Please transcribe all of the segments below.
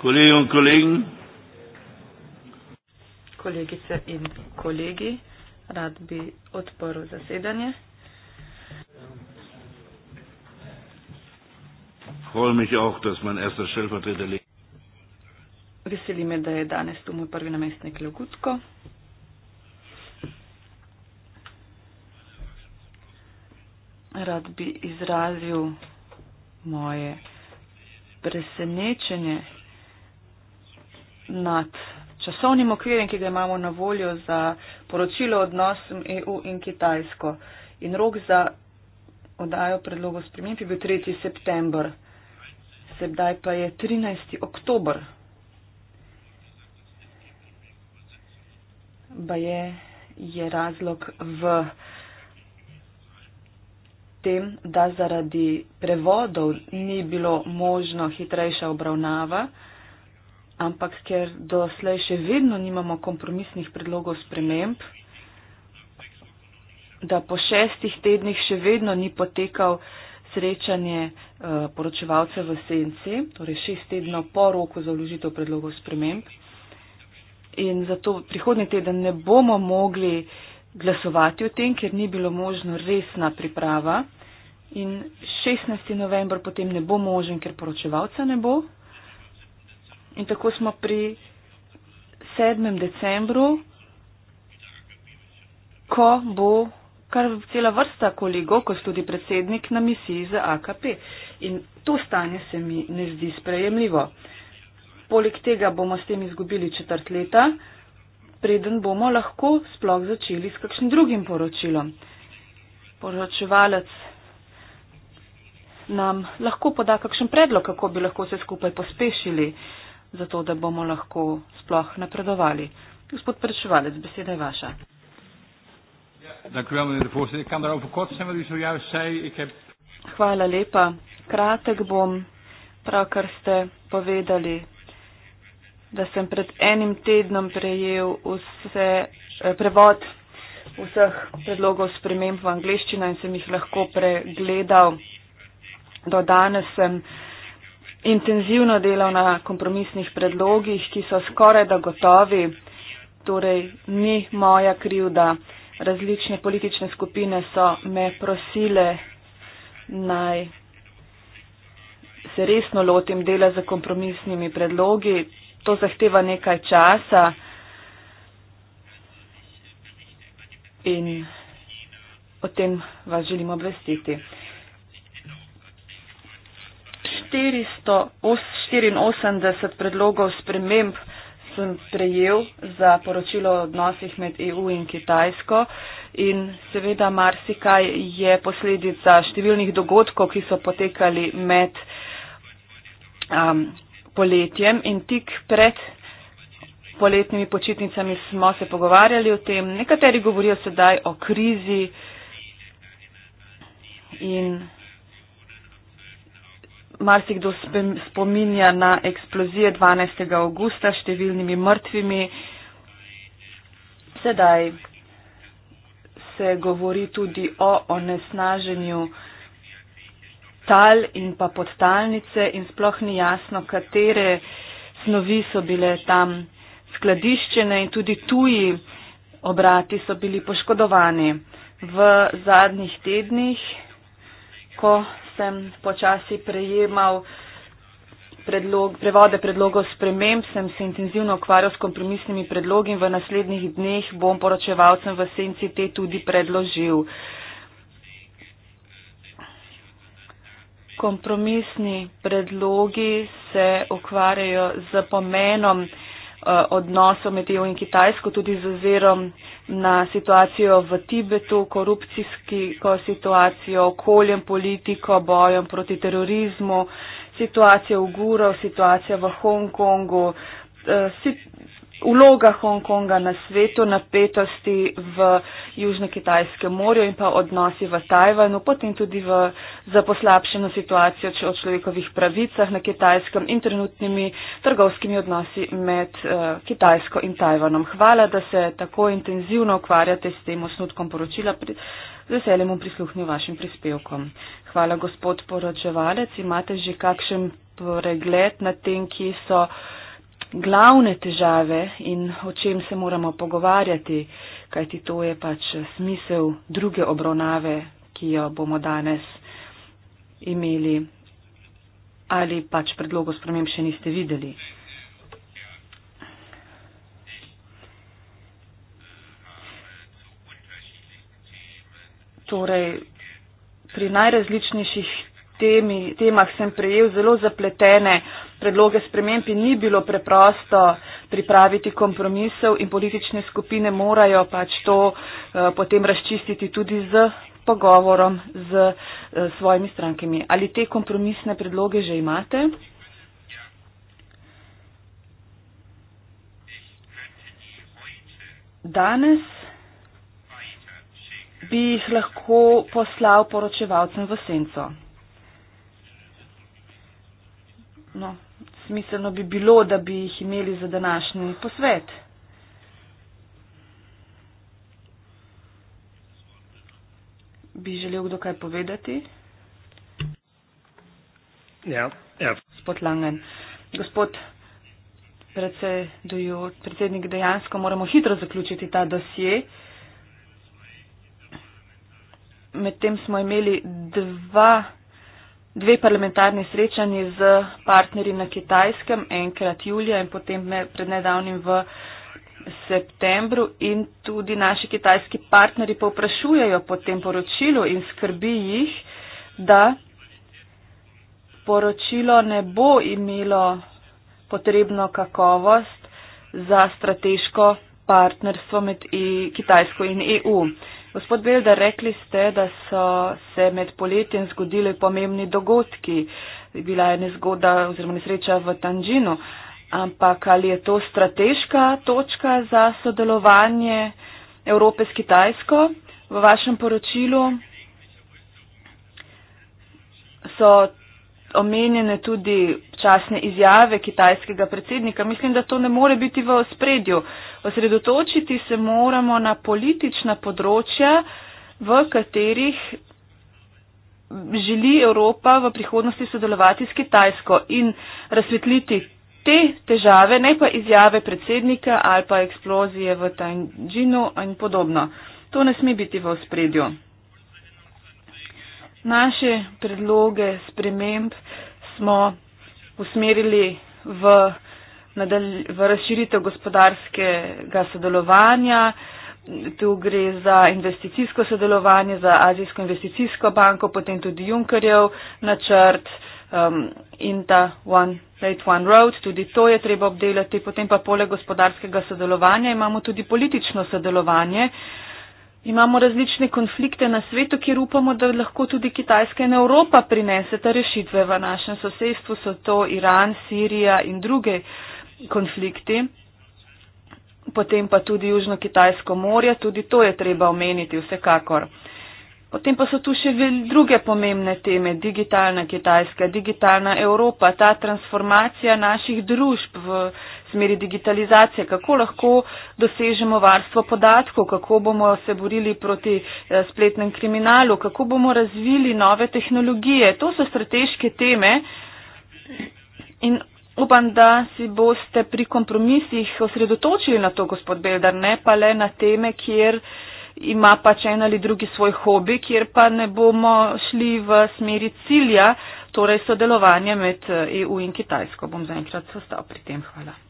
Kolleginnen und Kollegen. Kolegice in kolegi, rad bi odprl zasedanje. Veseli me, da je danes tu moj prvi namestnik Ljubutko. Rad bi izrazil moje presenečenje nad časovnim okvirjem, ki ga imamo na voljo za poročilo odnosom EU in Kitajsko. In rok za odajo predlogov sprememb je bil 3. september, sedaj pa je 13. oktober. Pa je, je razlog v tem, da zaradi prevodov ni bilo možno hitrejša obravnava ampak ker doslej še vedno nimamo kompromisnih predlogov sprememb, da po šestih tednih še vedno ni potekal srečanje uh, poročevalcev v senci, torej šest tednov po roku za vložitev predlogov sprememb. In zato prihodnji teden ne bomo mogli glasovati o tem, ker ni bilo možno resna priprava. In 16. november potem ne bo možen, ker poročevalca ne bo. In tako smo pri 7. decembru, ko bo kar cela vrsta kolegov, ko so tudi predsednik na misiji za AKP. In to stanje se mi ne zdi sprejemljivo. Poleg tega bomo s tem izgubili četrt leta, preden bomo lahko sploh začeli s kakšnim drugim poročilom. Poročevalec nam lahko poda kakšen predlog, kako bi lahko vse skupaj pospešili zato da bomo lahko sploh napredovali. Gospod predševalec, beseda je vaša. Hvala lepa. Kratek bom. Pravkar ste povedali, da sem pred enim tednom prejel vse, eh, prevod vseh predlogov sprememb v angliščino in sem jih lahko pregledal. Do danes sem eh, intenzivno delal na kompromisnih predlogih, ki so skoraj da gotovi, torej ni moja krivda. Različne politične skupine so me prosile naj se resno lotim dela za kompromisnimi predlogi. To zahteva nekaj časa in o tem vas želim obvestiti. 484 predlogov sprememb sem prejel za poročilo o odnosih med EU in Kitajsko in seveda marsikaj je posledica številnih dogodkov, ki so potekali med um, poletjem in tik pred poletnimi počitnicami smo se pogovarjali o tem. Nekateri govorijo sedaj o krizi in marsikdo spominja na eksplozije 12. augusta s številnimi mrtvimi. Sedaj se govori tudi o onesnaženju tal in pa podtalnice in sploh ni jasno, katere snovi so bile tam skladiščene in tudi tuji obrati so bili poškodovani. V zadnjih tednih, ko sem počasi prejemal predlog, prevode predlogov sprememb, sem se intenzivno ukvarjal s kompromisnimi predlogi in v naslednjih dneh bom poročevalcem v senci te tudi predložil. Kompromisni predlogi se ukvarjajo z pomenom uh, odnosov med EU in Kitajsko, tudi z ozirom na situacijo v Tibetu, korupcijsko situacijo, okoljem politiko, bojem proti terorizmu, situacijo v Guru, situacijo v Hongkongu, eh, vloga Hongkonga na svetu, napetosti v Južno-Kitajskem morju in pa odnosi v Tajvanu, potem tudi v zaposlabšeno situacijo o človekovih pravicah na Kitajskem in trenutnimi trgovskimi odnosi med uh, Kitajsko in Tajvanom. Hvala, da se tako intenzivno ukvarjate s tem osnutkom poročila. Pri... Z veseljem bom prisluhnil vašim prispevkom. Hvala, gospod poročevalec. Imate že kakšen pregled na tem, ki so glavne težave in o čem se moramo pogovarjati, kajti to je pač smisel druge obravnave, ki jo bomo danes imeli ali pač predlogo sprememb še niste videli. Torej, pri najrazličnejših temi, temah sem prejel zelo zapletene predloge sprememb in ni bilo preprosto pripraviti kompromisov in politične skupine morajo pač to uh, potem razčistiti tudi z pogovorom z uh, svojimi strankami. Ali te kompromisne predloge že imate? Danes bi jih lahko poslal poročevalcem v senco no, smiselno bi bilo, da bi jih imeli za današnji posvet. Bi želel kdo kaj povedati? Ja, ja. Gospod Langen. Gospod predsednik, dejansko moramo hitro zaključiti ta dosje. Medtem smo imeli dva dve parlamentarni srečanji z partnerji na Kitajskem, enkrat julija in potem pred nedavnim v septembru in tudi naši kitajski partnerji povprašujejo po tem poročilu in skrbi jih, da poročilo ne bo imelo potrebno kakovost za strateško partnerstvo med e, Kitajsko in EU. Gospod Belda, rekli ste, da so se med poletjem zgodili pomembni dogodki. Bila je nezgoda oziroma nesreča v Tanžinu. Ampak ali je to strateška točka za sodelovanje Evrope s Kitajsko? V vašem poročilu so omenjene tudi časne izjave kitajskega predsednika. Mislim, da to ne more biti v spredju. Osredotočiti se moramo na politična področja, v katerih želi Evropa v prihodnosti sodelovati s Kitajsko in razsvetliti te težave, ne pa izjave predsednika ali pa eksplozije v Tanjinu in podobno. To ne sme biti v spredju. Naše predloge sprememb smo usmerili v, v razširitev gospodarskega sodelovanja. Tu gre za investicijsko sodelovanje, za Azijsko investicijsko banko, potem tudi Junkerjev načrt um, in ta One Late One Road. Tudi to je treba obdelati. Potem pa poleg gospodarskega sodelovanja imamo tudi politično sodelovanje. Uh, Imamo različne konflikte na svetu, kjer upamo, da lahko tudi Kitajska in Evropa prineseta rešitve v našem sosedstvu, so to Iran, Sirija in druge konflikti. Potem pa tudi Južno-Kitajsko morje, tudi to je treba omeniti vsekakor. Potem pa so tu še druge pomembne teme, digitalna Kitajska, digitalna Evropa, ta transformacija naših družb v smeri digitalizacije, kako lahko dosežemo varstvo podatkov, kako bomo se borili proti eh, spletnem kriminalu, kako bomo razvili nove tehnologije. To so strateške teme in upam, da si boste pri kompromisih osredotočili na to, gospod Beldar, ne pa le na teme, kjer ima pač en ali drugi svoj hobi, kjer pa ne bomo šli v smeri cilja, torej sodelovanja med EU eh, e in Kitajsko. Bom zaenkrat sostal pri tem. Hvala.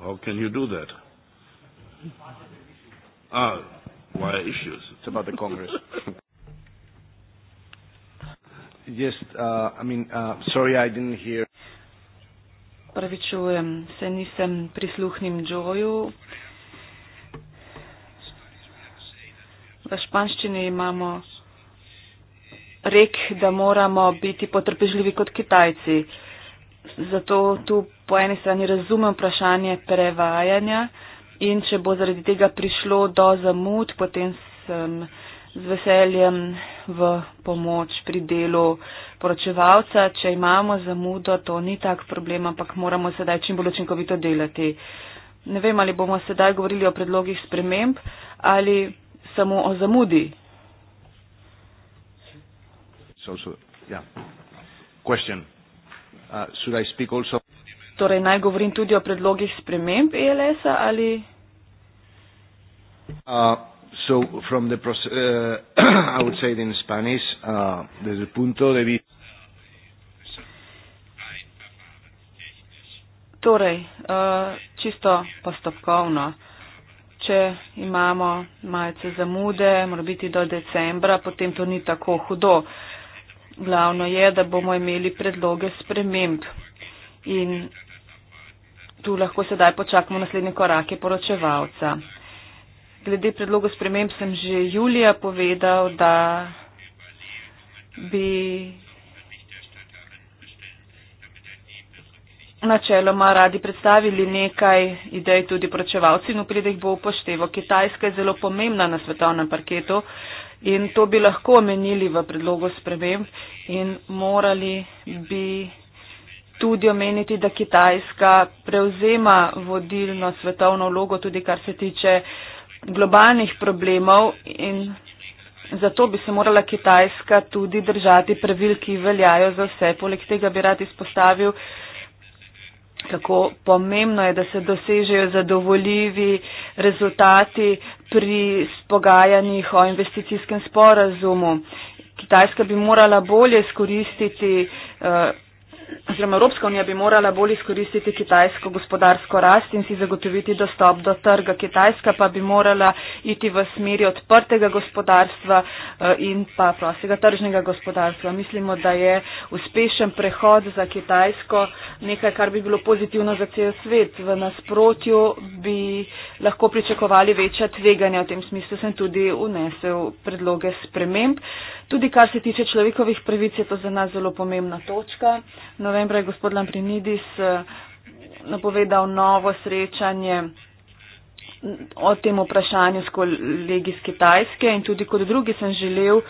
How can you do that? Ah, why issues? It's about the Congress. yes, uh, I mean, uh, sorry, I didn't hear. Pravičujem se, nisem prisluhnim Džoju. V španščini imamo rek, da moramo biti potrpežljivi kot Kitajci. Zato tu po eni strani razumem vprašanje prevajanja in če bo zaradi tega prišlo do zamud, potem sem z veseljem v pomoč pri delu poročevalca. Če imamo zamudo, to ni tak problem, ampak moramo sedaj čim bolj učinkovito delati. Ne vem, ali bomo sedaj govorili o predlogih sprememb ali samo o zamudi. So, so, yeah. Question. Uh, should I speak also? torej naj govorim tudi o predlogih sprememb ELS-a ali? Uh, so from the process, uh, I would say it in Spanish, uh, desde el punto de vista. Torej, uh, čisto postopkovno, če imamo malce zamude, mora biti do decembra, potem to ni tako hudo. Glavno je, da bomo imeli predloge sprememb in tu lahko sedaj počakamo naslednje korake poročevalca. Glede predlogu sprememb sem že julija povedal, da bi načeloma radi predstavili nekaj idej tudi poročevalci in upredih bo upoštevo. Kitajska je zelo pomembna na svetovnem parketu in to bi lahko omenili v predlogu sprememb in morali bi tudi omeniti, da Kitajska prevzema vodilno svetovno vlogo tudi kar se tiče globalnih problemov in zato bi se morala Kitajska tudi držati pravil, ki veljajo za vse. Poleg tega bi rad izpostavil, kako pomembno je, da se dosežejo zadovoljivi rezultati pri spogajanjih o investicijskem sporazumu. Kitajska bi morala bolje skoristiti uh, eh, oziroma Evropska unija bi morala bolj izkoristiti kitajsko gospodarsko rast in si zagotoviti dostop do trga. Kitajska pa bi morala iti v smeri odprtega gospodarstva eh, in pa prostega tržnega gospodarstva. Mislimo, da je uspešen prehod za Kitajsko nekaj, kar bi bilo pozitivno za cel svet. V nasprotju bi lahko pričakovali večja tveganja. V tem smislu sem tudi unesel predloge sprememb. Tudi kar se tiče človekovih pravic, je to za nas zelo pomembna točka. Novembra je gospod Lamprinidis eh, napovedal novo srečanje o tem vprašanju s kolegi iz Kitajske in tudi kot drugi sem želel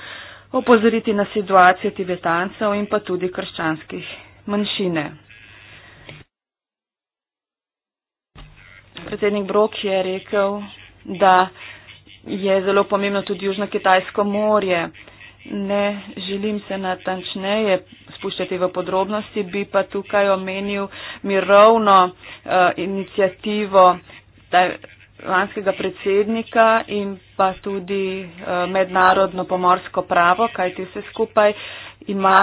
opozoriti na situacijo tibetancev in pa tudi krščanskih manjšine. Predsednik Brok je rekel, da je zelo pomembno tudi Južno-Kitajsko morje ne želim se natančneje spuščati v podrobnosti, bi pa tukaj omenil mirovno uh, eh, inicijativo lanskega predsednika in pa tudi uh, mednarodno pomorsko pravo, kajti vse skupaj ima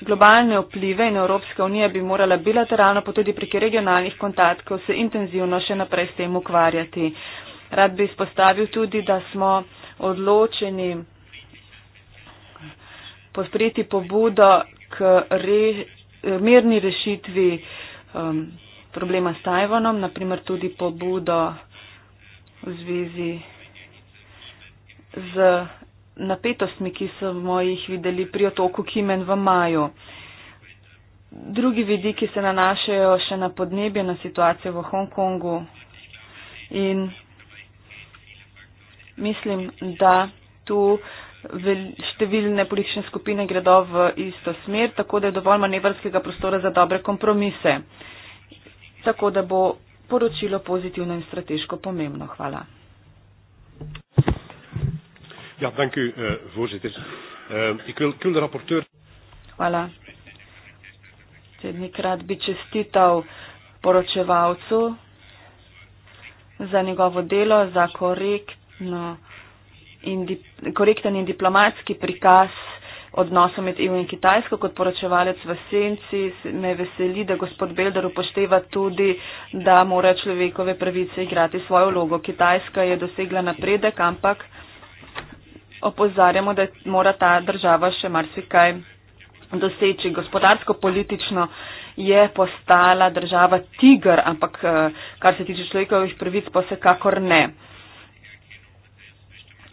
globalne vplive in Evropska unija bi morala bilateralno, pa tudi preki regionalnih kontaktov se intenzivno še naprej s tem ukvarjati. Rad bi izpostavil tudi, da smo odločeni podpreti pobudo k re, mirni rešitvi um, problema s Tajvanom, naprimer tudi pobudo v zvezi z napetostmi, ki smo jih videli pri otoku Kimen v maju. Drugi vidiki se nanašajo še na podnebje, na situacijo v Hongkongu in mislim, da tu uh, številne politične skupine gredo v isto smer, tako da je dovolj manevrskega prostora za dobre kompromise. Tako da bo poročilo pozitivno in strateško pomembno. Hvala. Ja, dank u, uh, voorzitter. Uh, ik, wil, ik wil de rapporteur. Hvala. Tednikrat bi čestital poročevalcu za njegovo delo, za korektno in di, korekten in diplomatski prikaz odnosov med EU in Kitajsko kot poročevalec v senci. Me veseli, da gospod Belder upošteva tudi, da mora človekove pravice igrati svojo vlogo. Kitajska je dosegla napredek, ampak opozarjamo, da mora ta država še marsikaj doseči. Gospodarsko, politično je postala država tiger, ampak eh, kar se tiče človekovih pravic, pa vsekakor ne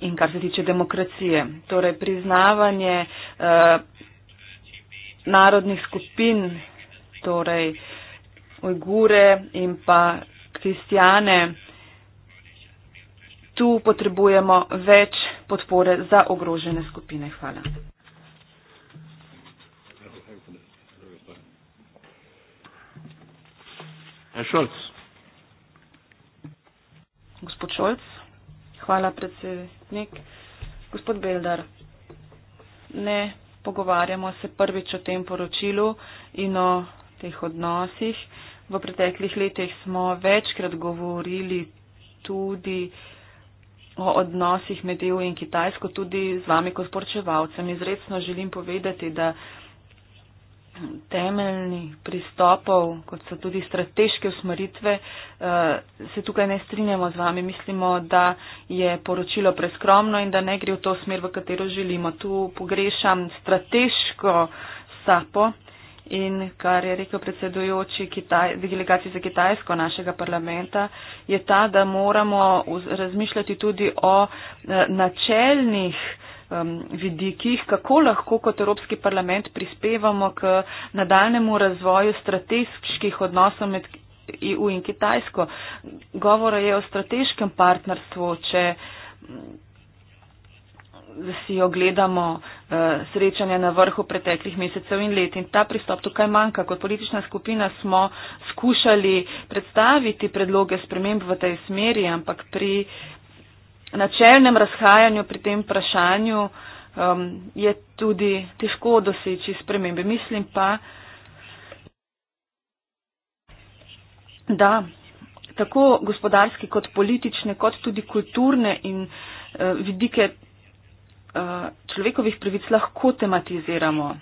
in kar se tiče demokracije. Torej, priznavanje eh, narodnih skupin, torej Ujgure in pa kristijane, tu potrebujemo več podpore za ogrožene skupine. Hvala. Herr Scholz. Gospod Scholz. Hvala, predsednik. Gospod Beldar, ne pogovarjamo se prvič o tem poročilu in o teh odnosih. V preteklih letih smo večkrat govorili tudi o odnosih med EU in Kitajsko, tudi z vami kot sporočevalcem. Izredno želim povedati, da temeljnih pristopov, kot so tudi strateške usmeritve, eh, se tukaj ne strinjamo z vami. Mislimo, da je poročilo preskromno in da ne gre v to smer, v katero želimo. Tu pogrešam strateško sapo in kar je rekel predsedujoči delegacije za Kitajsko našega parlamenta, je ta, da moramo razmišljati tudi o eh, načelnih um, vidikih, kako lahko kot Evropski parlament prispevamo k nadaljnemu razvoju strateških odnosov med EU in Kitajsko. Govora je o strateškem partnerstvu, če mm, si ogledamo uh, srečanja na vrhu preteklih mesecev in let. In ta pristop tukaj manjka. Kot politična skupina smo skušali predstaviti predloge sprememb v tej smeri, ampak pri uh, načelnem razhajanju pri tem vprašanju um, je tudi težko doseči spremembe. Mislim pa, da tako gospodarski kot politične, kot tudi kulturne in uh, vidike uh, človekovih pravic lahko tematiziramo.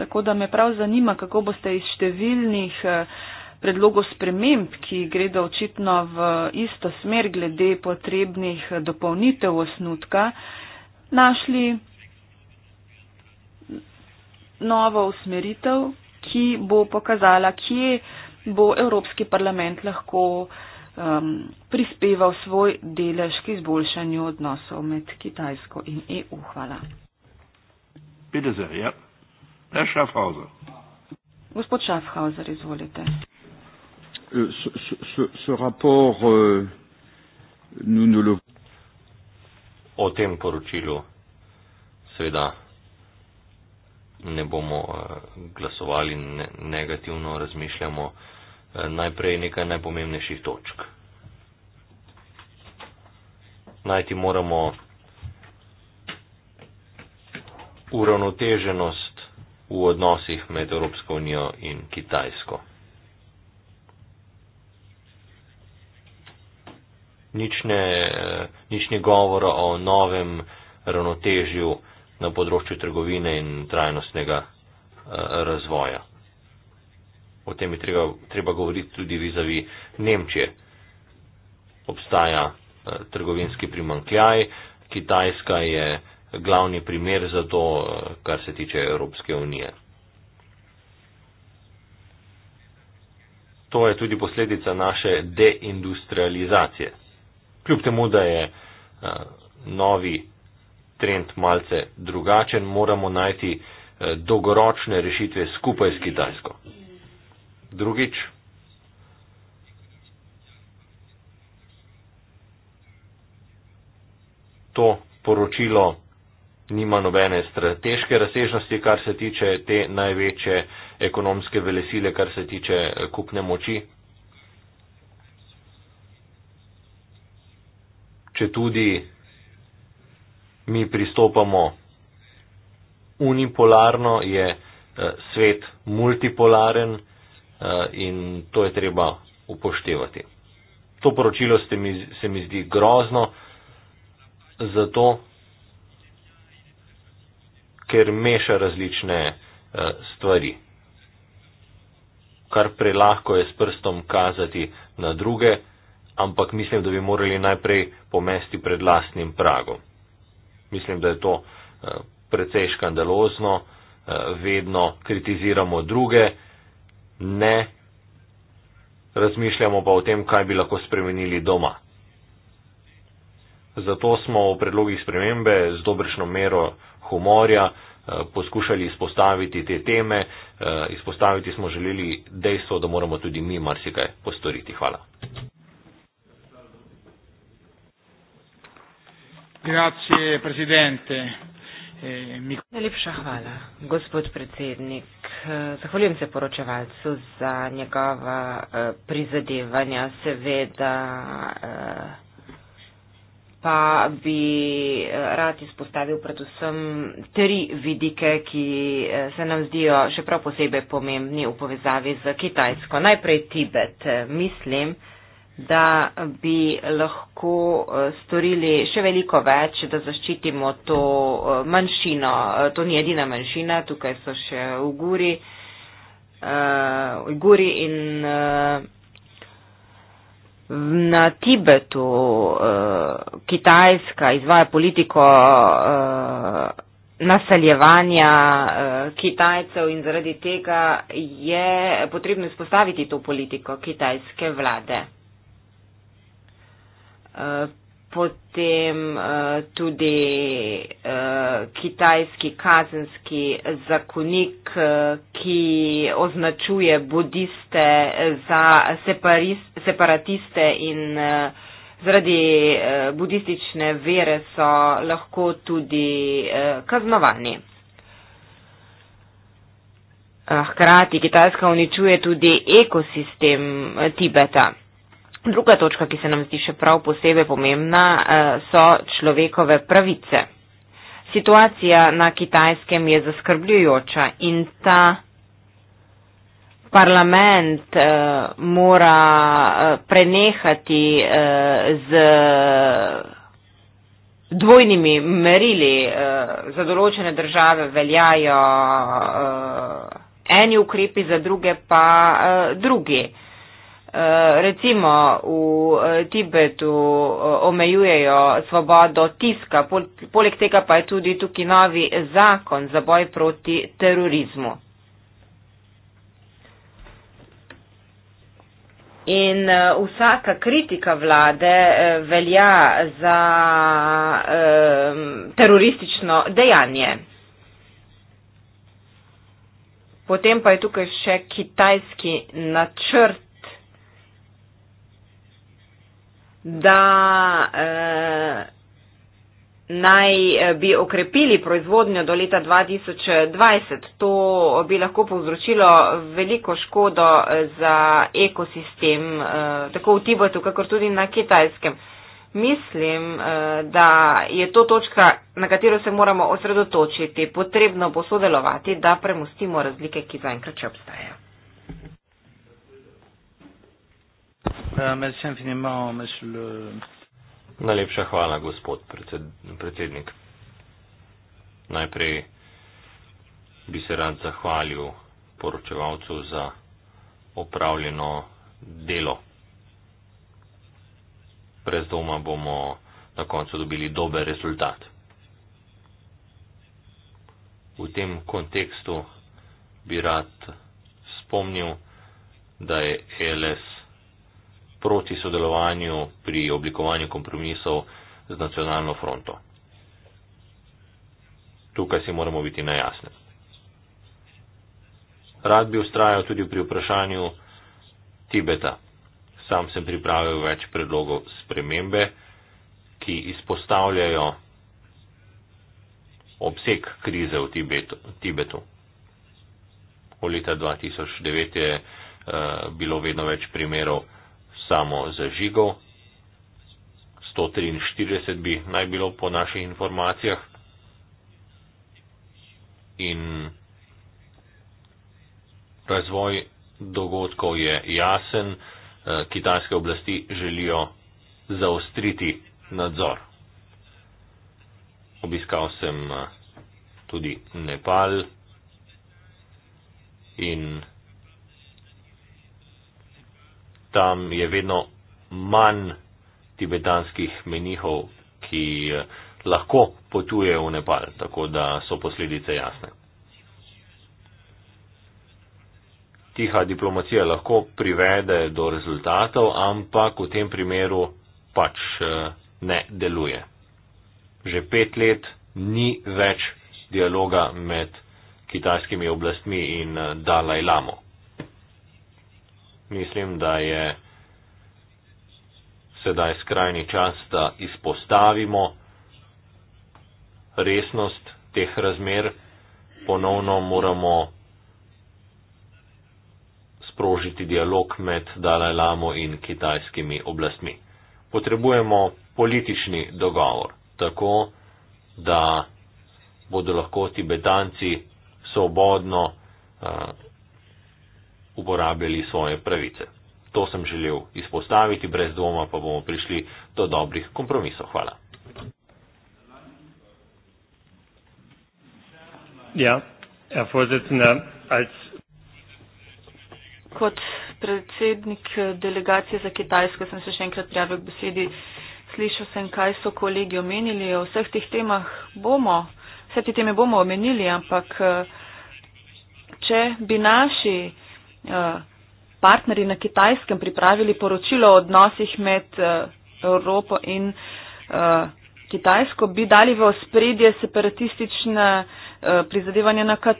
Tako da me prav zanima, kako boste iz številnih uh, predlogu sprememb, ki gre da očitno v isto smer glede potrebnih dopolnitev osnutka, našli novo usmeritev, ki bo pokazala, kje bo Evropski parlament lahko um, prispeval svoj delež k izboljšanju odnosov med Kitajsko in EU. Hvala. Bitte sehr, ja. Herr Schaffhauser. Gospod Schaffhauser, izvolite. Euh, euh, o tem poročilu seveda ne bomo eh, glasovali ne, negativno, razmišljamo eh, najprej nekaj najpomembnejših točk. Najti moramo uravnoteženost v odnosih med Evropsko unijo in Kitajsko. nič ne, eh, nič ne govora o novem ravnotežju na področju trgovine in trajnostnega eh, razvoja. O tem je treba, treba govoriti tudi vizavi Nemčije. Obstaja eh, trgovinski primankljaj, Kitajska je glavni primer za to, kar se tiče Evropske unije. To je tudi posledica naše deindustrializacije. Kljub temu, da je uh, novi trend malce drugačen, moramo najti uh, dolgoročne rešitve skupaj s Kitajsko. Drugič. To poročilo nima nobene strateške razsežnosti, kar se tiče te največje ekonomske velesile, kar se tiče eh, kupne moči, če tudi mi pristopamo unipolarno, je eh, svet multipolaren eh, in to je treba upoštevati. To poročilo se mi, se mi zdi grozno, zato ker meša različne eh, stvari. Kar prelahko je s prstom kazati na druge ampak mislim, da bi morali najprej pomesti pred lastnim pragom. Mislim, da je to eh, precej škandalozno, eh, vedno kritiziramo druge, ne razmišljamo pa o tem, kaj bi lahko spremenili doma. Zato smo v predlogih spremembe z dobrošno mero humorja eh, poskušali izpostaviti te teme, izpostaviti smo želeli dejstvo, da moramo tudi mi marsikaj postoriti. Hvala. Grazie, presidente. Eh, Najlepša hvala, gospod predsednik. Eh, zahvaljujem se poročevalcu za njegova eh, prizadevanja. Seveda pa bi rad izpostavil predvsem tri vidike, ki se nam zdijo še prav posebej pomembni v povezavi z Kitajsko. Najprej Tibet. Mislim, da bi lahko eh, storili še veliko več, da zaščitimo to eh, manjšino. Eh, to ni edina manjšina, tukaj so še Uguri, uh, Uguri in uh, na Tibetu uh, Kitajska izvaja politiko uh, naseljevanja uh, Kitajcev in zaradi tega je potrebno izpostaviti to politiko kitajske vlade. Eh, potem eh, tudi eh, kitajski kazenski zakonik, ki označuje budiste za separatiste in zaradi budistične vere so lahko tudi kaznovani. Hkrati Kitajska uničuje tudi ekosistem Tibeta. Druga točka, ki se nam zdi še prav posebej pomembna, eh, so človekove pravice. Situacija na kitajskem je zaskrbljujoča in ta parlament eh, mora eh, prenehati z dvojnimi merili. Za določene države veljajo eni ukrepi, za druge pa drugi. Eh, recimo v eh, Tibetu eh, omejujejo svobodo tiska, poleg tega pa je tudi tukaj novi zakon za boj proti terorizmu. In vsaka kritika vlade velja za um, teroristično dejanje. Potem pa je tukaj še kitajski načrt da eh, naj eh, bi okrepili proizvodnjo do leta 2020. To bi lahko povzročilo veliko škodo eh, za ekosistem, eh, tako v Tibetu, kakor tudi na Kitajskem. Mislim, eh, da je to točka, na katero se moramo osredotočiti. Potrebno bo sodelovati, da premustimo razlike, ki zaenkrat še obstajajo. Merci infiniment, monsieur le... Najlepša hvala, gospod predsednik. Najprej bi se rad zahvalil poročevalcu za opravljeno delo. Brez doma bomo na koncu dobili dober rezultat. V tem kontekstu bi rad spomnil, da je LS proti sodelovanju pri oblikovanju kompromisov z nacionalno fronto. Tukaj si moramo biti najjasni. Rad bi ustrajal tudi pri vprašanju Tibeta. Sam sem pripravil več predlogov spremembe, ki izpostavljajo obseg krize v Tibetu. V leta 2009 je uh, bilo vedno več primerov samo zažigov. 143 bi naj bilo po naših informacijah. In razvoj dogodkov je jasen. Eh, kitajske oblasti želijo zaostriti nadzor. Obiskal sem eh, tudi Nepal in tam je vedno manj tibetanskih menihov, ki eh, lahko potujejo v Nepal, tako da so posledice jasne. Tiha diplomacija lahko privede do rezultatov, ampak v tem primeru pač eh, ne deluje. Že pet let ni več dialoga med kitajskimi oblastmi in eh, Dalaj Lamo mislim, da je sedaj skrajni čas, da izpostavimo resnost teh razmer. Ponovno moramo sprožiti dialog med Dalajlamo in kitajskimi oblastmi. Potrebujemo politični dogovor, tako da bodo lahko Tibetanci svobodno eh, uporabljali svoje pravice. To sem želel izpostaviti, brez dvoma pa bomo prišli do dobrih kompromisov. Hvala. Ja, Kot predsednik eh, delegacije za Kitajsko sem se še enkrat prijavil k besedi. Slišal sem, kaj so kolegi omenili. O vseh teh temah bomo, vse te teme bomo omenili, ampak eh, če bi naši. Eh, partnerji na kitajskem pripravili poročilo o odnosih med eh, Evropo in eh, Kitajsko, bi dali v ospredje separatistične prizadevanja na Kat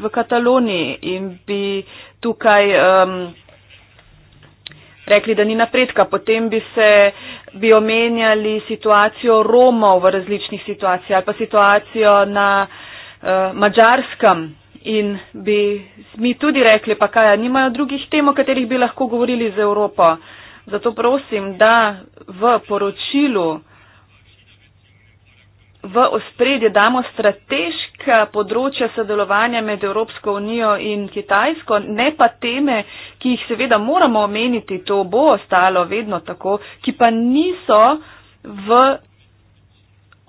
v Kataloniji in bi tukaj um, rekli, da ni napredka. Potem bi se bi omenjali situacijo Romov v različnih situacijah ali pa situacijo na uh, Mačarskem, in bi mi tudi rekli, pa kaj, nimajo drugih tem, o katerih bi lahko govorili z Evropo. Zato prosim, da v poročilu v ospredje damo strateška področja sodelovanja med Evropsko unijo in Kitajsko, ne pa teme, ki jih seveda moramo omeniti, to bo ostalo vedno tako, ki pa niso v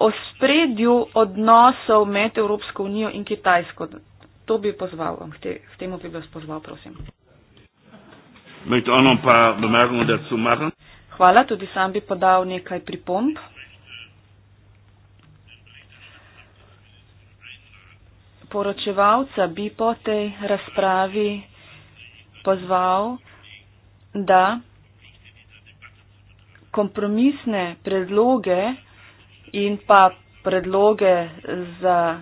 ospredju odnosov med Evropsko unijo in Kitajsko to bi pozval, k, te, k temu bi vas pozval, prosim. Hvala, tudi sam bi podal nekaj pripomb. Poročevalca bi po tej razpravi pozval, da kompromisne predloge in pa predloge za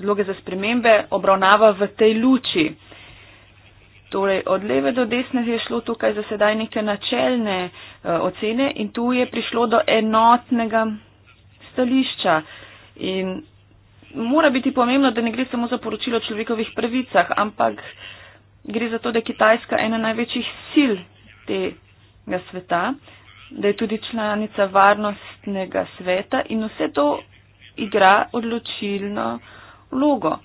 predloge za spremembe obravnava v tej luči. Torej, od leve do desne je šlo tukaj za sedaj neke načelne uh, ocene in tu je prišlo do enotnega stališča. In mora biti pomembno, da ne gre samo za poročilo o človekovih prvicah, ampak gre za to, da je Kitajska ena največjih sil tega sveta, da je tudi članica varnostnega sveta in vse to igra odločilno vlogo.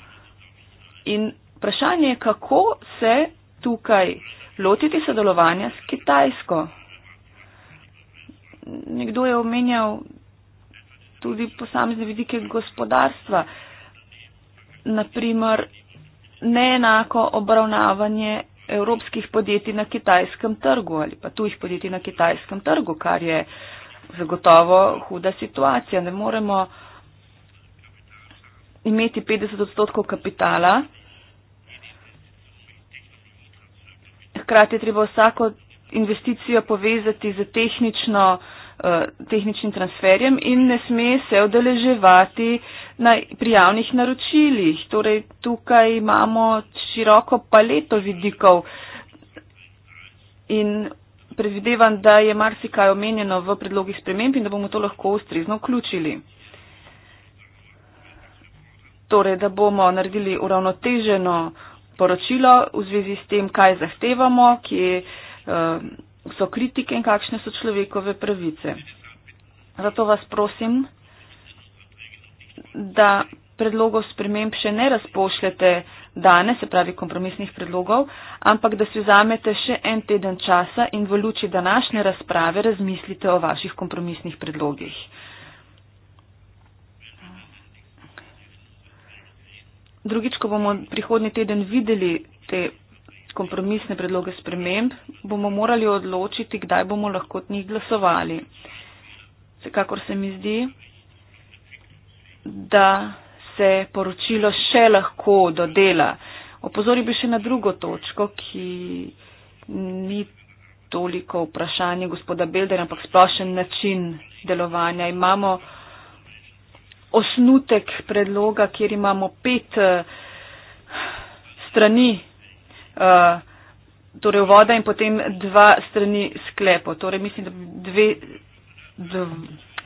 In vprašanje je, kako se tukaj lotiti sodelovanja s Kitajsko. Nekdo je omenjal tudi posamezne vidike gospodarstva, naprimer neenako obravnavanje evropskih podjetij na kitajskem trgu ali pa tujih podjetij na kitajskem trgu, kar je zagotovo huda situacija. Ne moremo uh, imeti 50 odstotkov kapitala. Hkrati je treba vsako investicijo povezati z tehnično, uh, tehničnim transferjem in ne sme se odeleževati na, pri javnih naročilih. Torej, tukaj imamo široko paleto vidikov in predvidevam, da je marsikaj omenjeno v predlogih sprememb in da bomo to lahko ustrezno vključili torej, da bomo naredili uravnoteženo poročilo v zvezi s tem, kaj zahtevamo, kje uh, so kritike in kakšne so človekove pravice. Zato vas prosim, da predlogov sprememb še ne razpošljete danes, se pravi kompromisnih predlogov, ampak da si vzamete še en teden časa in v luči današnje razprave razmislite o vaših kompromisnih predlogih. Drugič, ko bomo prihodni teden videli te kompromisne predloge sprememb, bomo morali odločiti, kdaj bomo lahko od njih glasovali. Vsekakor se mi zdi, da se poročilo še lahko dodela. Opozoril bi še na drugo točko, ki ni toliko vprašanje gospoda Belder, ampak splošen način delovanja. Imamo osnutek predloga, kjer imamo pet eh, strani, eh, torej voda in potem dva strani sklepo. Torej mislim, da dve,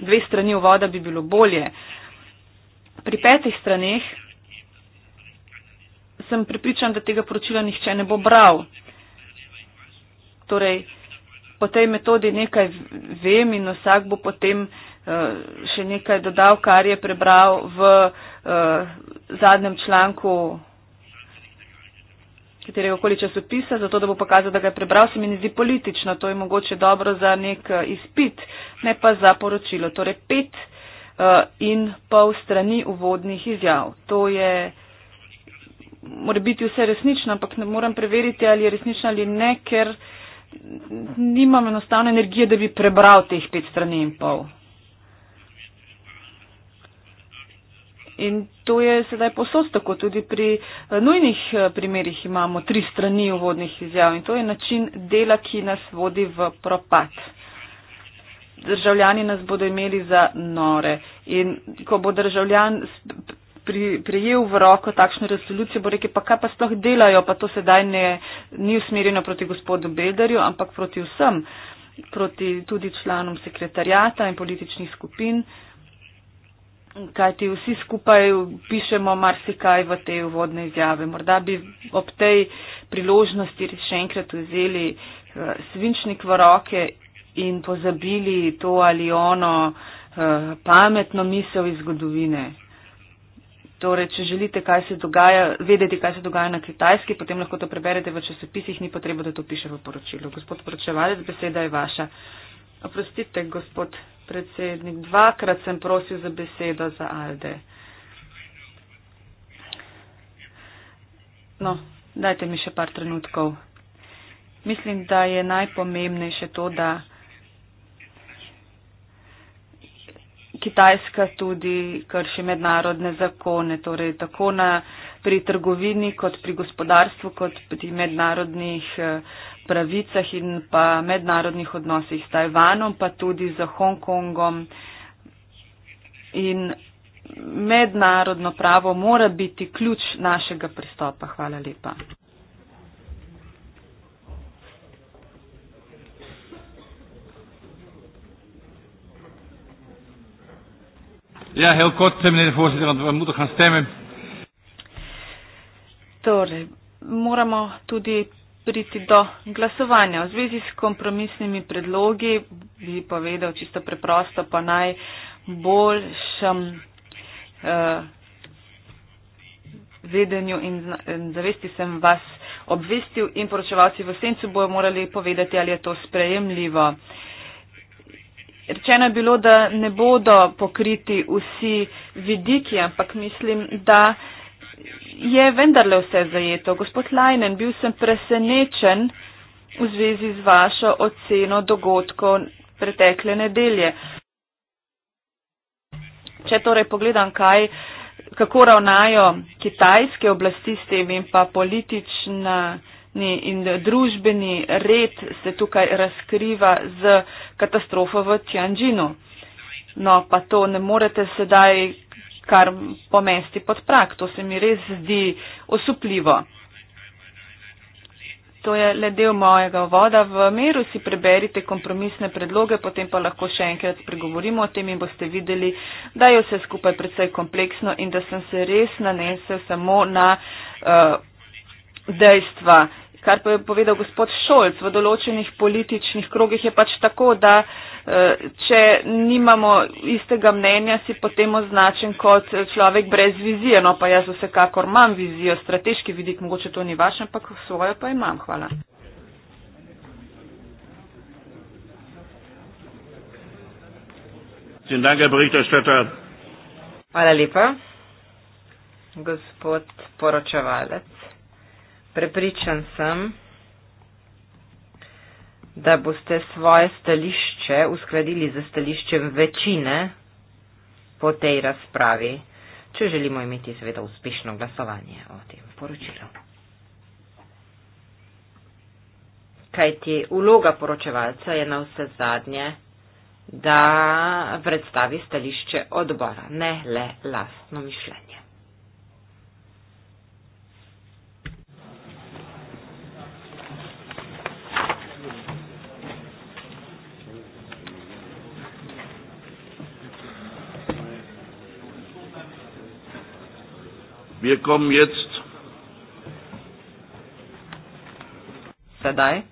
dve strani voda bi bilo bolje. Pri petih straneh sem pripričan, da tega poročila nihče ne bo bral. Torej, po tej metodi nekaj vem in vsak bo potem uh, Eh, še nekaj dodal, kar je prebral v eh, zadnjem članku katerega koli časopisa, zato da bo pokazal, da ga je prebral, se mi ne zdi politično. To je mogoče dobro za nek eh, izpit, ne pa za poročilo. Torej pet in pol strani uvodnih izjav. To je, mora biti vse resnično, ampak ne moram preveriti, ali je resnično ali ne, ker nimam enostavne energije, da bi prebral teh pet strani in pol. In to je sedaj posod tako. Tudi pri eh, nujnih eh, primerjih imamo tri strani uvodnih izjav in to je način dela, ki nas vodi v propad. Državljani nas bodo imeli za nore in ko bo državljan prijel v roko takšno resolucijo, bo rekel, pa kaj pa sploh delajo, pa to sedaj ne, ni usmerjeno proti gospodu Bedarju, ampak proti vsem, proti tudi članom sekretarjata in političnih skupin kaj ti vsi skupaj pišemo marsikaj v tej uvodne izjave. Morda bi ob tej priložnosti še enkrat vzeli eh, svinčnik v roke in pozabili to ali ono eh, pametno misel iz zgodovine. Torej, če želite kaj se dogaja, vedeti, kaj se dogaja na kitajski, potem lahko to preberete v časopisih, ni potrebno, da to piše v poročilu. Gospod poročevalec, beseda je vaša. Oprostite, gospod predsednik, dvakrat sem prosil za besedo za Alde. No, dajte mi še par trenutkov. Mislim, da je najpomembnejše to, da. Kitajska tudi krši mednarodne zakone, torej tako na, pri trgovini, kot pri gospodarstvu, kot pri mednarodnih eh, pravicah in pa mednarodnih odnosih s Tajvanom, pa tudi z Hongkongom. In mednarodno pravo mora biti ključ našega pristopa. Hvala lepa. Ja, heel kort, meneer de voorzitter, want we moeten gaan stemmen. Torej, moramo tudi priti do glasovanja. V zvezi s kompromisnimi predlogi bi povedal čisto preprosto, pa najboljšem eh, vedenju in, in zavesti sem vas obvestil in poročevalci v Sencu bojo morali povedati, ali je to sprejemljivo. Eh, Rečeno je bilo, da ne bodo pokriti vsi vidiki, ampak mislim, da je vendarle vse zajeto. Gospod Lajnen, bil sem presenečen v zvezi z vašo oceno dogodkov pretekle nedelje. Če torej pogledam, kaj, kako ravnajo kitajske oblasti s tem in pa politična in družbeni red se tukaj razkriva z katastrofo v Tianjinu. No, pa to ne morete sedaj kar pomesti pod prak. To se mi res zdi osupljivo. To je le del mojega voda. V meru si preberite kompromisne predloge, potem pa lahko še enkrat pregovorimo o tem in boste videli, da je vse skupaj predvsej kompleksno in da sem se res nanesel samo na uh, dejstva. Kar pa je povedal gospod Šolc, v določenih političnih krogih je pač tako, da eh, če nimamo istega mnenja, si potem označen kot eh, človek brez vizije. No, pa jaz vsekakor imam vizijo, strateški vidik, mogoče to ni vaš, ampak svojo pa imam. Hvala. Hvala lepa, gospod poročevalec. Prepričan sem, da boste svoje stališče uskladili za stališče večine po tej razpravi, če želimo imeti seveda uspešno glasovanje o tem poročilu. Kajti uloga poročevalca je na vse zadnje, da predstavi stališče odbora, ne le lastno mišljenje. Wir kommen jetzt. Sedaj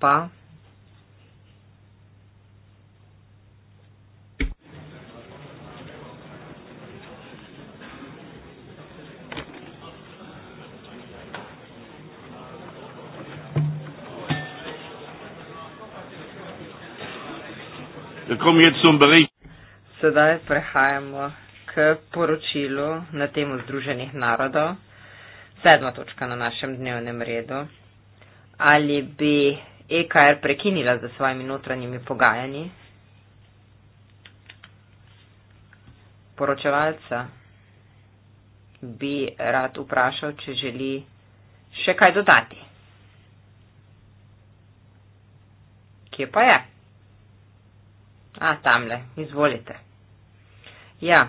pa. Sedaj prehajamo poročilu na temo Združenih narodov, sedma točka na našem dnevnem redu, ali bi EKR prekinila za svojimi notranjimi pogajanji? Poročevalca bi rad vprašal, če želi še kaj dodati. Kje pa je? A, tamle, izvolite. Ja,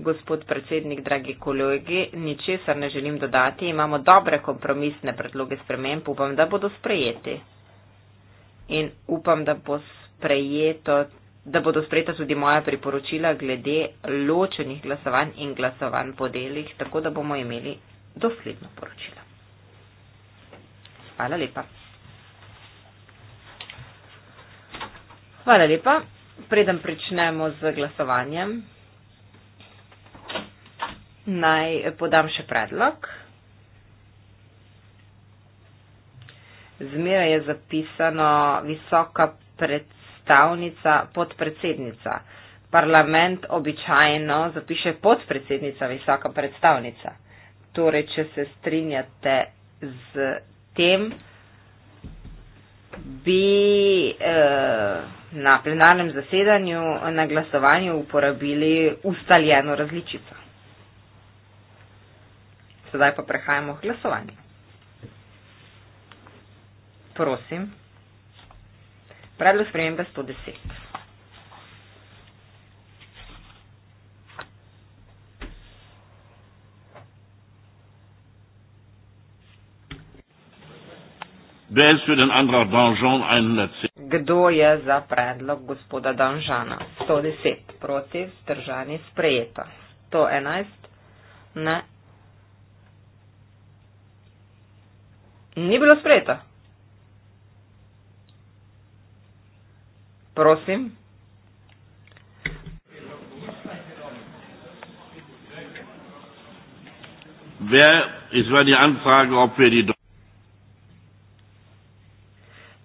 Gospod predsednik, dragi kolegi, ničesar ne želim dodati. Imamo dobre kompromisne predloge sprememb. Upam, da bodo sprejeti. In upam, da, bo sprejeto, da bodo sprejeta tudi moja priporočila glede ločenih glasovanj in glasovanj po delih, tako da bomo imeli dosledno poročilo. Hvala lepa. Hvala lepa. Preden pričnemo z glasovanjem, naj podam še predlog. Zmeraj je zapisano visoka predstavnica, podpredsednica. Parlament običajno zapiše podpredsednica, visoka predstavnica. Torej, če se strinjate z tem, bi eh, na plenarnem zasedanju na glasovanju uporabili ustaljeno različico. Sedaj pa prehajamo v glasovanje. Prosim. Predlog spremembe 110. Kdo je za predlog gospoda Danžana? 110 proti, zdržani sprejeto. 111 ne, Ni bilo sprejeto. Prosim.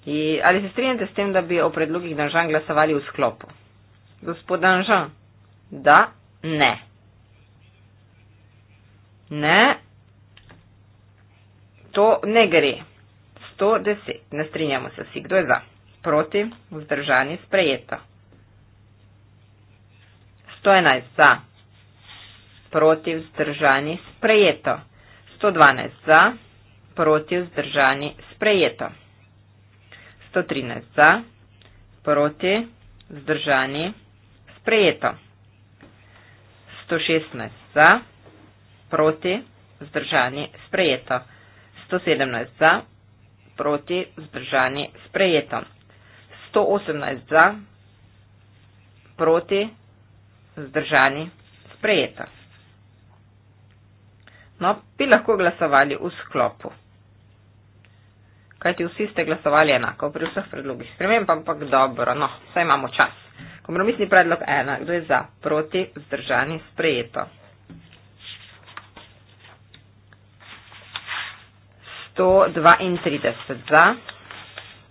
I, ali se strinjate s tem, da bi o predlogih Danžan glasovali v sklopu? Gospod Danžan, da, ne. Ne, to ne gre. 110. Ne strinjamo se vsi, kdo je za. Proti, vzdržani, sprejeto. 111. Za. Proti, vzdržani, sprejeto. 112. Za. Proti, vzdržani, sprejeto. 113. Za. Proti, vzdržani, sprejeto. 116. Za. Proti, vzdržani, sprejeto. 117 za, proti, zdržani, sprejeto. 118 za, proti, zdržani, sprejeto. No, bi lahko glasovali v sklopu. Kajti vsi ste glasovali enako pri vseh predlogih sprememb, ampak dobro, no, saj imamo čas. Kompromisni predlog 1. Kdo je za? Proti, zdržani, sprejeto. 132 za,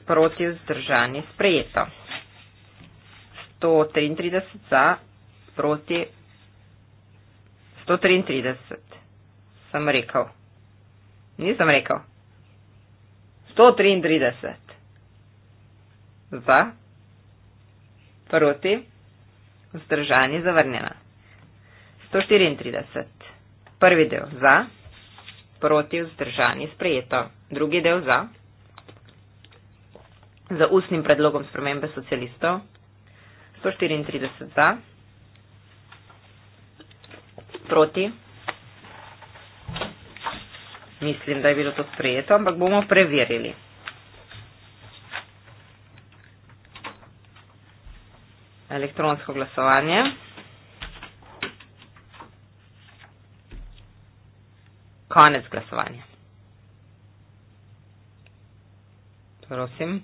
proti vzdržani sprejeto. 133 za, proti 133, sem rekel. Nisem rekel. 133 za, proti vzdržani zavrnjena. 134, prvi del za proti vzdržani sprejeto. Drugi del za. Za ustnim predlogom spremembe socialistov. 134 za. Proti. Mislim, da je bilo to sprejeto, ampak bomo preverili. Elektronsko glasovanje. konec glasovanja. Prosim.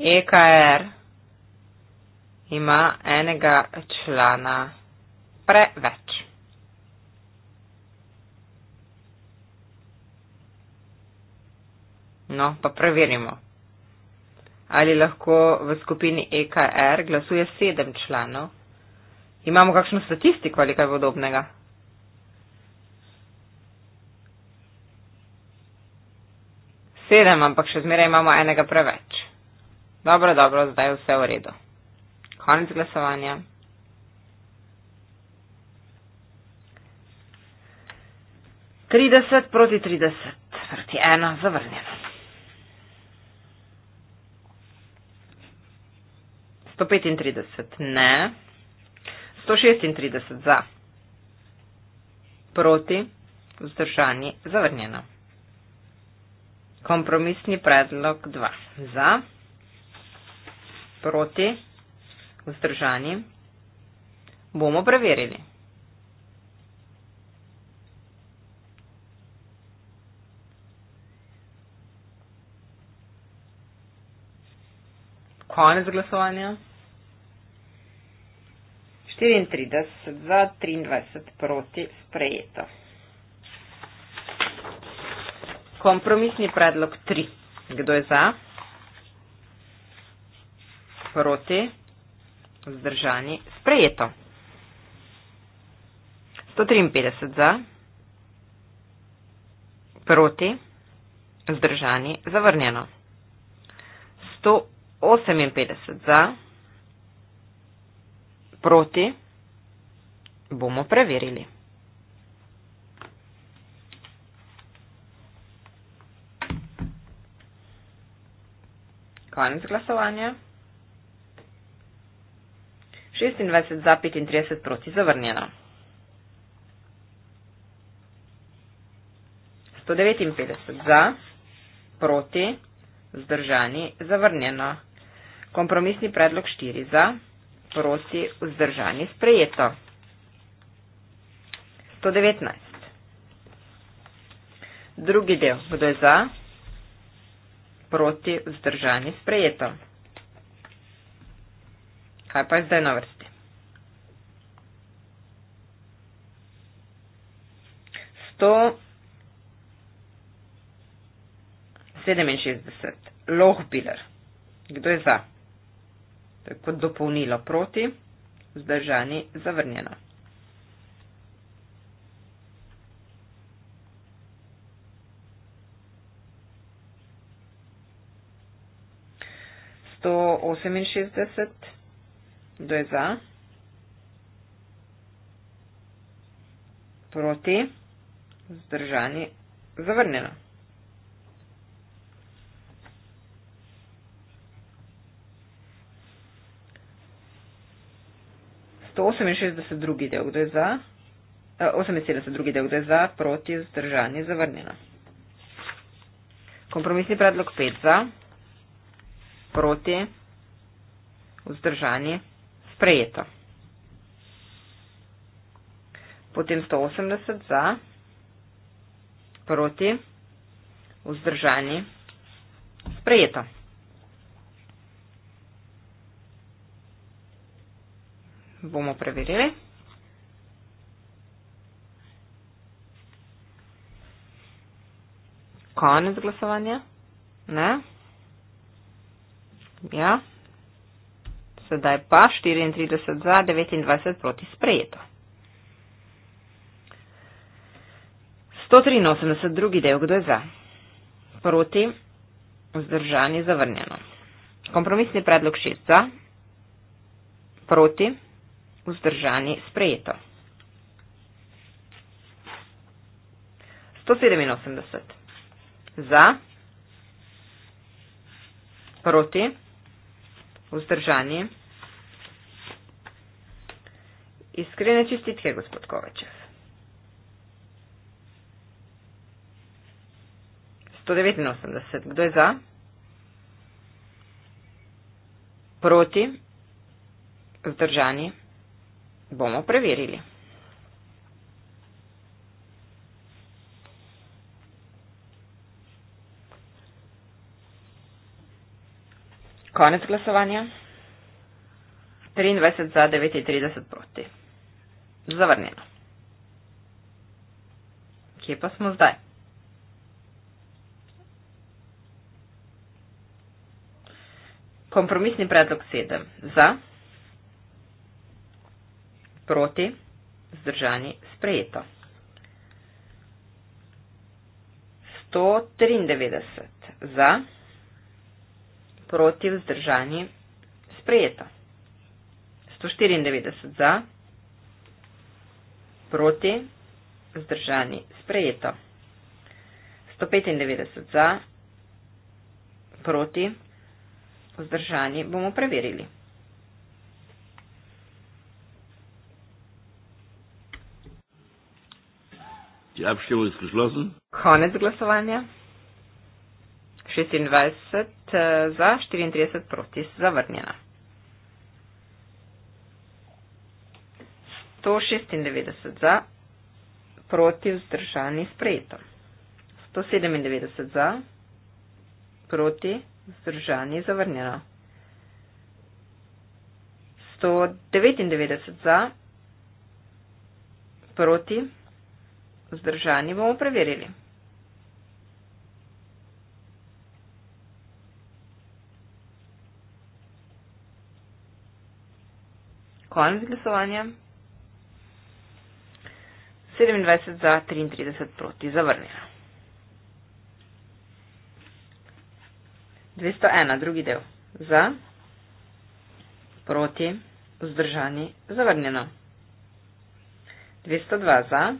EKR ima enega člana preveč. No, pa preverimo. Ali lahko v skupini EKR glasuje sedem članov? Imamo kakšno statistiko ali kaj podobnega? Sedem, ampak še zmeraj imamo enega preveč. Dobro, dobro, zdaj je vse v redu. Konec glasovanja. Trideset proti trideset proti ena zavrnjeno. Sto petintrideset ne. Sto šestintrideset za. Proti. Vzdržani zavrnjeno kompromisni predlog 2. Za, proti, vzdržani, bomo preverili. Konec glasovanja. 34 za 23 proti sprejeto. Kompromisni predlog 3. Kdo je za? Proti? Zdržani? Sprejeto. 153 za? Proti? Zdržani? Zavrnjeno. 158 za? Proti? Bomo preverili. Konec glasovanja. 26 za, 35 proti, zavrnjeno. 159 za, proti, vzdržani, zavrnjeno. Kompromisni predlog 4 za, proti, vzdržani, sprejeto. 119. Drugi del, kdo je za? proti vzdržani sprejeto. Kaj pa je zdaj na vrsti? Sto sedeminšestdeset. Lohbiler. Kdo je za? To je kot dopolnilo proti. Vzdržani zavrnjeno. 168, kdo je za? Proti, zdržani, zavrnjeno. To 68 drugi del, kdo je za, eh, 78 drugi del, kdo je za, proti, zdržanje, zavrnjeno. Kompromisni predlog 5 za, proti, vzdržani, sprejeto. Potem 180 za, proti, vzdržani, sprejeto. Bomo preverili. Konec glasovanja? Ne? Ja. Sedaj pa 34 za, 29 proti sprejeto. 183 drugi del, kdo je za? Proti, vzdržanje zavrnjeno. Kompromisni predlog 6 za, proti, vzdržanje sprejeto. 187 za, proti, vzdržanje sprejeto vzdržanje. Iskrene čestitke, gospod Kovačev. 189. Kdo je za? Proti? Vzdržanje? Bomo preverili. konec glasovanja. 23 za 39 proti. Zavrnjeno. Kje pa smo zdaj? Kompromisni predlog 7. Za, proti, zdržani, sprejeto. 193 za proti vzdržani sprejeta. 194 za, proti vzdržani sprejeta. 195 za, proti vzdržani bomo preverili. Ja, Konec glasovanja. 26 eh, za, 34 proti, zavrnjena. 196 za, proti, vzdržani, sprejeto. 197 za, proti, vzdržani, zavrnjeno. 199 za, proti, vzdržani, bomo preverili. konec glasovanja. 27 za, 33 proti, zavrnjeno. 201, drugi del. Za, proti, vzdržani, zavrnjeno. 202 za.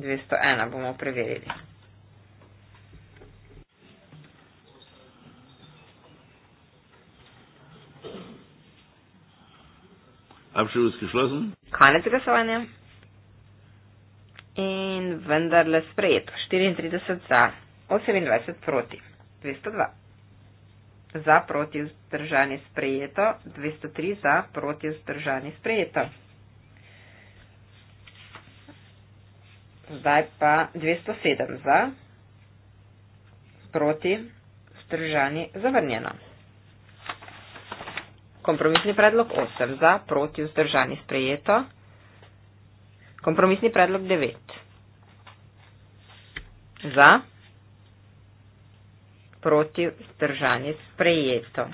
201 bomo preverili. Abstimmung ist geschlossen. Keine Zugassauanne. In Wenderle Spreet, 34 za, 28 proti, 202. Za proti vzdržani sprejeto, 203 za proti vzdržani sprejeto. Zdaj pa 207 za, proti vzdržani zavrnjeno. Kompromisni predlog 8 za, proti, vzdržani, sprejeto. Kompromisni predlog 9 za, proti, vzdržani, sprejeto.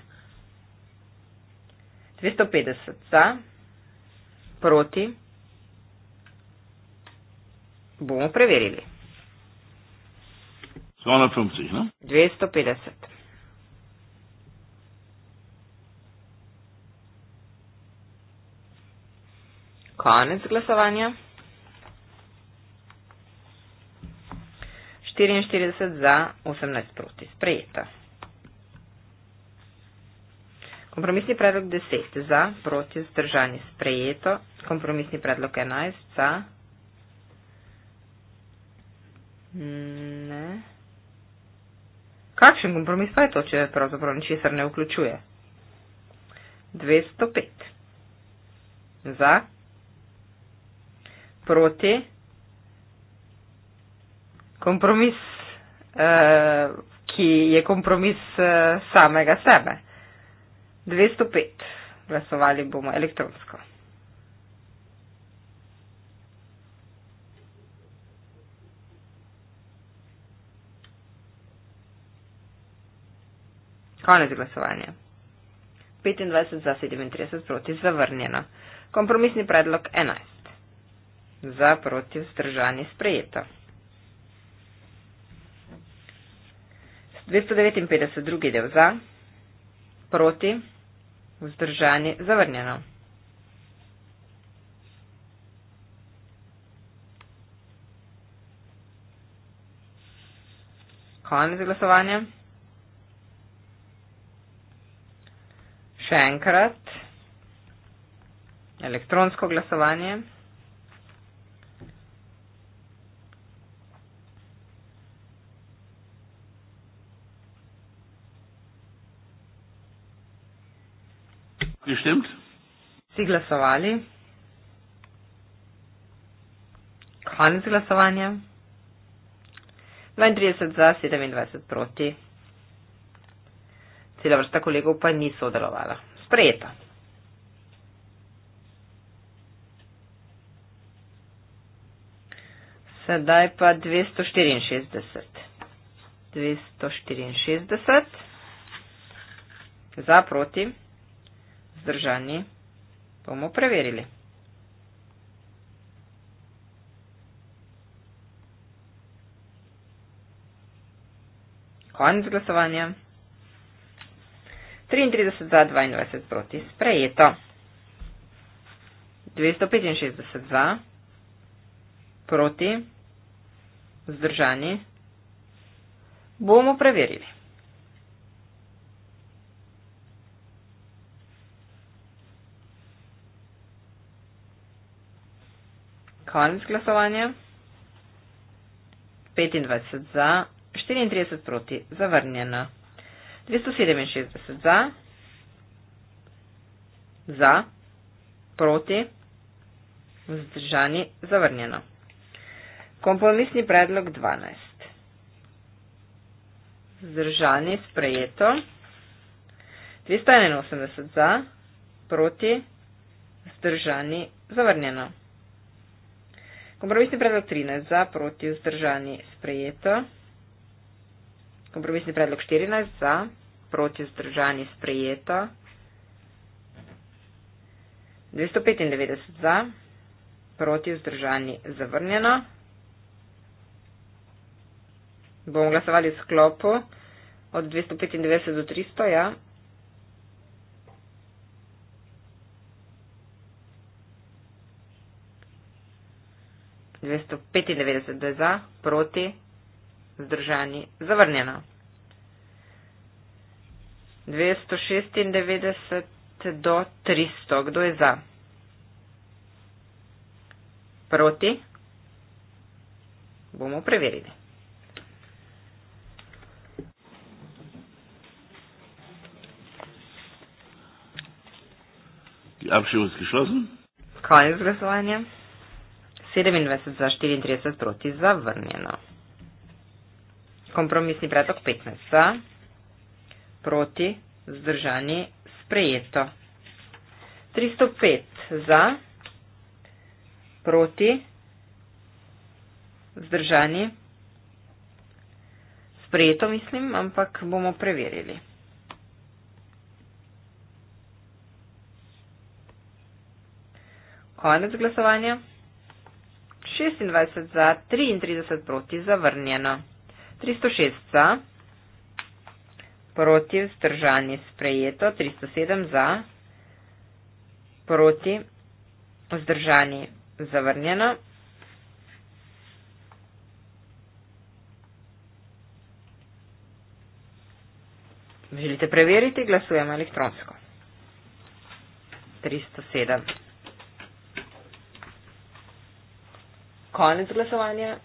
250 za, proti, bomo preverili. Zvona funkcija, ne? 250. konec glasovanja. 44 za, 18 proti. Sprejeta. Kompromisni predlog 10 za, proti zdržanje sprejeto. Kompromisni predlog 11 za. Ne. Kakšen kompromis pa je to, če pravzaprav ničesar ne vključuje? 205. Za proti. Kompromis, uh, ki je kompromis uh, samega sebe. 205. Glasovali bomo elektronsko. Konec glasovanja. 25 za 37 proti zavrnjeno. Kompromisni predlog 11 za proti vzdržani sprejeta. S 259 drugi del za, proti, vzdržani zavrnjeno. Konec glasovanja. Še enkrat elektronsko glasovanje. gestimmt? Sie glasowali? Konec glasovanja. 32 za, 27 proti. Cela vrsta kolegov pa ni sodelovala. Sprejeta. Sedaj pa 264. 264. Za, proti zdržani, bomo preverili. Konec glasovanja. 33 za, 22 proti, sprejeto. 265 za, proti, zdržani, bomo preverili. konec glasovanja. 25 za, 34 proti, zavrnjeno. 267 za, za, proti, vzdržani, zavrnjeno. Kompromisni predlog 12. Zdržani, sprejeto. 281 za, proti, vzdržani, zavrnjeno. Kompromisni predlog 13 za, proti vzdržani sprejeto. Kompromisni predlog 14 za, proti vzdržani sprejeto. 295 za, proti vzdržani zavrnjeno. Bomo glasovali v sklopu od 295 do 300, ja, 295 za, proti, zdržani, zavrnjeno. 296 do 300, kdo je za? Proti? Bomo preverili. Abšivski šlozen. Kaj je z glasovanjem? 27 za 34 proti zavrnjeno. Kompromisni predlog 15 za proti zdržani sprejeto. 305 za proti zdržani sprejeto, mislim, ampak bomo preverili. Konec glasovanja. 26 za, 33 proti zavrnjeno. 306 za, proti vzdržani sprejeto, 307 za, proti vzdržani zavrnjeno. Želite preveriti, glasujemo elektronsko. 307. konec glasovanja.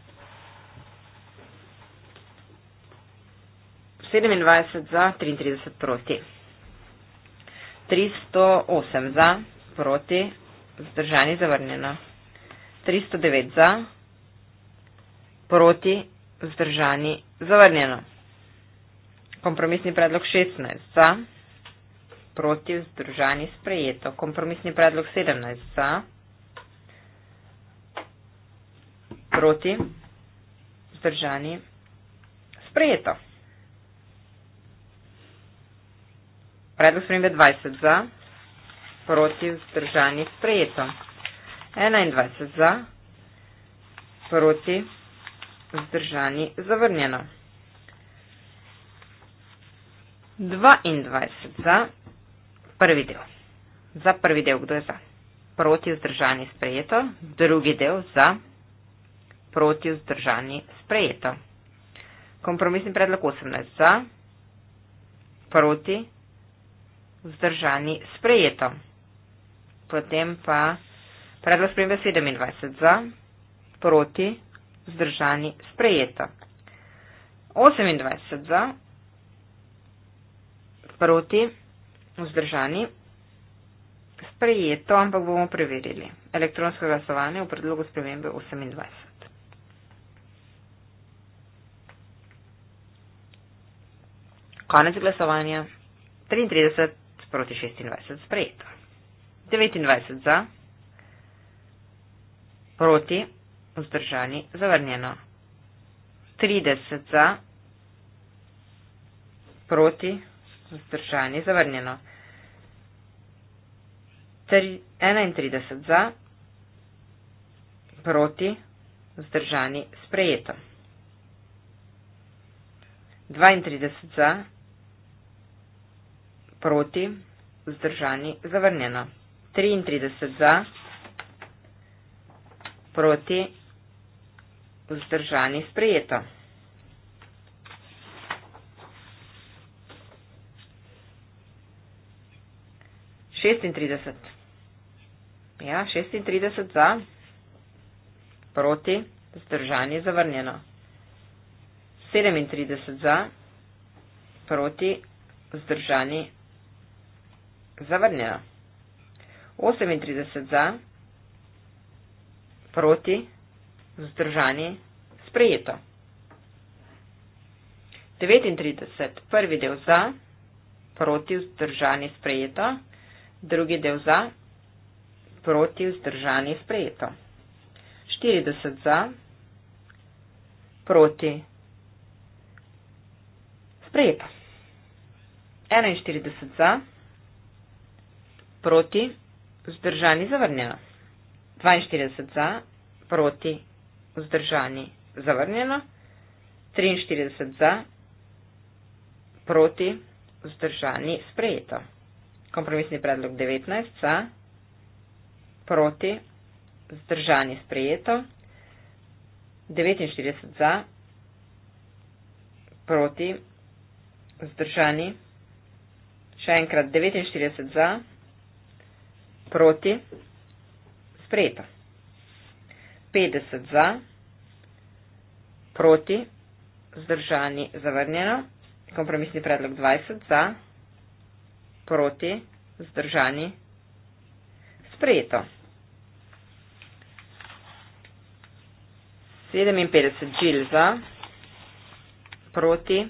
27 za, 33 proti. 308 za, proti, zdržani zavrnjeno. 309 za, proti, zdržani zavrnjeno. Kompromisni predlog 16 za, proti, zdržani sprejeto. Kompromisni predlog 17 za. proti, zdržani, sprejeto. Predlog spremembe 20 za, proti, zdržani, sprejeto. 21 za, proti, zdržani, zavrnjeno. 22 za, prvi del. Za prvi del, kdo je za? Proti, zdržani, sprejeto. Drugi del za, proti vzdržani sprejeto. Kompromisni predlog 18 za, proti vzdržani sprejeto. Potem pa predlog spremembe 27 za, proti vzdržani sprejeto. 28 za, proti vzdržani sprejeto, ampak bomo preverili elektronsko glasovanje v predlogu spremembe 28. Konec glasovanja 33 proti 26 sprejeto. 29 za, proti, vzdržani, zavrnjeno. 30 za, proti, vzdržani, zavrnjeno. 31 za, proti, vzdržani, sprejeto. 32 za, proti, vzdržani, sprejeto proti, vzdržani, zavrnjeno. 33 za, proti, vzdržani, sprejeto. Ja, 36 za, proti, vzdržani, zavrnjeno. 37 za, proti, vzdržani, zavrnjena. 38 za, proti, vzdržani, sprejeto. 39, prvi del za, proti, vzdržani, sprejeto, drugi del za, proti, vzdržani, sprejeto. 40 za, proti, sprejeto. 41 za, proti, vzdržani zavrnjeno. 42 za, proti, vzdržani zavrnjeno. 43 za, proti, vzdržani sprejeto. Kompromisni predlog 19 za, proti, vzdržani sprejeto. 49 za, proti, vzdržani. Še enkrat 49 za proti, sprejeto. 50 za, proti, zdržani, zavrnjeno. Kompromisni predlog 20 za, proti, zdržani, sprejeto. 57 žil za, proti,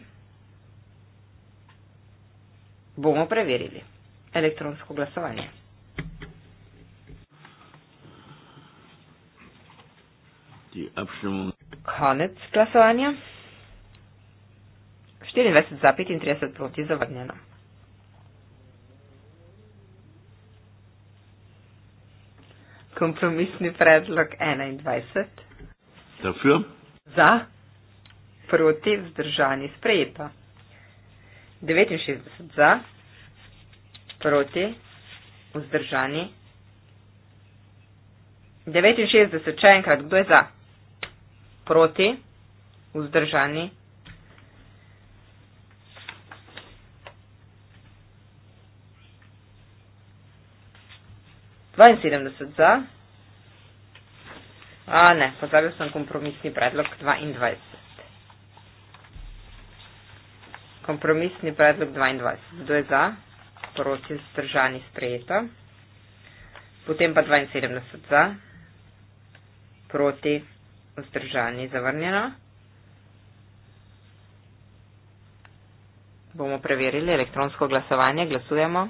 bomo preverili elektronsko glasovanje. proti. Abšemo. Konec glasovanja. 24 za 35 proti zavrnjeno. Kompromisni predlog 21. Dafür. Za. Proti vzdržani sprejeta. 69 za. Proti vzdržani. 69 še enkrat, kdo je za? proti, vzdržani. Dvainsedemdeset za. A ne, pozabil sem kompromisni predlog dvaindvajset. Kompromisni predlog dvaindvajset. Kdo je za? Proti zdržani sprejeta. Potem pa dvainsedemdeset za. Proti vzdržani zavrnjeno. Bomo preverili elektronsko glasovanje. Glasujemo.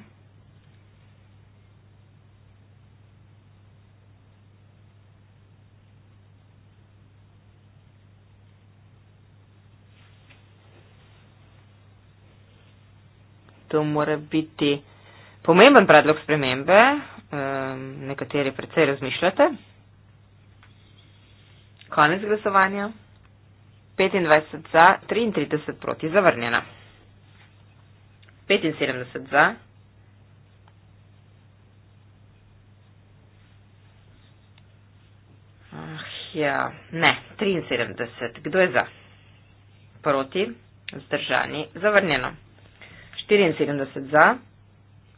To mora biti pomemben predlog spremembe. Eh, nekateri precej razmišljate. Konec glasovanja. 25 za, 33 proti, zavrnjena. 75 za. 73. Ah, ja, Kdo je za? Proti, zdržani, zavrnjeno. 74 za,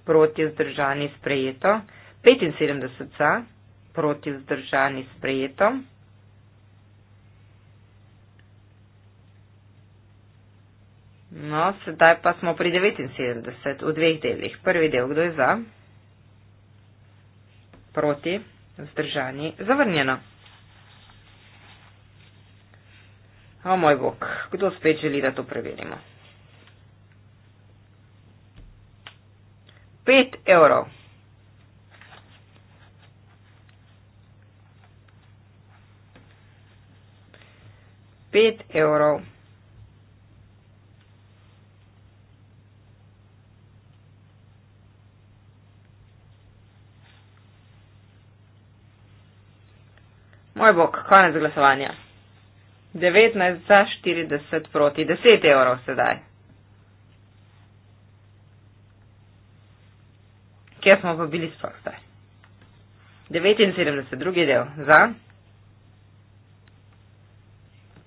proti, zdržani, sprejeto. 75 za, proti, zdržani, sprejeto. No, sedaj pa smo pri 79 v dveh delih. Prvi del, kdo je za? Proti, vzdržani, zavrnjeno. O moj bog, kdo spet želi, da to preverimo? 5 evrov. Pet evrov. Moj bog, konec glasovanja. 19 za 40 proti 10 evrov sedaj. Kje smo pa bili sploh zdaj? 79, drugi del za,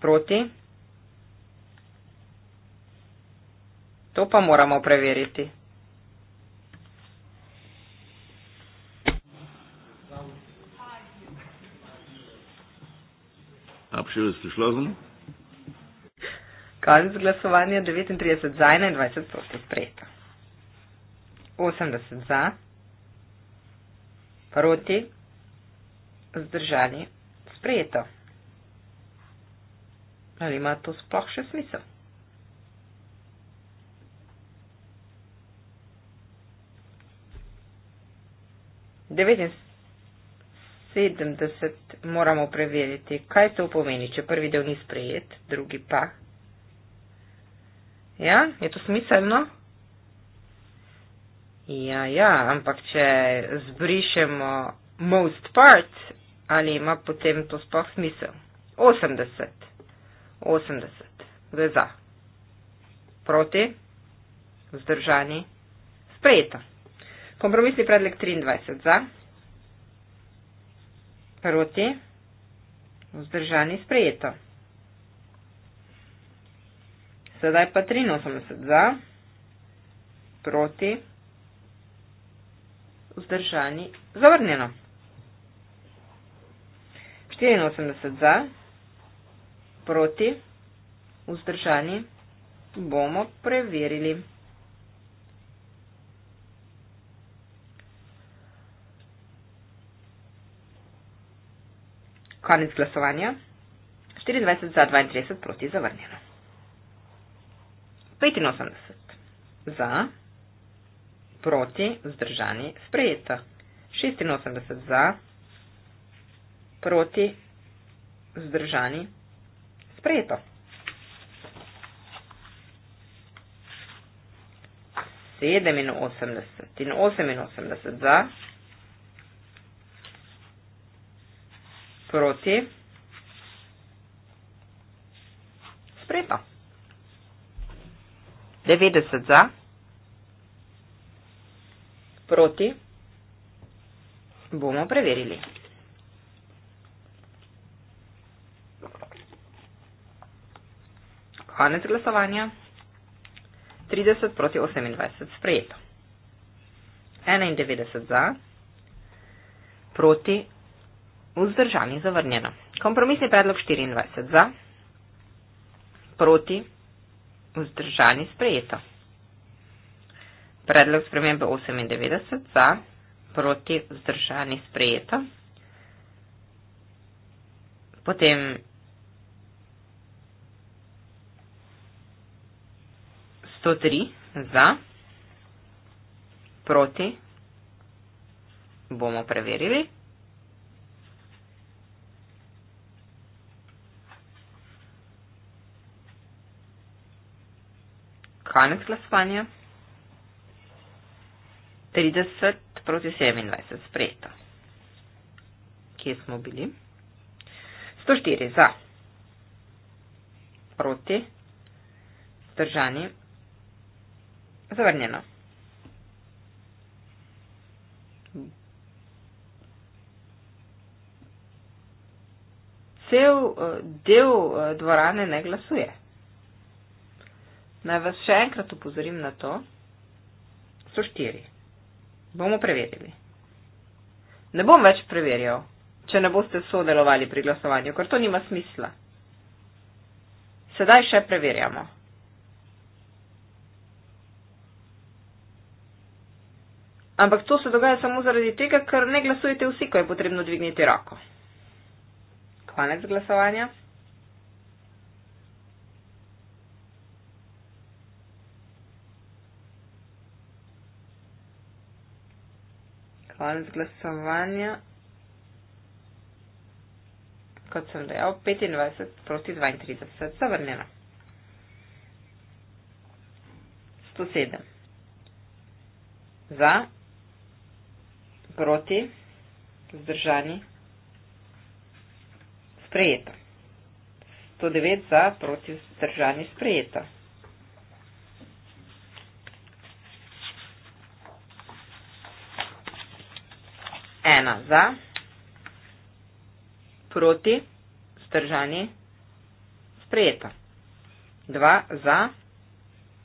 proti. To pa moramo preveriti. Abschiedes geschlossen. Konec glasovanja 39 za, 21 proti sprejeta. 80 za, proti, zdržani, sprejeto. Ali ima to sploh še smisel? Devetnajst. 70 moramo preveriti, kaj to pomeni, če prvi del ni sprejet, drugi pa. Ja, je to smiselno? Ja, ja, ampak če zbrišemo most part, ali ima potem to sploh smisel? 80. 80. Kdo je za? Proti? Vzdržani? Sprejeto. Kompromisni predlog 23 za. Proti. Vzdržani sprejeto. Sedaj pa 83 za. Proti. Vzdržani zavrnjeno. 84 za. Proti. Vzdržani bomo preverili. Konec glasovanja. 24 za 32 proti zavrnjeno. 85 za, proti, zdržani, sprejeto. 86 za, proti, zdržani, sprejeto. Sedeminosemdeset in oseminosemdeset za. proti spreto. 90 za proti bomo preverili. Konec glasovanja. 30 proti 28 sprejeto. 91 za, proti vzdržani zavrnjeno. Kompromisni predlog 24 za, proti, vzdržani sprejeto. Predlog spremembe 98 za, proti, vzdržani sprejeto. Potem sto tri za, proti, bomo preverili. Konec glasovanja. 30 proti 27 sprejeto. Kje smo bili? 104 za, proti, zdržani, zavrnjeno. Cel eh, del eh, dvorane ne glasuje. Naj vas še enkrat upozorim na to. So štiri. Bomo preverili. Ne bom več preverjal, če ne boste sodelovali pri glasovanju, ker to nima smisla. Sedaj še preverjamo. Ampak to se dogaja samo zaradi tega, ker ne glasujete vsi, ko je potrebno dvigniti roko. Konec glasovanja. Konec glasovanja. Kot sem dejal, 25 proti 32 zavrnjeno. 107. Za, proti, vzdržani, sprejeto. 109 za, proti, vzdržani, sprejeto. ena za, proti, vzdržani, sprejeto. Dva za,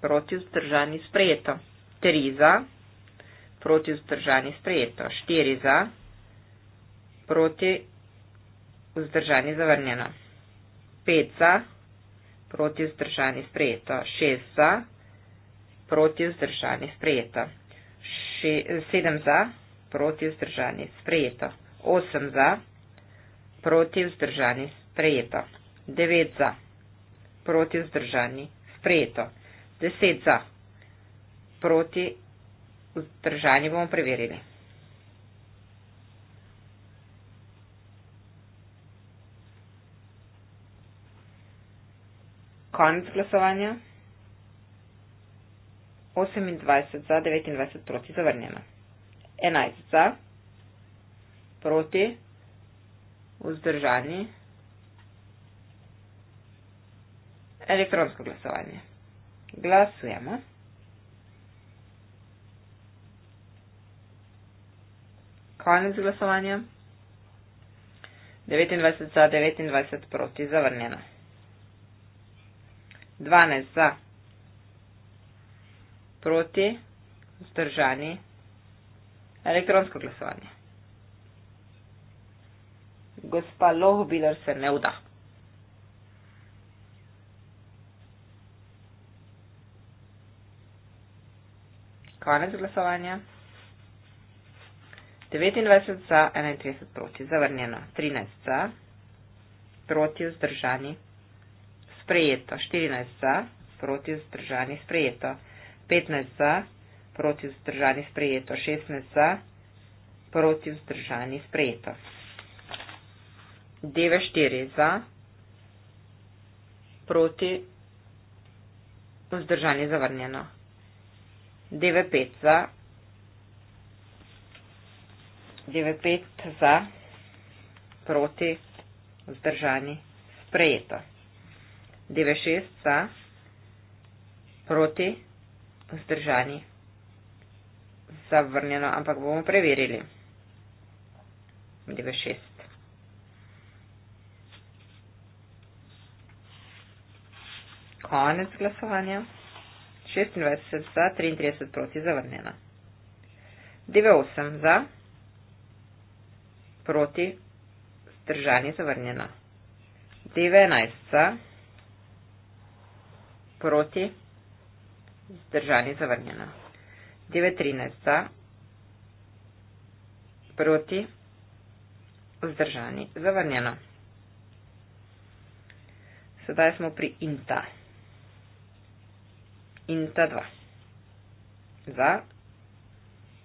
proti, vzdržani, sprejeto. Tri za, proti, vzdržani, sprejeto. Štiri za, proti, vzdržani, zavrnjeno. Pet za, proti, vzdržani, sprejeto. Šest za, proti, vzdržani, sprejeto. Še, sedem za, proti, vzdržani, sprejeto proti vzdržani sprejeto. 8 za, proti vzdržani sprejeto. 9 za, proti vzdržani sprejeto. 10 za, proti vzdržani bomo preverili. Konec glasovanja. 28 za, 29 proti zavrnjeno enajstica proti vzdržani elektronsko glasovanje. Glasujemo. Konec glasovanja. 29 za, 29 proti, zavrnjeno. 12 za, proti, vzdržani, elektronsko glasovanje. Gospa Lohobiler se ne vda. Konec glasovanja. 29 za, 31 proti, zavrnjeno. 13 za, proti, vzdržani, sprejeto. 14 za, proti, vzdržani, sprejeto. 15 za, proti vzdržani sprejeto, 16 za, proti vzdržani sprejeto. 94 za, proti vzdržani zavrnjeno. 95 za, 95 za, proti vzdržani sprejeto. 96 za, proti vzdržani sprejeto zavrnjeno, ampak bomo preverili. 96. Konec glasovanja. 26 za, 33 proti zavrnjeno. 98 za, proti zdržani zavrnjeno. 19 za, proti zdržani zavrnjeno. 9.13. Proti. Vzdržani. Zavrnjeno. Sedaj smo pri INTA. INTA 2. Za.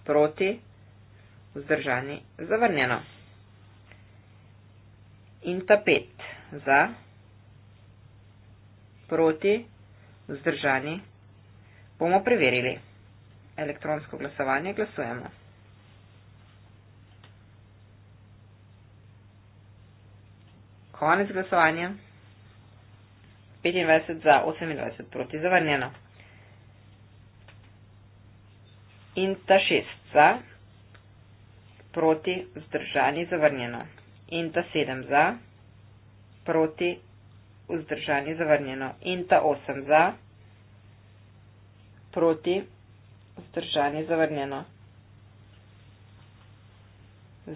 Proti. Vzdržani. Zavrnjeno. INTA 5. Za. Proti. Vzdržani. Bomo preverili. 9.13 elektronsko glasovanje glasujemo. Konec glasovanja. 25 za 28 proti zavrnjeno. In ta šest za proti vzdržani zavrnjeno. In ta sedem za proti vzdržani zavrnjeno. In ta osem za proti vzdržani zavrnjeno vzdržanje zavrnjeno.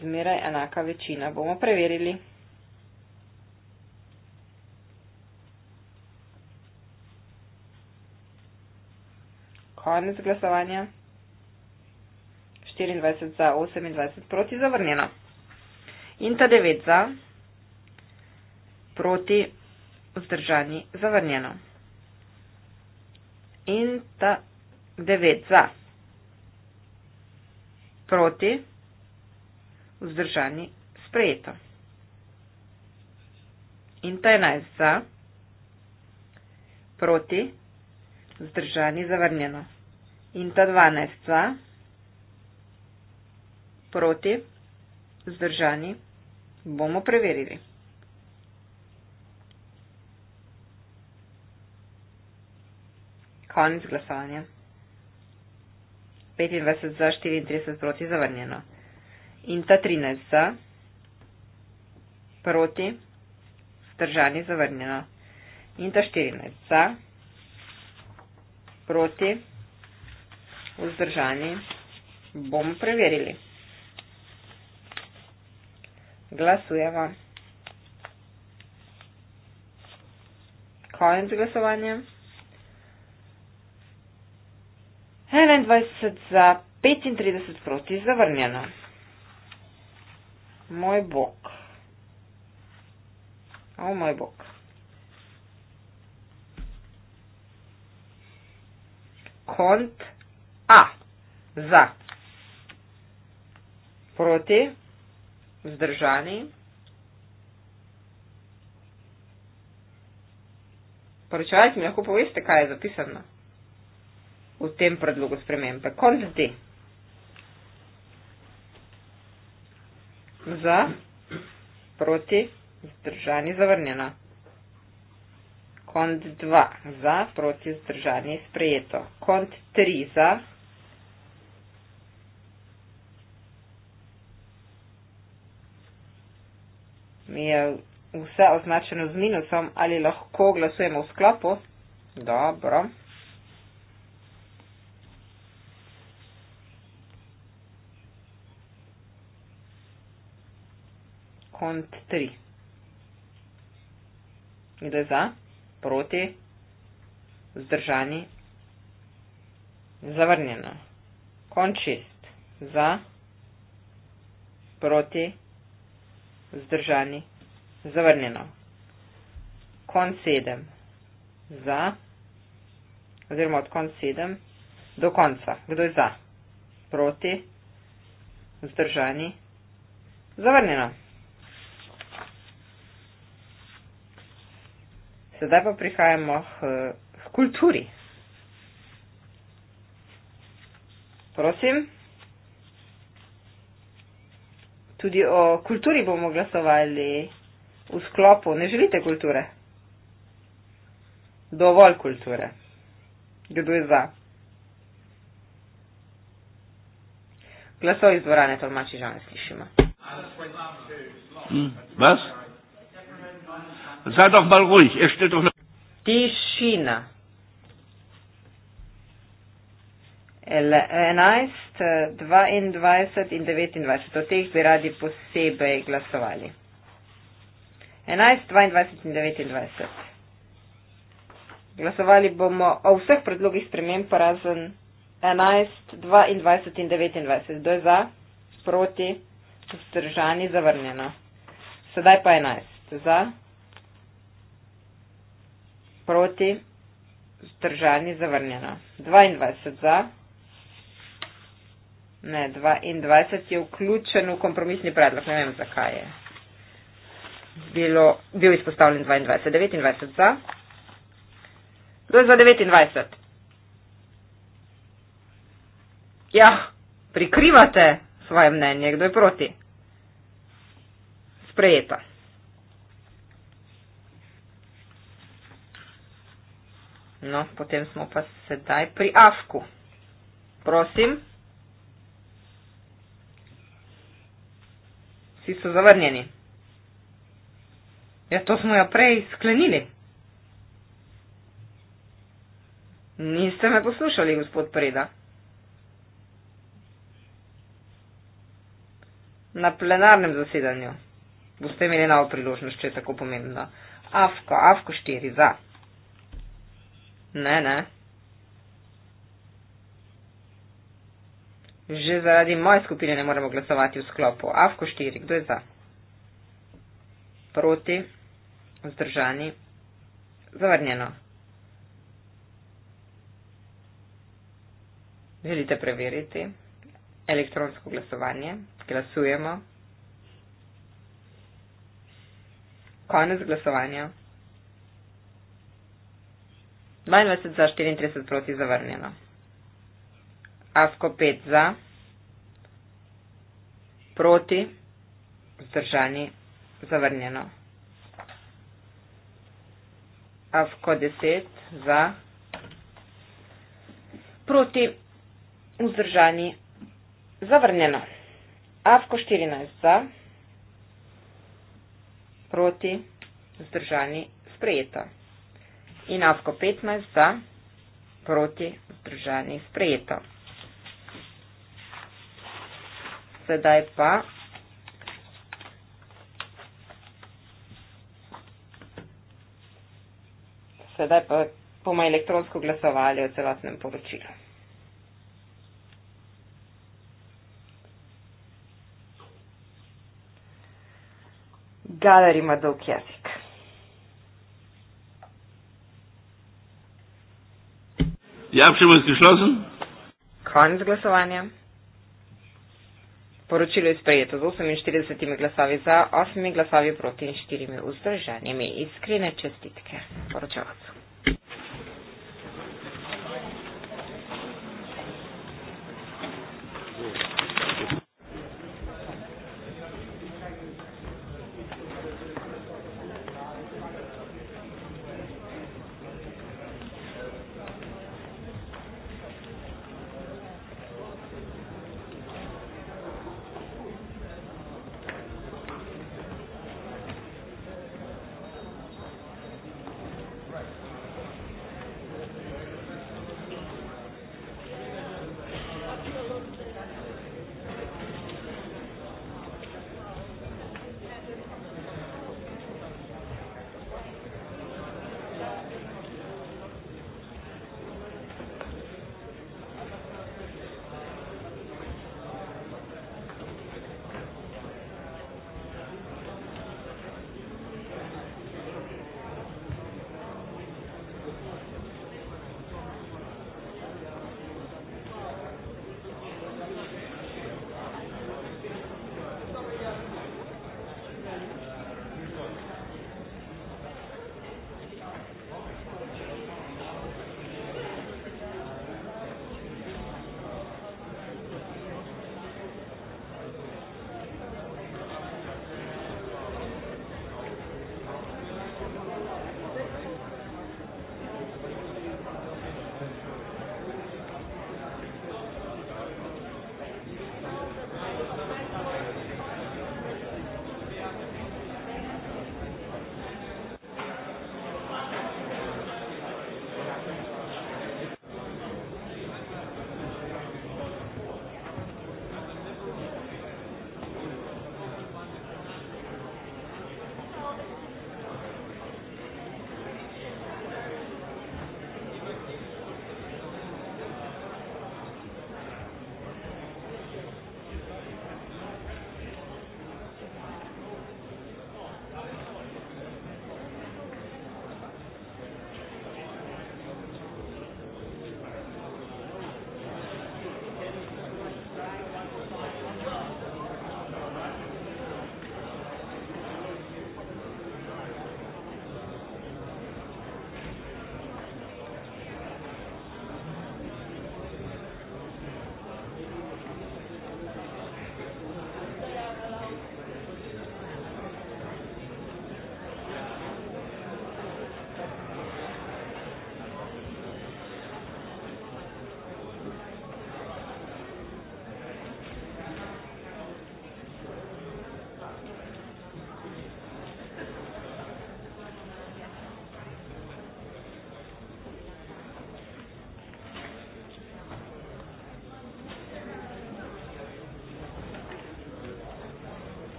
Zmeraj enaka večina. Bomo preverili. Konec glasovanja. 24 za, 28 proti, zavrnjeno. In ta 9 za, proti, vzdržani, zavrnjeno. In ta 9 za, proti, vzdržani, sprejeto. In 13 za, proti, vzdržani, zavrnjeno. In ta 12 za, proti, vzdržani, bomo preverili. Konec glasovanja. 25 za, 34 proti zavrnjeno. In ta 13 za, proti, vzdržani zavrnjeno. In ta 14 za, proti, vzdržani, bomo preverili. Glasujeva. Konec glasovanja. 21 za 35 proti zavrnjeno. Moj bog. O moj bog. Kont A. Za. Proti. Vzdržani. Poročevalci mi lahko poveste, kaj je zapisano v tem predlogu spremembe. Konc D. Za, proti, zdržani, zavrnjeno. Kont 2. Za, proti, zdržani, sprejeto. Kont 3. Za. Mi je vse označeno z minusom, ali lahko glasujemo v sklopu? Dobro. kont 3. Kdo je za, proti, vzdržani, zavrnjeno. Kont 6. Za, proti, vzdržani, zavrnjeno. Kont 7. Za, oziroma od kont 7 do konca. Kdo je za, proti, vzdržani, zavrnjeno. Sedaj pa prihajamo k, k kulturi. Prosim. Tudi o kulturi bomo glasovali v sklopu. Ne želite kulture? Dovolj kulture. Kdo je za? Glasov iz dvorane, to mači že ne slišimo. Mm, vas? sei doch mal ruhig. Er steht doch Die Schiene. Enajst, dvaindvajset in devetindvajset. O teh bi radi posebej glasovali. Enajst, dvaindvajset in devetindvajset. Glasovali bomo o vseh predlogih sprememb, razen enajst, dvaindvajset in devetindvajset. Kdo je za, proti, vzdržani, zavrnjeno. Sedaj pa enajst. Za, proti, vzdržani, zavrnjeno. 22 za, ne, 22 je vključen v kompromisni predlog, ne vem zakaj je. Bilo, bil izpostavljen 22, 29 za. Kdo je za 29? Ja, prikrivate svoje mnenje, kdo je proti? Sprejeta. No, potem smo pa sedaj pri Afku. Prosim. Vsi so zavrnjeni. Ja, to smo jo prej sklenili. Niste me poslušali, gospod Preda. Na plenarnem zasedanju boste imeli novo priložnost, če je tako pomembno. Afko, Afko 4 za. Ne, ne. Že zaradi moje skupine ne moremo glasovati v sklopu. Avko 4, kdo je za? Proti, vzdržani, zavrnjeno. Želite preveriti elektronsko glasovanje? Glasujemo. Konec glasovanja. 22 za, 34 proti zavrnjeno. Asko 5 za, proti, vzdržani, zavrnjeno. Asko 10 za, proti, vzdržani, zavrnjeno. Asko 14 za, proti, vzdržani, sprejeto in AFKO 15 za proti združenje sprejeto. Sedaj pa sedaj pa bomo elektronsko glasovali o celotnem poročilu. Galerij ima dolg jezik. Ja, še bo izkišlosen. Konec glasovanja. Poročilo je sprejeto z 48 glasovi za, 8 glasovi proti in 4 vzdržanimi. Iskrene čestitke poročevalcu.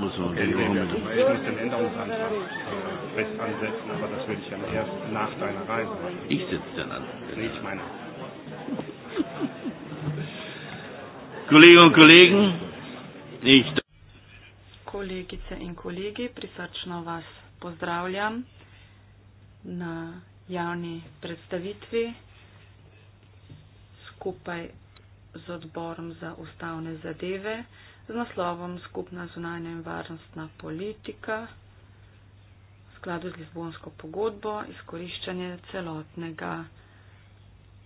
muss man okay, wir müssen den Änderungsantrag äh, fest ansetzen, aber das würde ich dann ja erst nach deiner Reise machen. Ich sitze dann an. Nee, ich meine. Kolleginnen und Kollegen, ich. Kolegice in kolegi, prisrčno vas pozdravljam na javni predstavitvi skupaj z odborom za ustavne zadeve z naslovom Skupna zunanja in varnostna politika v skladu z Lizbonsko pogodbo izkoriščanje celotnega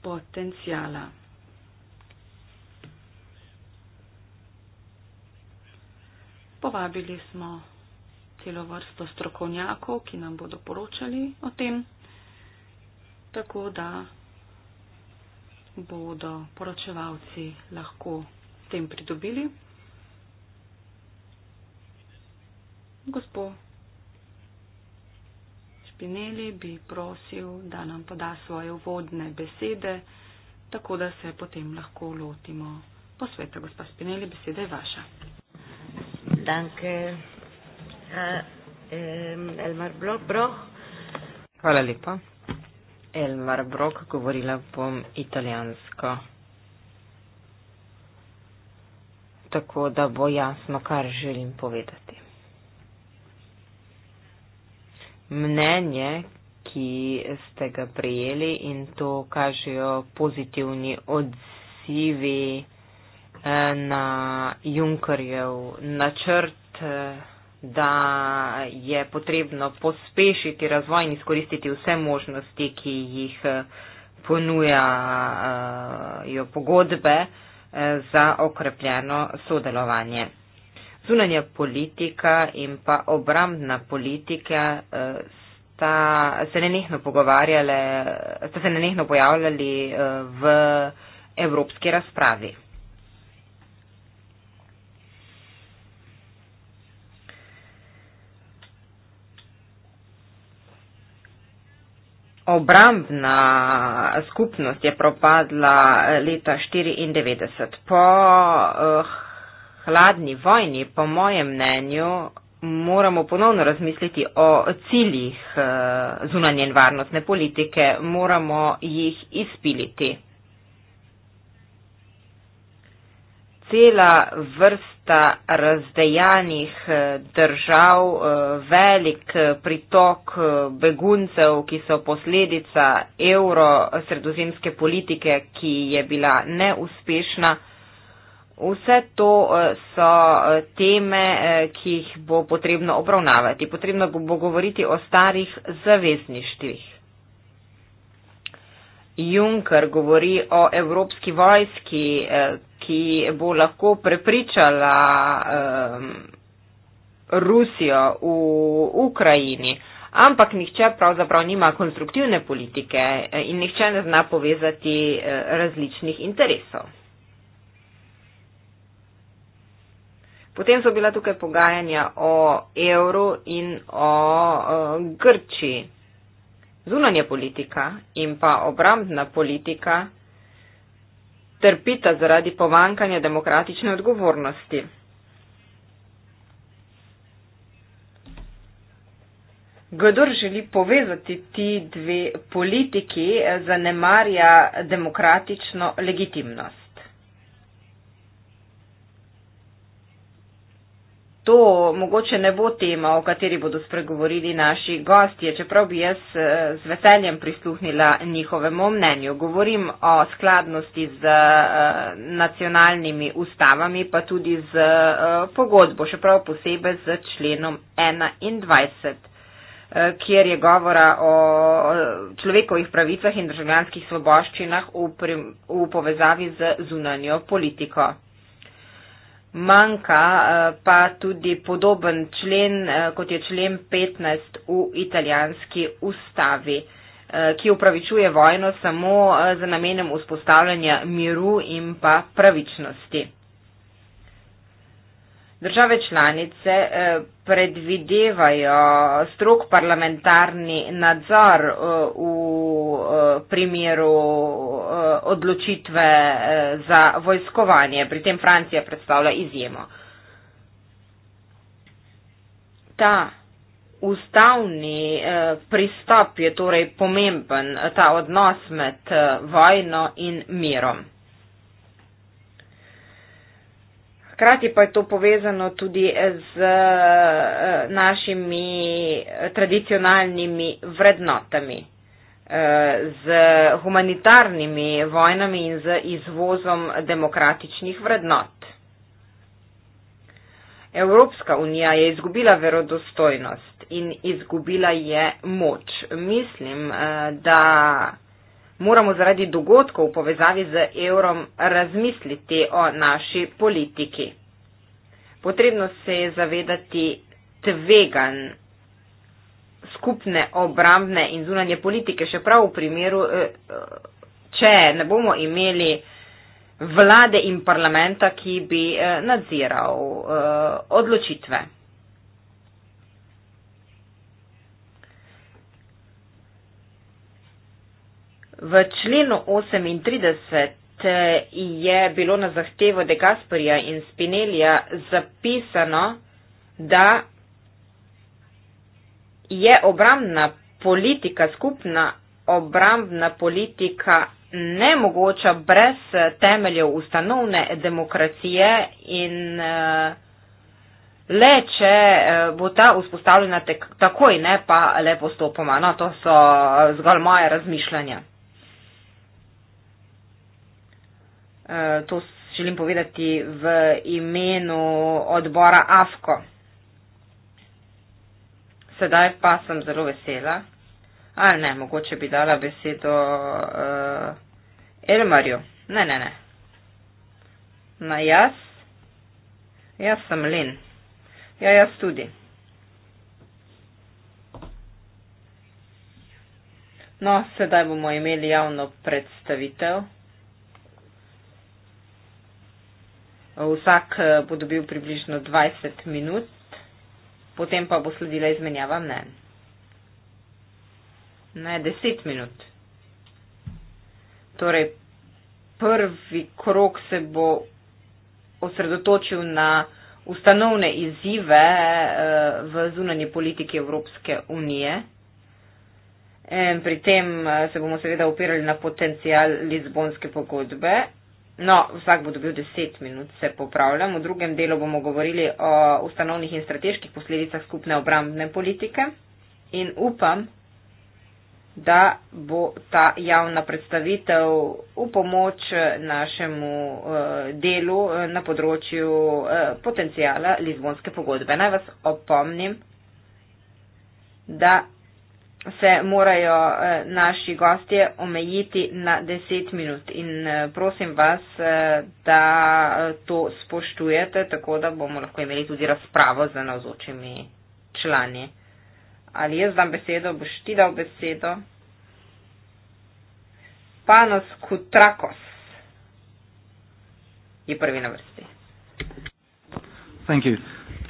potencijala. Povabili smo celo vrsto strokovnjakov, ki nam bodo poročali o tem, tako da bodo poročevalci lahko tem pridobili. Gospo Špineli bi prosil, da nam poda svoje uvodne besede, tako da se potem lahko lotimo posveta. Gospa Špineli, beseda je vaša. Danke. A, em, Elmar Blok, Broh. Hvala lepa. Elmar Brok, govorila bom italijansko. Tako da bo jasno, kar želim povedati. mnenje, ki ste ga prijeli in to kažejo pozitivni odzivi eh, na Junkerjev načrt, eh, da je potrebno pospešiti razvoj in izkoristiti vse možnosti, ki jih eh, ponujajo pogodbe za okrepljeno sodelovanje zunanja politika in pa obrambna politika eh, sta se nenehno pogovarjale, sta se nenehno pojavljali eh, v evropski razpravi. Obrambna skupnost je propadla leta 1994 po uh, hladni vojni, po mojem mnenju, moramo ponovno razmisliti o ciljih eh, zunanje in varnostne politike, moramo jih izpiliti. Cela vrsta razdejanih eh, držav, eh, velik pritok beguncev, ki so posledica evro-sredozemske politike, ki je bila neuspešna, Vse to eh, so eh, teme, eh, ki jih bo potrebno obravnavati. Potrebno bo govoriti o starih zavezništvih. Juncker govori o evropski vojski, ki bo lahko prepričala Rusijo v Ukrajini, ampak nihče pravzaprav nima konstruktivne politike in nihče ne zna povezati različnih interesov. Potem so bila tukaj pogajanja o evru in o uh, e, Grči. Zunanja politika in pa obrambna politika trpita zaradi povankanja demokratične odgovornosti. Kdor želi povezati ti dve politiki, zanemarja demokratično legitimnost. to mogoče ne bo tema, o kateri bodo spregovorili naši gostje, čeprav bi jaz eh, z veseljem prisluhnila njihovemu mnenju. Govorim o skladnosti z eh, nacionalnimi ustavami, pa tudi z eh, pogodbo, še prav posebej z členom 21 kjer je govora o človekovih pravicah in državljanskih svoboščinah v, prim, v povezavi z zunanjo politiko manjka eh, pa tudi podoben člen, eh, kot je člen 15 v italijanski ustavi, eh, ki upravičuje vojno samo za namenem vzpostavljanja miru in pa pravičnosti. Države članice eh, predvidevajo strok parlamentarni nadzor eh, v eh, primeru odločitve za vojskovanje. Pri tem Francija predstavlja izjemo. Ta ustavni pristop je torej pomemben, ta odnos med vojno in mirom. Hkrati pa je to povezano tudi z eh, našimi tradicionalnimi vrednotami, eh, z humanitarnimi vojnami in z izvozom demokratičnih vrednot. Evropska unija je izgubila verodostojnost in izgubila je moč. Mislim, eh, da moramo zaradi dogodkov v povezavi z evrom razmisliti o naši politiki. Potrebno se je zavedati tvegan skupne obrambne in zunanje politike, še prav v primeru, eh, eh, če ne bomo imeli vlade in parlamenta, ki bi eh, nadziral odločitve. V členu 38 eh, je bilo na zahtevo De Gasparija in Spinelija zapisano, da je obrambna politika, skupna obrambna politika nemogoča brez temeljev ustanovne demokracije in eh, le, če eh, bo ta vzpostavljena tek, takoj, ne pa le postopoma. No, to so zgolj moje razmišljanja. Eh, to želim povedati v imenu odbora AFKO. Sedaj pa sem zelo vesela, ali ne, mogoče bi dala besedo uh, Elmarju. Ne, ne, ne. Na jaz? Jaz sem Lin. Ja, jaz tudi. No, sedaj bomo imeli javno predstavitev. Vsak eh, bo dobil približno 20 minut, potem pa bo sledila izmenjava mnen. Ne, 10 minut. Torej, prvi krok se bo osredotočil na ustanovne izzive eh, v zunanji politiki Evropske unije. In pri tem eh, se bomo seveda opirali na potencial Lizbonske pogodbe No, vsak bo dobil 10 minut, se popravljam. V drugem delu bomo govorili o ustanovnih in strateških posledicah skupne obrambne politike in upam, da bo ta javna predstavitev v pomoč našemu eh, delu eh, na področju eh, potencijala Lizbonske pogodbe. Naj vas opomnim, da se morajo eh, naši gostje omejiti na 10 minut in eh, prosim vas, eh, da to spoštujete, tako da bomo lahko imeli tudi razpravo z navzočimi člani. Ali jaz dam besedo, boš ti dal besedo? Panos Kutrakos je prvi na vrsti.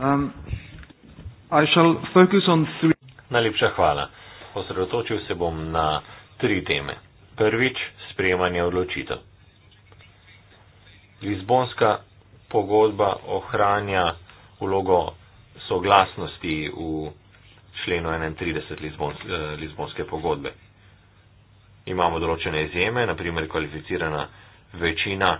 Um, Najlepša hvala osredotočil se bom na tri teme. Prvič, sprejemanje odločitev. Lizbonska pogodba ohranja vlogo soglasnosti v členu 31 Lizbons eh, Lizbonske pogodbe. Imamo določene izjeme, naprimer kvalificirana večina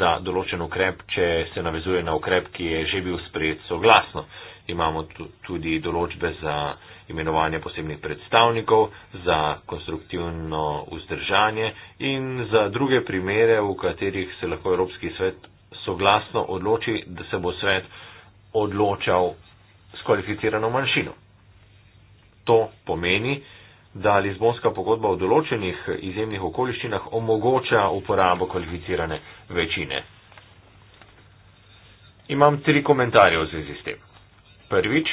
za določen ukrep, če se navezuje na ukrep, ki je že bil sprejet soglasno imamo tudi določbe za imenovanje posebnih predstavnikov, za konstruktivno vzdržanje in za druge primere, v katerih se lahko Evropski svet soglasno odloči, da se bo svet odločal s kvalificirano manjšino. To pomeni, da Lizbonska pogodba v določenih izjemnih okoliščinah omogoča uporabo kvalificirane večine. Imam tri komentarje v zvezi s tem. Prvič,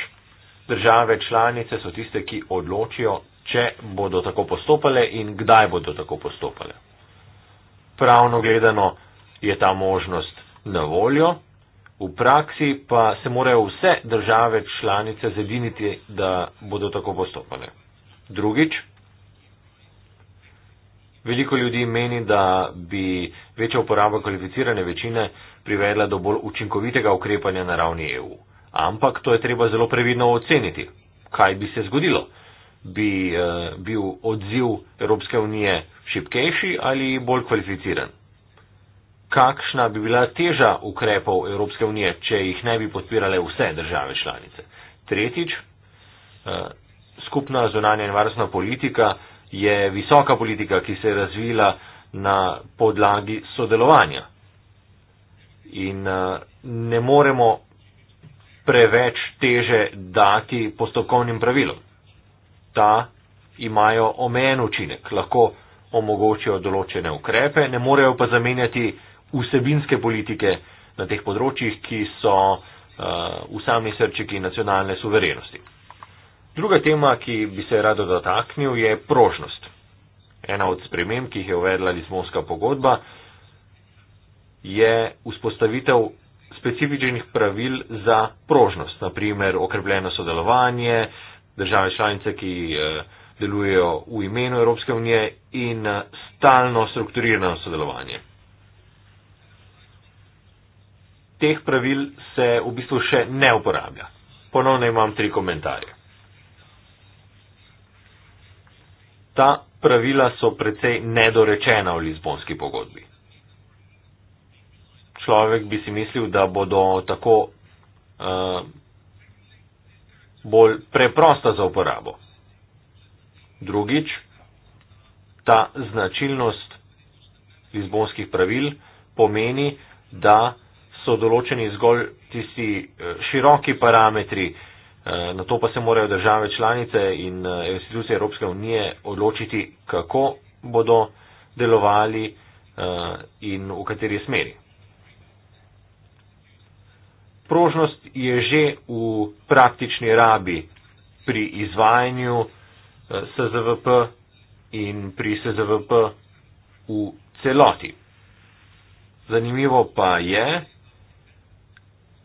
države članice so tiste, ki odločijo, če bodo tako postopale in kdaj bodo tako postopale. Pravno gledano je ta možnost na voljo, v praksi pa se morajo vse države članice zediniti, da bodo tako postopale. Drugič, veliko ljudi meni, da bi večja uporaba kvalificirane večine privedla do bolj učinkovitega ukrepanja na ravni EU. Ampak to je treba zelo previdno oceniti. Kaj bi se zgodilo? Bi eh, bil odziv Evropske unije šipkejši ali bolj kvalificiran? Kakšna bi bila teža ukrepov Evropske unije, če jih ne bi podpirale vse države članice? Tretjič, eh, skupna zunanja in varnostna politika je visoka politika, ki se je razvila na podlagi sodelovanja. In eh, ne moremo preveč teže dati postopkovnim pravilom. Ta imajo omejen učinek, lahko omogočijo določene ukrepe, ne morejo pa zamenjati vsebinske politike na teh področjih, ki so uh, v sami srčiki nacionalne suverenosti. Druga tema, ki bi se rado dotaknil, je prožnost. Ena od sprememb, ki jih je uvedla Lizmonska pogodba, je vzpostavitev specifičnih pravil za prožnost, naprimer okrepljeno sodelovanje, države članice, ki eh, delujejo v imenu Evropske unije in eh, stalno strukturirano sodelovanje. Teh pravil se v bistvu še ne uporablja. Ponovno imam tri komentarje. Ta pravila so precej nedorečena v Lizbonski pogodbi človek bi si mislil, da bodo tako uh, bolj preprosta za uporabo. Drugič, ta značilnost izbonskih pravil pomeni, da so določeni zgolj tisti eh, široki parametri, eh, na to pa se morajo države članice in institucije Evropske unije odločiti, kako bodo delovali in v kateri smeri prožnost je že v praktični rabi pri izvajanju eh, SZVP in pri SZVP v celoti. Zanimivo pa je,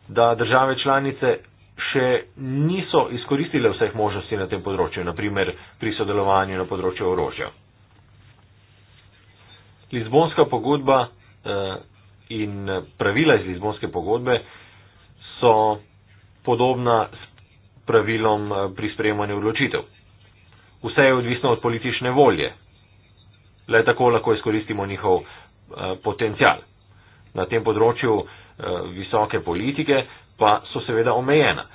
da države članice še niso izkoristile vseh možnosti na tem področju, naprimer pri sodelovanju na področju orožja. Lizbonska pogodba eh, in pravila iz Lizbonske pogodbe so podobna pravilom eh, pri sprejemanju odločitev. Vse je odvisno od politične volje. Le tako lahko izkoristimo njihov eh, potencial. Na tem področju eh, visoke politike pa so seveda omejena.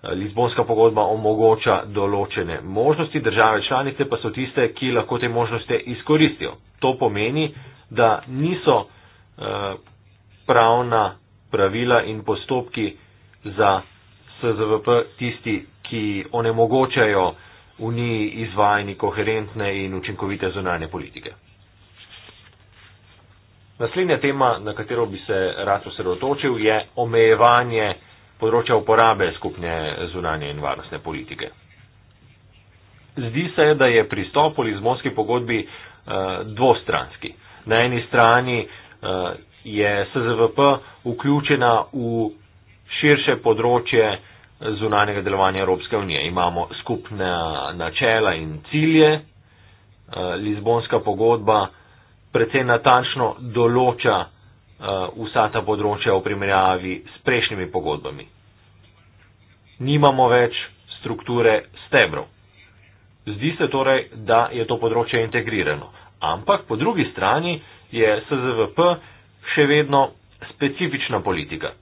Lizbonska pogodba omogoča določene možnosti, države članice pa so tiste, ki lahko te možnosti izkoristijo. To pomeni, da niso pravna pravila in postopki za SZVP tisti, ki onemogočajo v njih izvajanje koherentne in učinkovite zunanje politike. Naslednja tema, na katero bi se rad osredotočil, je omejevanje področja uporabe skupne zunanje in varnostne politike. Zdi se, da je pristop v Lizbonski pogodbi eh, dvostranski. Na eni strani eh, je SZVP vključena v širše področje zunanjega delovanja Evropske unije. Imamo skupne načela in cilje. Eh, Lizbonska pogodba predvsem natančno določa eh, vsa ta področja v primerjavi s prejšnjimi pogodbami. Nimamo več strukture stebrov. Zdi se torej, da je to področje integrirano. Ampak po drugi strani je SZVP še vedno specifična politika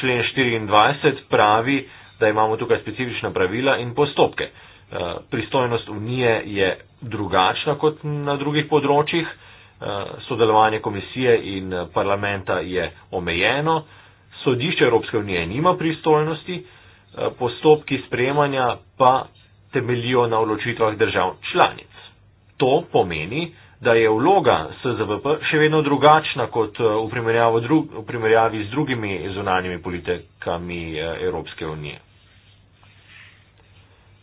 člen 24 pravi, da imamo tukaj specifična pravila in postopke. Eh, pristojnost unije je drugačna kot na drugih področjih, eh, sodelovanje komisije in parlamenta je omejeno, sodišče Evropske unije nima pristojnosti, eh, postopki sprejemanja pa temeljijo na odločitvah držav članic. To pomeni, da je vloga SZVP še vedno drugačna kot eh, v primerjavi, drug, v primerjavi z drugimi zunanjimi politikami eh, Evropske unije.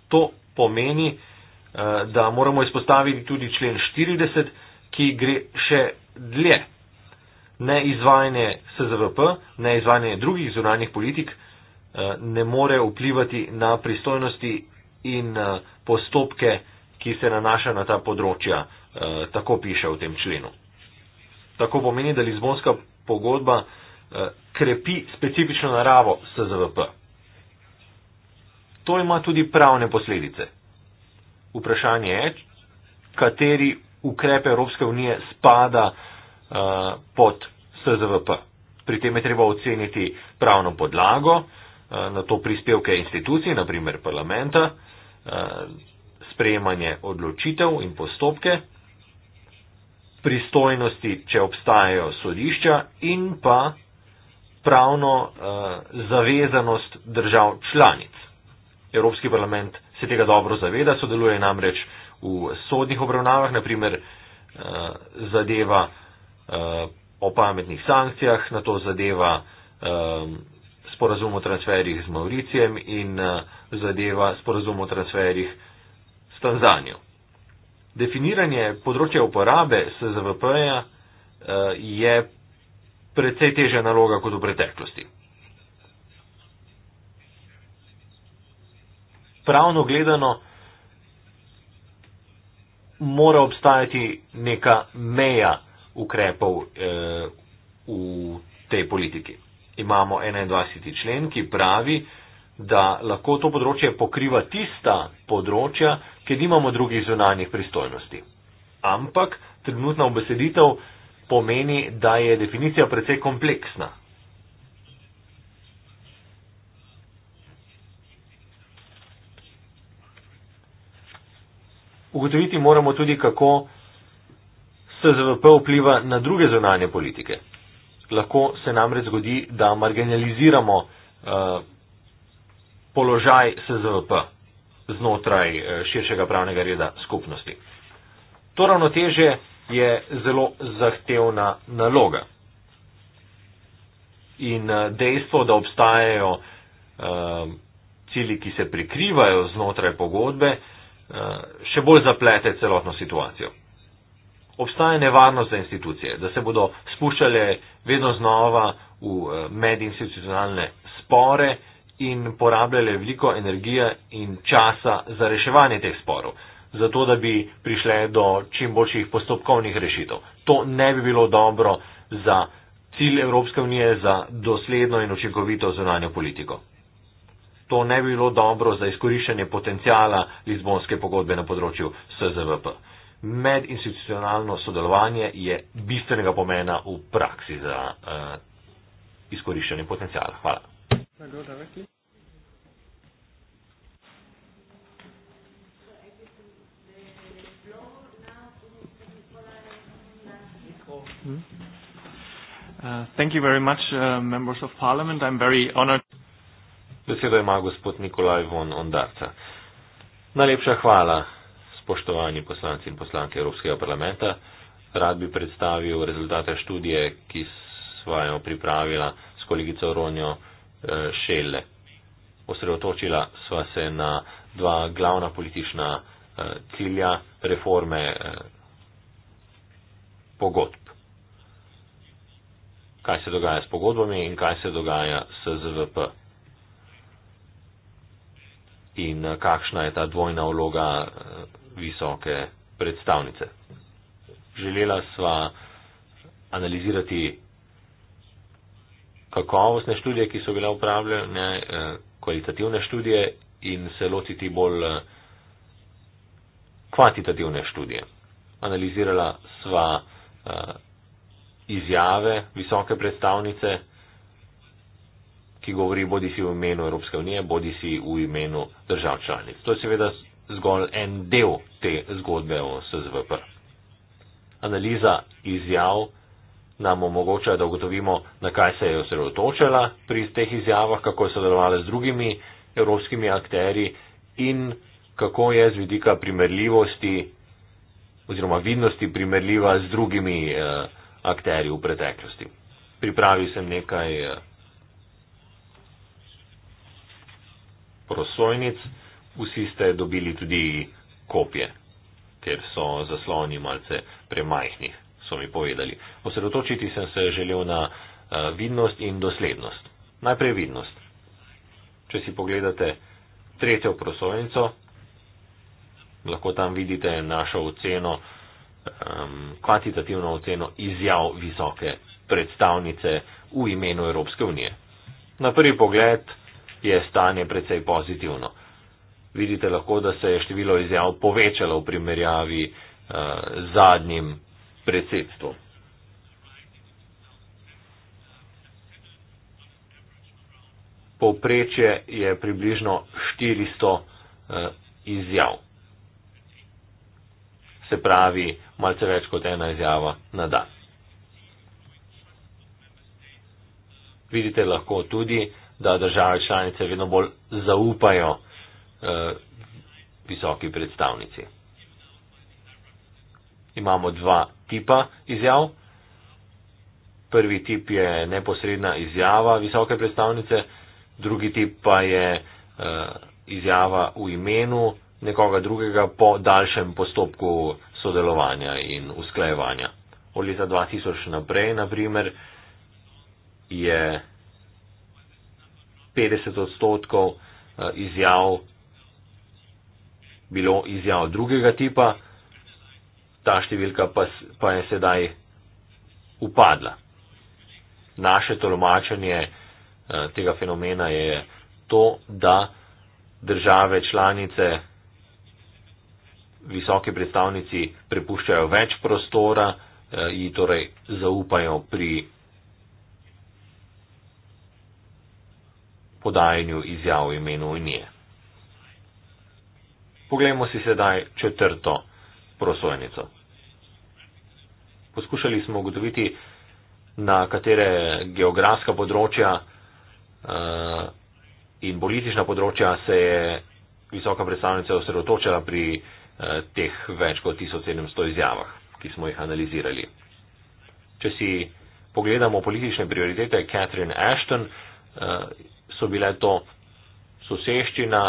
To pomeni, eh, da moramo izpostaviti tudi člen 40, ki gre še dlje. Neizvajanje SZVP, neizvajanje drugih zunanjih politik ne more vplivati na pristojnosti in postopke, ki se nanaša na ta področja. Eh, tako piše v tem členu. Tako pomeni, da Lizbonska pogodba eh, krepi specifično naravo SZVP. To ima tudi pravne posledice. Vprašanje je, kateri ukrepe Evropske unije spada uh, pod SZVP. Pri tem je treba oceniti pravno podlago, uh, na to prispevke institucij, naprimer parlamenta, uh, sprejemanje odločitev in postopke, pristojnosti, če obstajajo sodišča in pa pravno uh, zavezanost držav članic. Evropski parlament se tega dobro zaveda, sodeluje namreč v sodnih obravnavah, naprimer uh, eh, zadeva uh, o pametnih sankcijah, na to zadeva um, sporazum o transferjih z Mauricijem in uh, zadeva sporazum o transferjih s Tanzanijo. Definiranje področja uporabe SZVP-ja eh, je precej težja naloga kot v preteklosti. Pravno gledano mora obstajati neka meja ukrepov eh, v tej politiki. Imamo 21. člen, ki pravi, da lahko to področje pokriva tista področja, ker nimamo drugih zunanjih pristojnosti. Ampak trenutna obeseditev pomeni, da je definicija precej kompleksna. Ugotoviti moramo tudi, kako SZVP vpliva na druge zunanje politike. Lahko se namreč zgodi, da marginaliziramo uh, položaj SZVP znotraj eh, širšega pravnega reda skupnosti. To ravnotežje je zelo zahtevna naloga. In eh, dejstvo, da obstajajo eh, cili, ki se prikrivajo znotraj pogodbe, še bolj zaplete celotno situacijo. Obstaja nevarnost za institucije, da se bodo spuščale vedno znova v medinstitucionalne spore, in porabljale veliko energije in časa za reševanje teh sporov, zato da bi prišle do čim boljših postopkovnih rešitev. To ne bi bilo dobro za cilj Evropske unije za dosledno in učinkovito zunanjo politiko. To ne bi bilo dobro za izkoriščanje potencijala Lizbonske pogodbe na področju SZVP. Medinstitucionalno sodelovanje je bistvenega pomena v praksi za uh, izkoriščanje potencijala. Hvala. Na kdo da rekli? Beseda ima gospod Nikolaj von Ondarca. Najlepša hvala, spoštovani poslanci in poslanke Evropskega parlamenta. Rad bi predstavil rezultate študije, ki sva jo pripravila s kolegico Ronjo šele. Osredotočila sva se na dva glavna politična eh, cilja reforme eh, pogodb. Kaj se dogaja s pogodbami in kaj se dogaja s ZVP. In eh, kakšna je ta dvojna vloga visoke predstavnice. Želela sva analizirati kakovostne študije, ki so bile upravljene, eh, kvalitativne študije in se lotiti bolj eh, kvantitativne študije. Analizirala sva eh, izjave visoke predstavnice, ki govori bodi si v imenu Evropske unije, bodi si v imenu držav članic. To je seveda zgolj en del te zgodbe o SZVP. Analiza izjav nam omogoča, da ugotovimo, na kaj se je osredotočila pri teh izjavah, kako je sodelovala z drugimi evropskimi akteri in kako je z vidika primerljivosti oziroma vidnosti primerljiva z drugimi eh, akteri v preteklosti. Pripravil sem nekaj eh, prosojnic, vsi ste dobili tudi kopije, ker so zasloni malce premajhnih so mi povedali. Osredotočiti sem se želel na eh, vidnost in doslednost. Najprej vidnost. Če si pogledate tretjo prosojnico, lahko tam vidite našo oceno, kvantitativno oceno izjav visoke predstavnice v imenu Evropske unije. Na prvi pogled je stanje precej pozitivno. Vidite lahko, da se je število izjav povečalo v primerjavi eh, z zadnjim predsedstvo. Povprečje je približno 400 eh, izjav. Se pravi, malce več kot ena izjava na dan. Vidite lahko tudi, da države članice vedno bolj zaupajo eh, visoki predstavnici imamo dva tipa izjav. Prvi tip je neposredna izjava visoke predstavnice, drugi tip pa je eh, izjava v imenu nekoga drugega po daljšem postopku sodelovanja in usklajevanja. Od leta 2000 naprej, naprimer, je 50 odstotkov eh, izjav bilo izjav drugega tipa, ta številka pa, pa je sedaj upadla. Naše tolmačenje eh, tega fenomena je to, da države članice visoke predstavnici prepuščajo več prostora, eh, ji torej zaupajo pri podajanju izjav v imenu unije. Poglejmo si sedaj četrto prosojnico. Poskušali smo ugotoviti, na katere geografska področja eh, in politična področja se je visoka predstavnica osredotočala pri eh, teh več kot 1700 izjavah, ki smo jih analizirali. Če si pogledamo politične prioritete Catherine Ashton, eh, so bile to soseščina,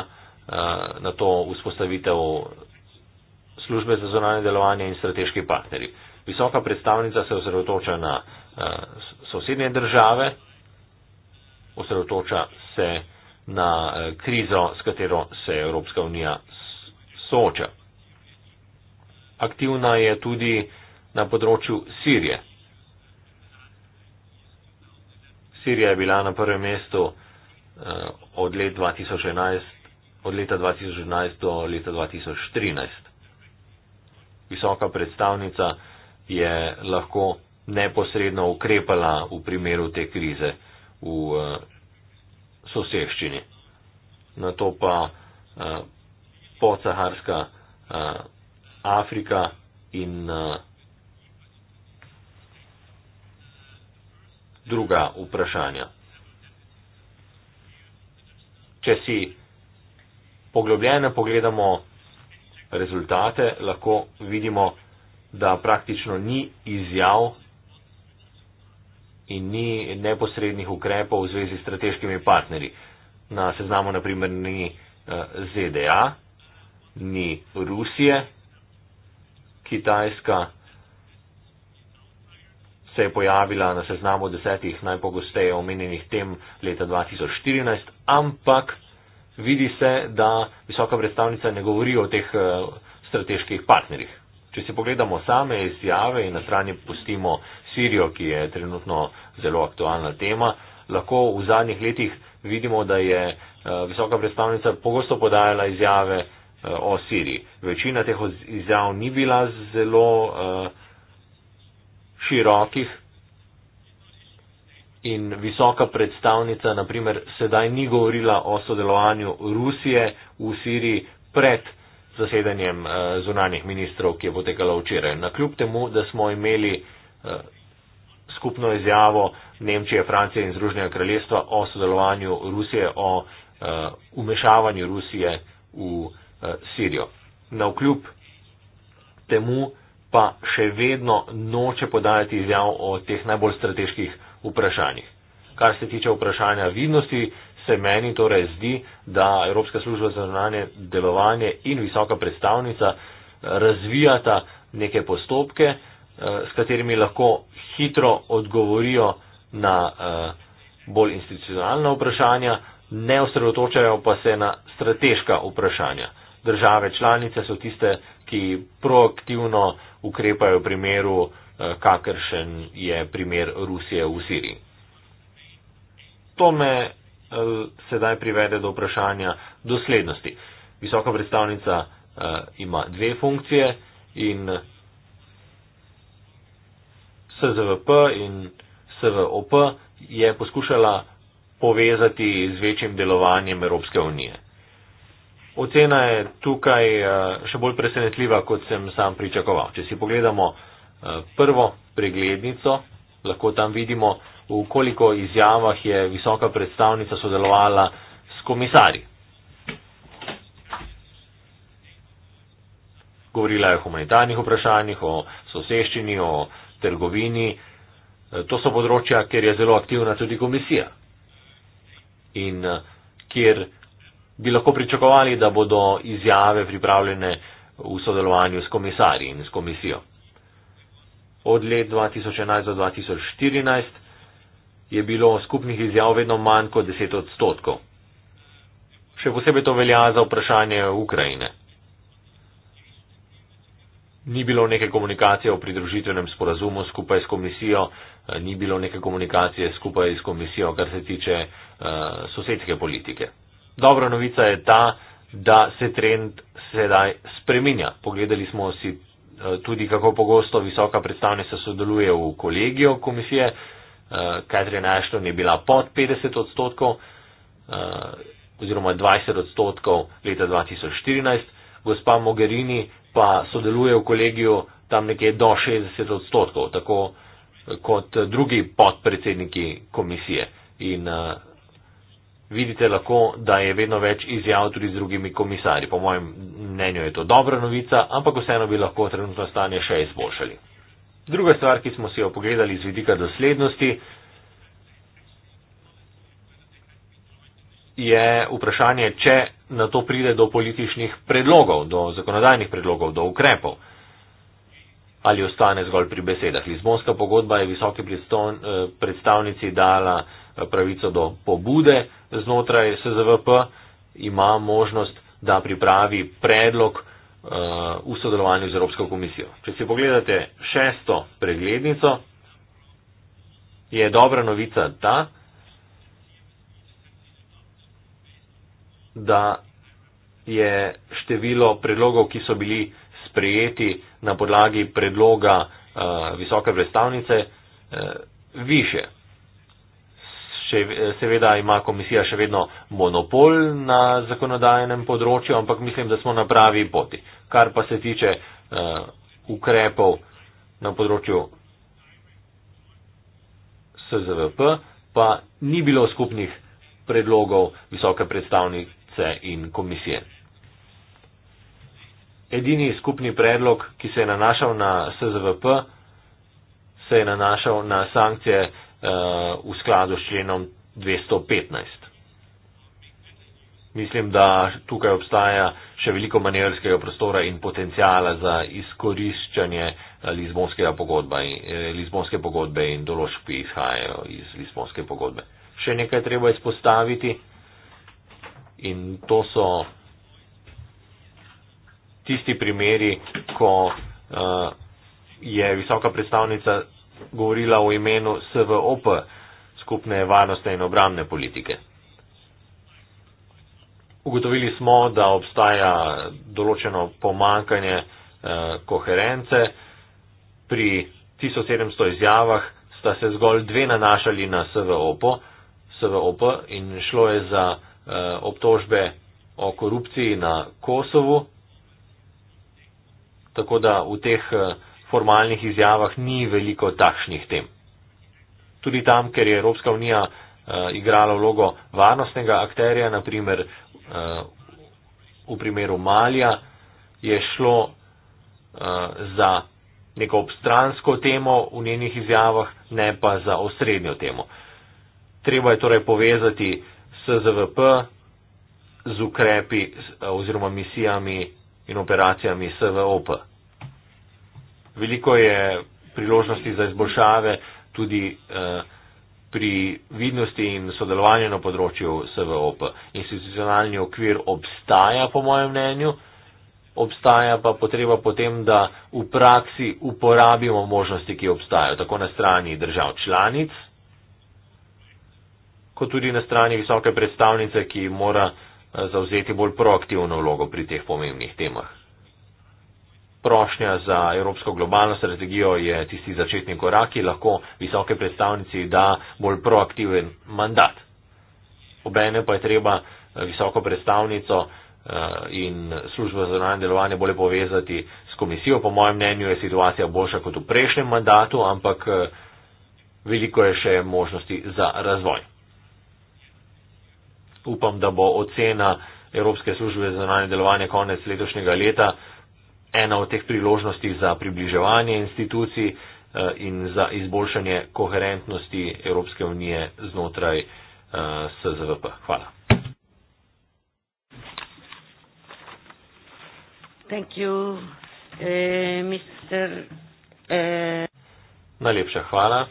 na to vzpostavitev službe za zonanje delovanje in strateški partneri. Visoka predstavnica se osredotoča na eh, sosednje države, osredotoča se na eh, krizo, s katero se Evropska unija sooča. Aktivna je tudi na področju Sirije. Sirija je bila na prvem mestu eh, od, let 2011, od leta 2011 do leta 2013 visoka predstavnica je lahko neposredno ukrepala v primeru te krize v eh, soseščini. Na to pa eh, podsaharska eh, Afrika in druga vprašanja. Če si poglobljene pogledamo rezultate, lahko vidimo, da praktično ni izjav in ni neposrednih ukrepov v zvezi s strateškimi partnerji. Na seznamu naprimer ni eh, ZDA, ni Rusije, Kitajska se je pojavila na seznamu desetih najpogosteje omenjenih tem leta 2014, ampak vidi se, da visoka predstavnica ne govori o teh eh, strateških partnerjih. Če si pogledamo same izjave in na strani pustimo Sirijo, ki je trenutno zelo aktualna tema, lahko v zadnjih letih vidimo, da je eh, visoka predstavnica pogosto podajala izjave eh, o Siriji. Večina teh izjav ni bila zelo širokih, in visoka predstavnica, naprimer, sedaj ni govorila o sodelovanju Rusije v Siriji pred zasedanjem eh, zunanih ministrov, ki je potekalo včeraj. Na kljub temu, da smo imeli eh, skupno izjavo Nemčije, Francije in Združenega kraljestva o sodelovanju Rusije, o umešavanju eh, Rusije v Sirijo. Na kljub temu pa še vedno noče podajati izjav o teh najbolj strateških vprašanjih. Kar se tiče vprašanja vidnosti, se meni torej zdi, da Evropska služba za zunanje delovanje in visoka predstavnica eh, razvijata neke postopke, eh, s katerimi lahko hitro odgovorijo na eh, bolj institucionalna vprašanja, ne osredotočajo pa se na strateška vprašanja. Države članice so tiste, ki proaktivno ukrepajo v primeru uh, Eh, kakršen je primer Rusije v Siriji. To me eh, sedaj privede do vprašanja doslednosti. Visoka predstavnica eh, ima dve funkcije in SZVP in SVOP je poskušala povezati z večjim delovanjem Evropske unije. Ocena je tukaj še bolj presenetljiva, kot sem sam pričakoval. Če si pogledamo Eh, prvo preglednico. Lahko tam vidimo, v koliko izjavah je visoka predstavnica sodelovala s komisarji. Govorila je o humanitarnih vprašanjih, o soseščini, o trgovini. Eh, to so področja, kjer je zelo aktivna tudi komisija in eh, kjer bi lahko pričakovali, da bodo izjave pripravljene v sodelovanju s komisarji in s komisijo od let 2011 do 2014 je bilo skupnih izjav vedno manj kot 10 odstotkov. Še posebej to velja za vprašanje Ukrajine. Ni bilo neke komunikacije o pridružitvenem sporazumu skupaj s komisijo, eh, ni bilo neke komunikacije skupaj s komisijo, kar se tiče uh, sosedske politike. Dobra novica je ta, da se trend sedaj spreminja. Pogledali smo si Eh, tudi kako pogosto visoka predstavnica sodeluje v kolegijo komisije. Katrina eh, Ashton je bila pod 50 odstotkov eh, oziroma 20 odstotkov leta 2014, gospa Mogherini pa sodeluje v kolegiju tam nekje do 60 odstotkov, tako kot drugi podpredsedniki komisije. In vidite lahko, da je vedno več izjav tudi z drugimi komisarji. Po mojem mnenju je to dobra novica, ampak vseeno bi lahko trenutno stanje še izboljšali. Druga stvar, ki smo si jo pogledali z vidika doslednosti, je vprašanje, če na to pride do političnih predlogov, do zakonodajnih predlogov, do ukrepov ali ostane zgolj pri besedah. Lizbonska pogodba je visoki eh, predstavnici dala pravico do pobude znotraj SZVP, ima možnost, da pripravi predlog eh, v sodelovanju z Evropsko komisijo. Če si pogledate šesto preglednico, je dobra novica ta, da je število predlogov, ki so bili sprejeti na podlagi predloga eh, visoke predstavnice, eh, više še, seveda ima komisija še vedno monopol na zakonodajnem področju, ampak mislim, da smo na pravi poti. Kar pa se tiče uh, ukrepov na področju SZVP, pa ni bilo skupnih predlogov visoke predstavnice in komisije. Edini skupni predlog, ki se je nanašal na SZVP, se je nanašal na sankcije v skladu s členom 215. Mislim, da tukaj obstaja še veliko manevrskega prostora in potencijala za izkoriščanje eh, Lizbonske pogodbe in določb, ki izhajajo iz Lizbonske pogodbe. Še nekaj treba izpostaviti in to so tisti primeri, ko uh, je visoka predstavnica govorila v imenu SVOP, skupne varnostne in obramne politike. Ugotovili smo, da obstaja določeno pomankanje eh, koherence. Pri 1700 izjavah sta se zgolj dve nanašali na SVOP, SVOP in šlo je za eh, obtožbe o korupciji na Kosovu. Tako da v teh eh, formalnih izjavah ni veliko takšnih tem. Tudi tam, ker je Evropska unija uh, igrala vlogo varnostnega akterja, naprimer uh, eh, v primeru Malja, je šlo uh, za neko obstransko temo v njenih izjavah, ne pa za osrednjo temo. Treba je torej povezati SZVP z ukrepi oziroma misijami in operacijami SVOP veliko je priložnosti za izboljšave tudi eh, pri vidnosti in sodelovanju na področju SVOP. Institucionalni okvir obstaja, po mojem mnenju, obstaja pa potreba potem, da v praksi uporabimo možnosti, ki obstajajo, tako na strani držav članic, kot tudi na strani visoke predstavnice, ki mora eh, zauzeti bolj proaktivno vlogo pri teh pomembnih temah prošnja za evropsko globalno strategijo je tisti začetni korak, ki lahko visoke predstavnici da bolj proaktiven mandat. Obene pa je treba eh, visoko predstavnico eh, in službo za zunanje delovanje bolje povezati s komisijo. Po mojem mnenju je situacija boljša kot v prejšnjem mandatu, ampak eh, veliko je še možnosti za razvoj. Upam, da bo ocena Evropske službe za zunanje delovanje konec letošnjega leta ena od teh priložnosti za približevanje institucij eh, in za izboljšanje koherentnosti Evropske unije znotraj eh, SZVP. Hvala. Thank you, uh, eh, Mr. Uh... Najlepša hvala.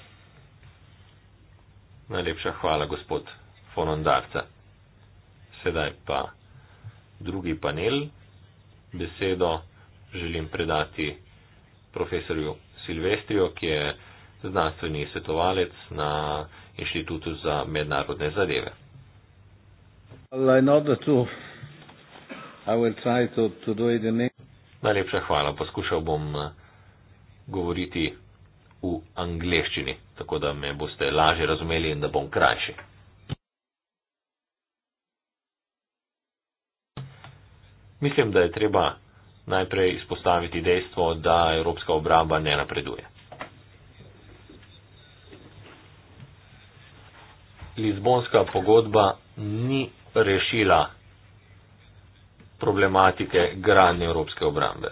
Najlepša hvala, gospod Fonondarca. Sedaj pa drugi panel. Besedo želim predati profesorju Silvestrijo, ki je znanstveni svetovalec na Inštitutu za mednarodne zadeve. Najlepša hvala. Poskušal bom eh, govoriti v angleščini, tako da me boste lažje razumeli in da bom krajši. Mislim, da je treba najprej izpostaviti dejstvo, da evropska obramba ne napreduje. Lizbonska pogodba ni rešila problematike gradnje evropske obrambe.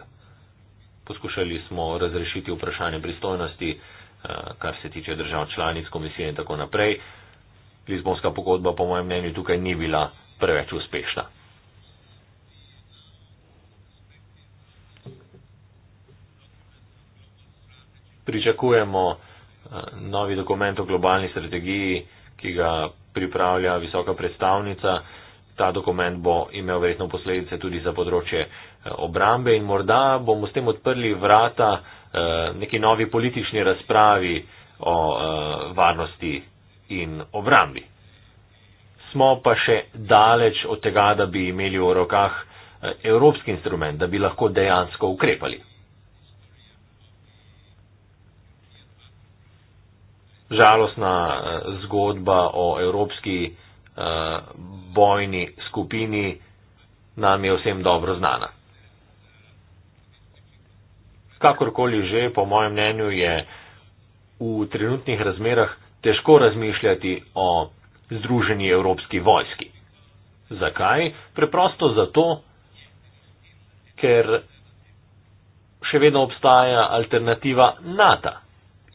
Poskušali smo razrešiti vprašanje pristojnosti, eh, kar se tiče držav članic, komisije in tako naprej. Lizbonska pogodba, po mojem mnenju, tukaj ni bila preveč uspešna. pričakujemo eh, novi dokument o globalni strategiji, ki ga pripravlja visoka predstavnica. Ta dokument bo imel verjetno posledice tudi za področje eh, obrambe in morda bomo s tem odprli vrata eh, neki novi politični razpravi o varnosti in obrambi. Smo pa še daleč od tega, da bi imeli v rokah evropski instrument, da bi lahko dejansko ukrepali. žalostna eh, zgodba o evropski eh, bojni skupini nam je vsem dobro znana. Kakorkoli že, po mojem mnenju, je v trenutnih razmerah težko razmišljati o združeni evropski vojski. Zakaj? Preprosto zato, ker še vedno obstaja alternativa NATO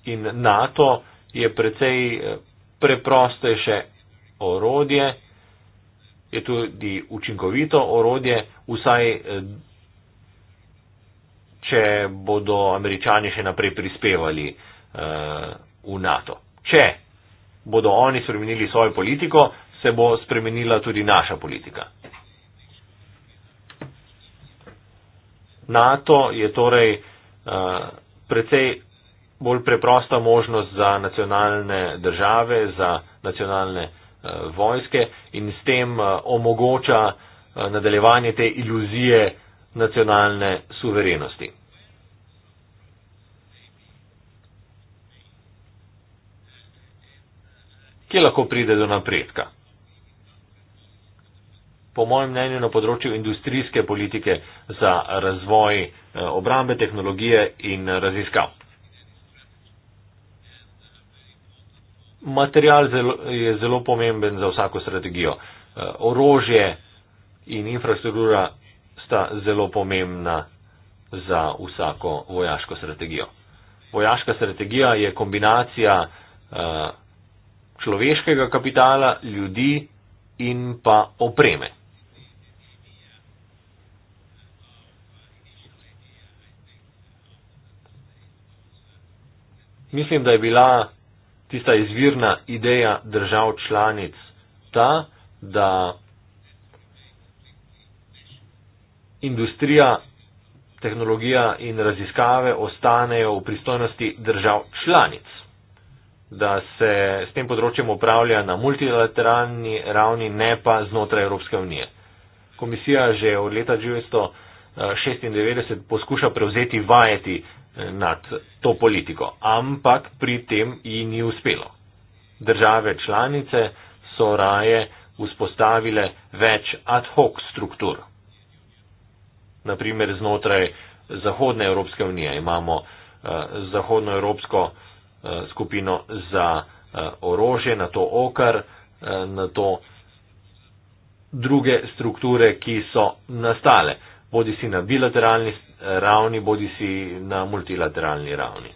in NATO je precej eh, preprostejše orodje, je tudi učinkovito orodje, vsaj eh, če bodo američani še naprej prispevali eh, v NATO. Če bodo oni spremenili svojo politiko, se bo spremenila tudi naša politika. NATO je torej uh, precej bolj preprosta možnost za nacionalne države, za nacionalne eh, vojske in s tem eh, omogoča eh, nadaljevanje te iluzije nacionalne suverenosti. Kje lahko pride do napredka? Po mojem mnenju na področju industrijske politike za razvoj obrambe, tehnologije in raziskav. material zelo, je zelo pomemben za vsako strategijo. Eh, orožje in infrastruktura sta zelo pomembna za vsako vojaško strategijo. Vojaška strategija je kombinacija eh, človeškega kapitala, ljudi in pa opreme. Mislim, da je bila tista izvirna ideja držav članic ta, da industrija, tehnologija in raziskave ostanejo v pristojnosti držav članic, da se s tem področjem upravlja na multilateralni ravni, ne pa znotraj Evropske unije. Komisija že od leta 1996 poskuša prevzeti vajeti nad to politiko. Ampak pri tem ji ni uspelo. Države članice so raje vzpostavile več ad hoc struktur. Naprimer, znotraj Zahodne Evropske unije imamo uh, Zahodnoevropsko uh, skupino za uh, orožje, na to okar, uh, na to druge strukture, ki so nastale. Uh, bodi si na bilateralni eh, ravni, bodi si na multilateralni ravni.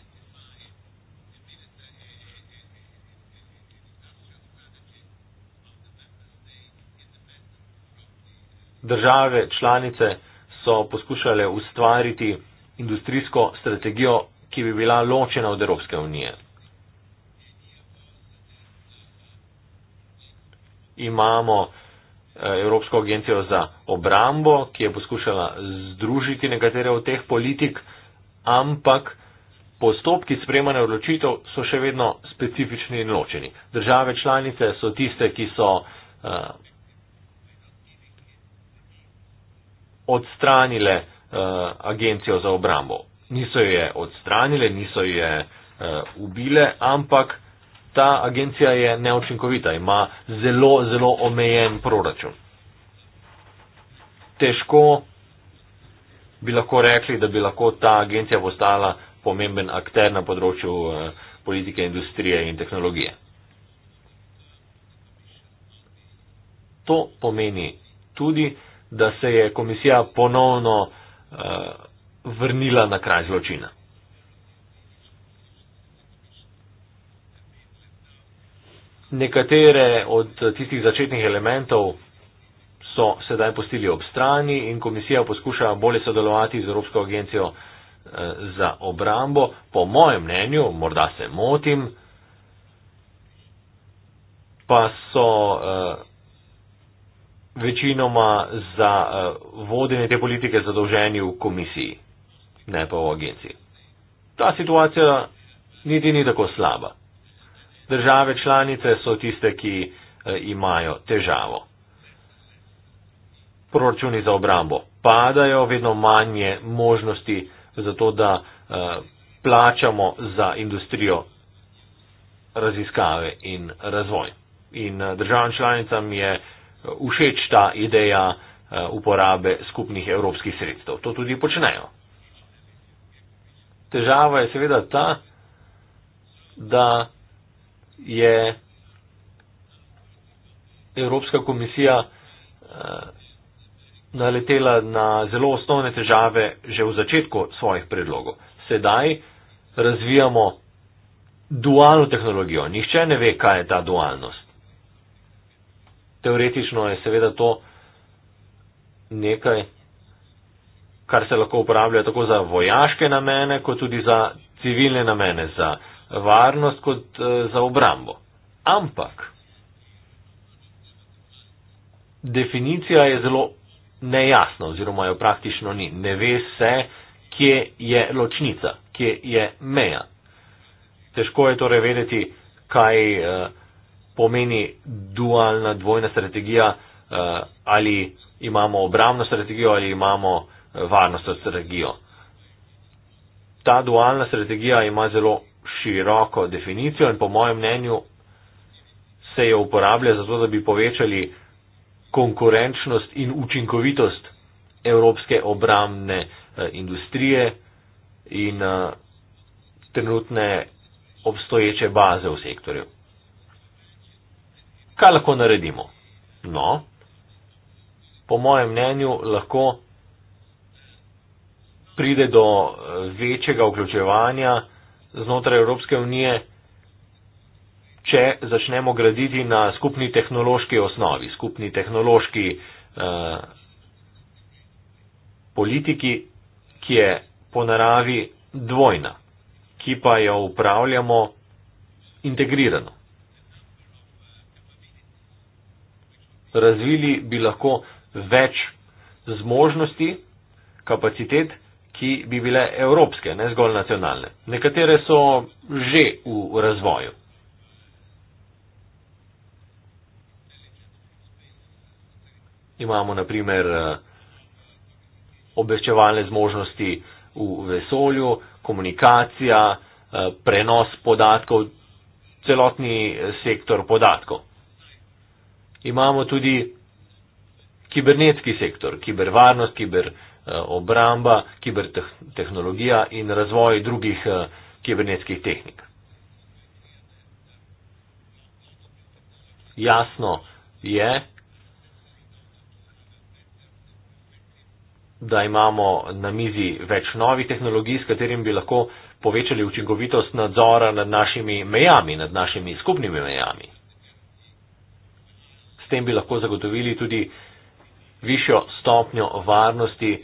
Države članice so poskušale ustvariti industrijsko strategijo, ki bi bila ločena od Evropske unije. Imamo Eh, Evropsko agencijo za obrambo, ki je poskušala združiti nekatere od teh politik, ampak postopki spremanja odločitev so še vedno specifični in ločeni. Države članice so tiste, ki so uh, odstranile uh, agencijo za obrambo. Niso jo odstranile, niso jo uh, ubile, ampak uh, ta agencija je neočinkovita, ima zelo, zelo omejen proračun. Težko bi lahko rekli, da bi lahko ta agencija postala pomemben akter na področju eh, politike, industrije in tehnologije. To pomeni tudi, da se je komisija ponovno uh, vrnila na kraj zločina. Nekatere od tistih začetnih elementov so sedaj postili ob strani in komisija poskuša bolje sodelovati z Evropsko agencijo eh, za obrambo. Po mojem mnenju, morda se motim, pa so eh, večinoma za eh, vodenje te politike zadolženi v komisiji, ne pa v agenciji. Ta situacija niti ni tako slaba države članice so tiste, ki eh, imajo težavo. Proračuni za obrambo padajo, vedno manje možnosti za to, da eh, plačamo za industrijo raziskave in razvoj. In eh, državam članicam je všeč ta ideja uporabe skupnih evropskih sredstev. To tudi počnejo. Težava je seveda ta, da je Evropska komisija eh, naletela na zelo osnovne težave že v začetku svojih predlogov. Sedaj razvijamo dualno tehnologijo. Nihče ne ve, kaj je ta dualnost. Teoretično je seveda to nekaj, kar se lahko uporablja tako za vojaške namene, kot tudi za civilne namene, za varnost kot eh, za obrambo. Ampak definicija je zelo nejasna oziroma jo praktično ni. Ne ve se, kje je ločnica, kje je meja. Težko je torej vedeti, kaj eh, pomeni dualna dvojna strategija, eh, ali imamo obrambno strategijo ali imamo varnostno strategijo. Ta dualna strategija ima zelo široko definicijo in po mojem mnenju se jo uporablja zato, da bi povečali konkurenčnost in učinkovitost evropske obramne eh, industrije in eh, trenutne obstoječe baze v sektorju. Kaj lahko naredimo? No, po mojem mnenju lahko pride do eh, večjega vključevanja znotraj Evropske unije, če začnemo graditi na skupni tehnološki osnovi, skupni tehnološki eh, politiki, ki je po naravi dvojna, ki pa jo upravljamo integrirano. Razvili bi lahko več zmožnosti, kapacitet, ki bi bile evropske, ne zgolj nacionalne. Nekatere so že v razvoju. Imamo naprimer eh, obveščevalne zmožnosti v vesolju, komunikacija, eh, prenos podatkov, celotni sektor podatkov. Imamo tudi kibernetski sektor, kibervarnost, kibernetski sektor. Eh, obramba, kibertehnologija in razvoj drugih eh, kibernetskih tehnik. Jasno je, da imamo na mizi več novih tehnologij, s katerim bi lahko povečali učinkovitost nadzora nad našimi mejami, nad našimi skupnimi mejami. S tem bi lahko zagotovili tudi višjo stopnjo varnosti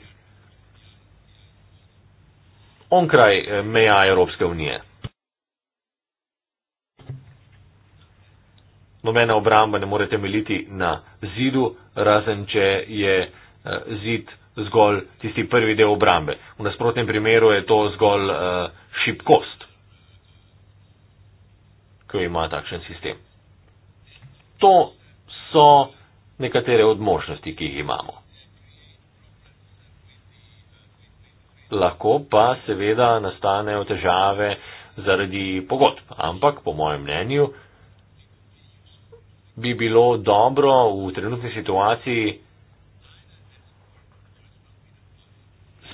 onkraj eh, meja Evropske unije. Nobena obramba ne more temeljiti na zidu, razen če je eh, zid zgolj tisti prvi del obrambe. V nasprotnem primeru je to zgolj eh, šipkost, ki jo ima takšen sistem. To so nekatere od možnosti, ki jih imamo. lahko pa seveda nastanejo težave zaradi pogodb. Ampak po mojem mnenju bi bilo dobro v trenutni situaciji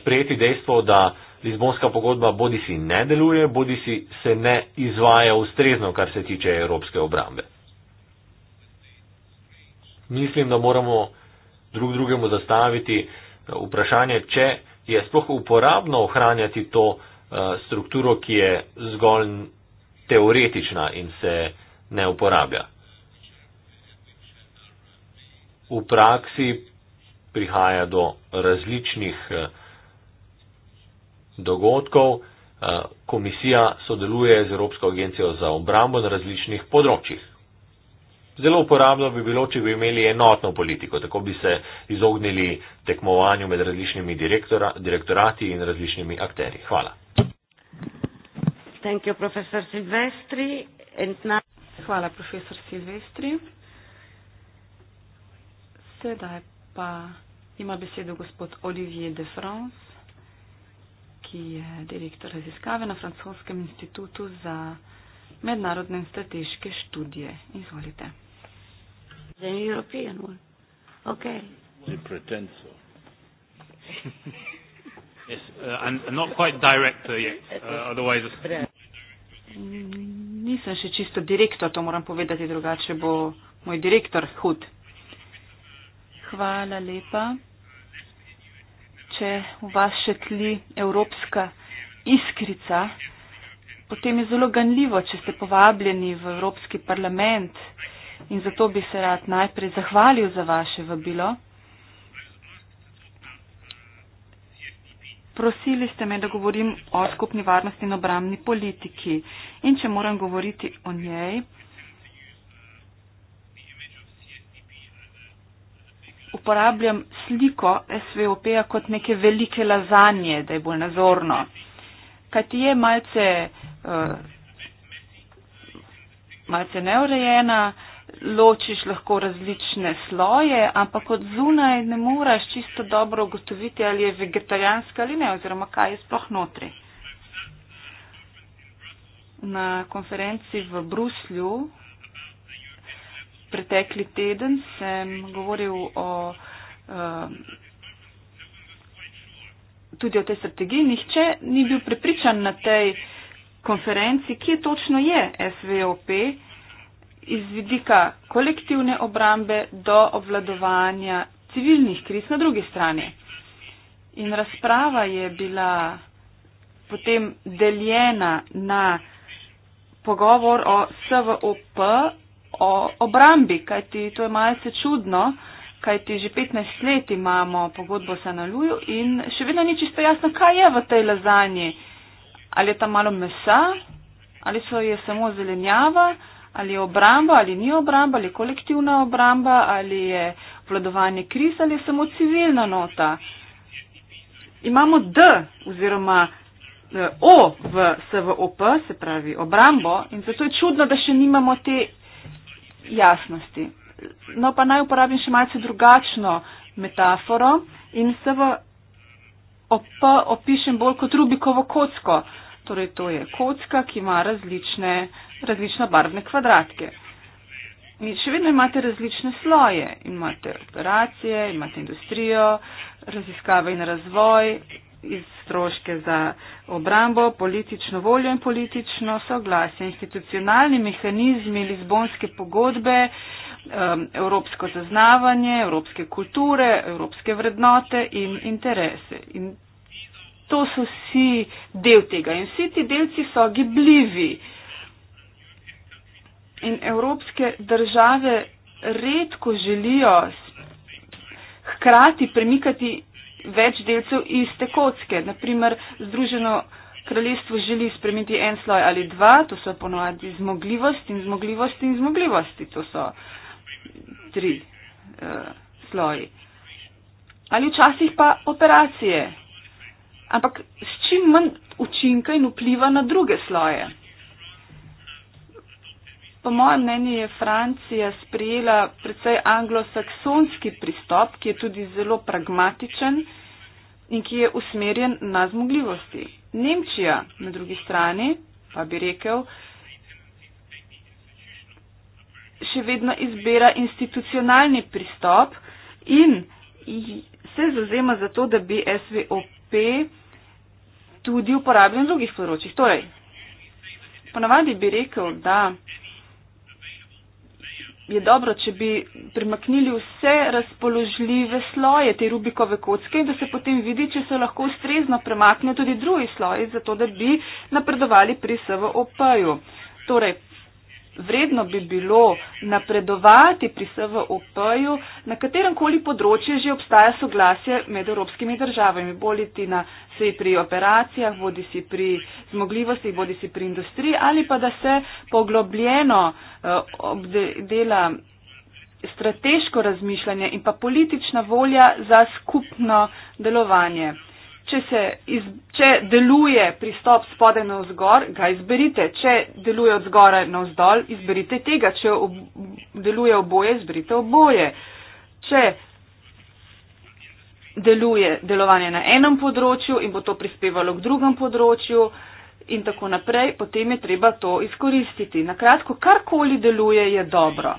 sprejeti dejstvo, da Lizbonska pogodba bodi si ne deluje, bodi si se ne izvaja ustrezno, kar se tiče evropske obrambe. Mislim, da moramo drug drugemu zastaviti vprašanje, če je sploh uporabno ohranjati to eh, strukturo, ki je zgolj teoretična in se ne uporablja. V praksi prihaja do različnih eh, dogodkov. Eh, komisija sodeluje z Evropsko agencijo za obrambo na različnih področjih. Zelo uporabno bi bilo, če bi imeli enotno politiko, tako bi se izognili tekmovanju med različnimi direktorati in različnimi akteri. Hvala. You, Hvala, profesor Silvestri. Sedaj pa ima besedo gospod Olivier de France, ki je direktor raziskave na Francoskem institutu za mednarodne strateške študije. Izvolite. The European one. Okay. They pretend so. yes, uh, I'm, I'm not quite direct uh, yet, uh, otherwise... Mm, nisem še čisto direktor, to moram povedati, drugače bo moj direktor hud. Hvala lepa. Če v vas še tli evropska iskrica, potem je zelo ganljivo, če ste povabljeni v Evropski parlament in zato bi se rad najprej zahvalil za vaše vabilo. Prosili ste me, da govorim o skupni varnosti in obramni politiki. In če moram govoriti o njej, uporabljam sliko SVOP-ja kot neke velike lazanje, da je bolj nazorno. Kaj ti je malce, uh, malce neurejena, uh, ločiš lahko različne sloje, ampak od zunaj ne moreš čisto dobro ugotoviti, ali je vegetarijanska ali ne, oziroma kaj je sploh notri. Na konferenci v Bruslju pretekli teden sem govoril o, um, tudi o tej strategiji. Nihče ni bil prepričan na tej konferenci, kje točno je SVOP iz vidika kolektivne obrambe do obvladovanja civilnih kriz na drugi strani. In razprava je bila potem deljena na pogovor o SVOP, o obrambi, kajti to je malce čudno, kajti že 15 let imamo pogodbo se naluju in še vedno ni čisto jasno, kaj je v tej lazanji. Ali je tam malo mesa, ali so je samo zelenjava ali je obramba ali ni obramba ali kolektivna obramba ali je vladovanje kriz ali je samo civilna nota. Imamo D oziroma eh, O v SVOP, se pravi obrambo in zato je čudno, da še nimamo te jasnosti. No pa naj uporabim še malce drugačno metaforo in SVOP opišem bolj kot Rubikovo kocko. Torej, to je kocka, ki ima različne uh, različno barvne kvadratke. In še vedno imate različne sloje. Imate operacije, imate industrijo, raziskave in razvoj, stroške za obrambo, politično voljo in politično soglasje, institucionalni mehanizmi, lizbonske pogodbe, um, evropsko zaznavanje, evropske kulture, evropske vrednote in interese. In to so vsi del tega. In vsi ti delci so gibljivi in evropske države redko želijo hkrati premikati več delcev iz te kocke. Naprimer, Združeno kraljestvo želi spremeniti en sloj ali dva, to so ponovadi zmogljivosti in zmogljivosti in zmogljivosti, to so tri uh, sloji. Ali včasih pa operacije. Ampak s čim manj učinka in vpliva na druge sloje. Po mojem mnenju je Francija sprejela predvsej anglosaksonski pristop, ki je tudi zelo pragmatičen in ki je usmerjen na zmogljivosti. Nemčija na drugi strani, pa bi rekel, še vedno izbira institucionalni pristop in se zazema za to, da bi SVOP tudi uporabljen v drugih področjih. Torej, ponavadi bi rekel, da je dobro, če bi premaknili vse razpoložljive sloje te rubikove kocke in da se potem vidi, če se lahko ustrezno premaknejo tudi drugi sloji, zato da bi napredovali pri SVOP-ju. Torej, vredno bi bilo napredovati pri SVOP-ju, na katerem koli področju že obstaja soglasje med evropskimi državami, bolj ti na sej pri operacijah, bodi si pri zmogljivosti, bodi si pri industriji, ali pa da se poglobljeno uh, obdela strateško razmišljanje in pa politična volja za skupno delovanje. Če, se, iz, če deluje pristop spode na vzgor, ga izberite. Če deluje od zgora na vzdolj, izberite tega. Če ob, deluje oboje, izberite oboje. Če deluje delovanje na enem področju in bo to prispevalo k drugem področju in tako naprej, potem je treba to izkoristiti. Na kratko, karkoli deluje, je dobro.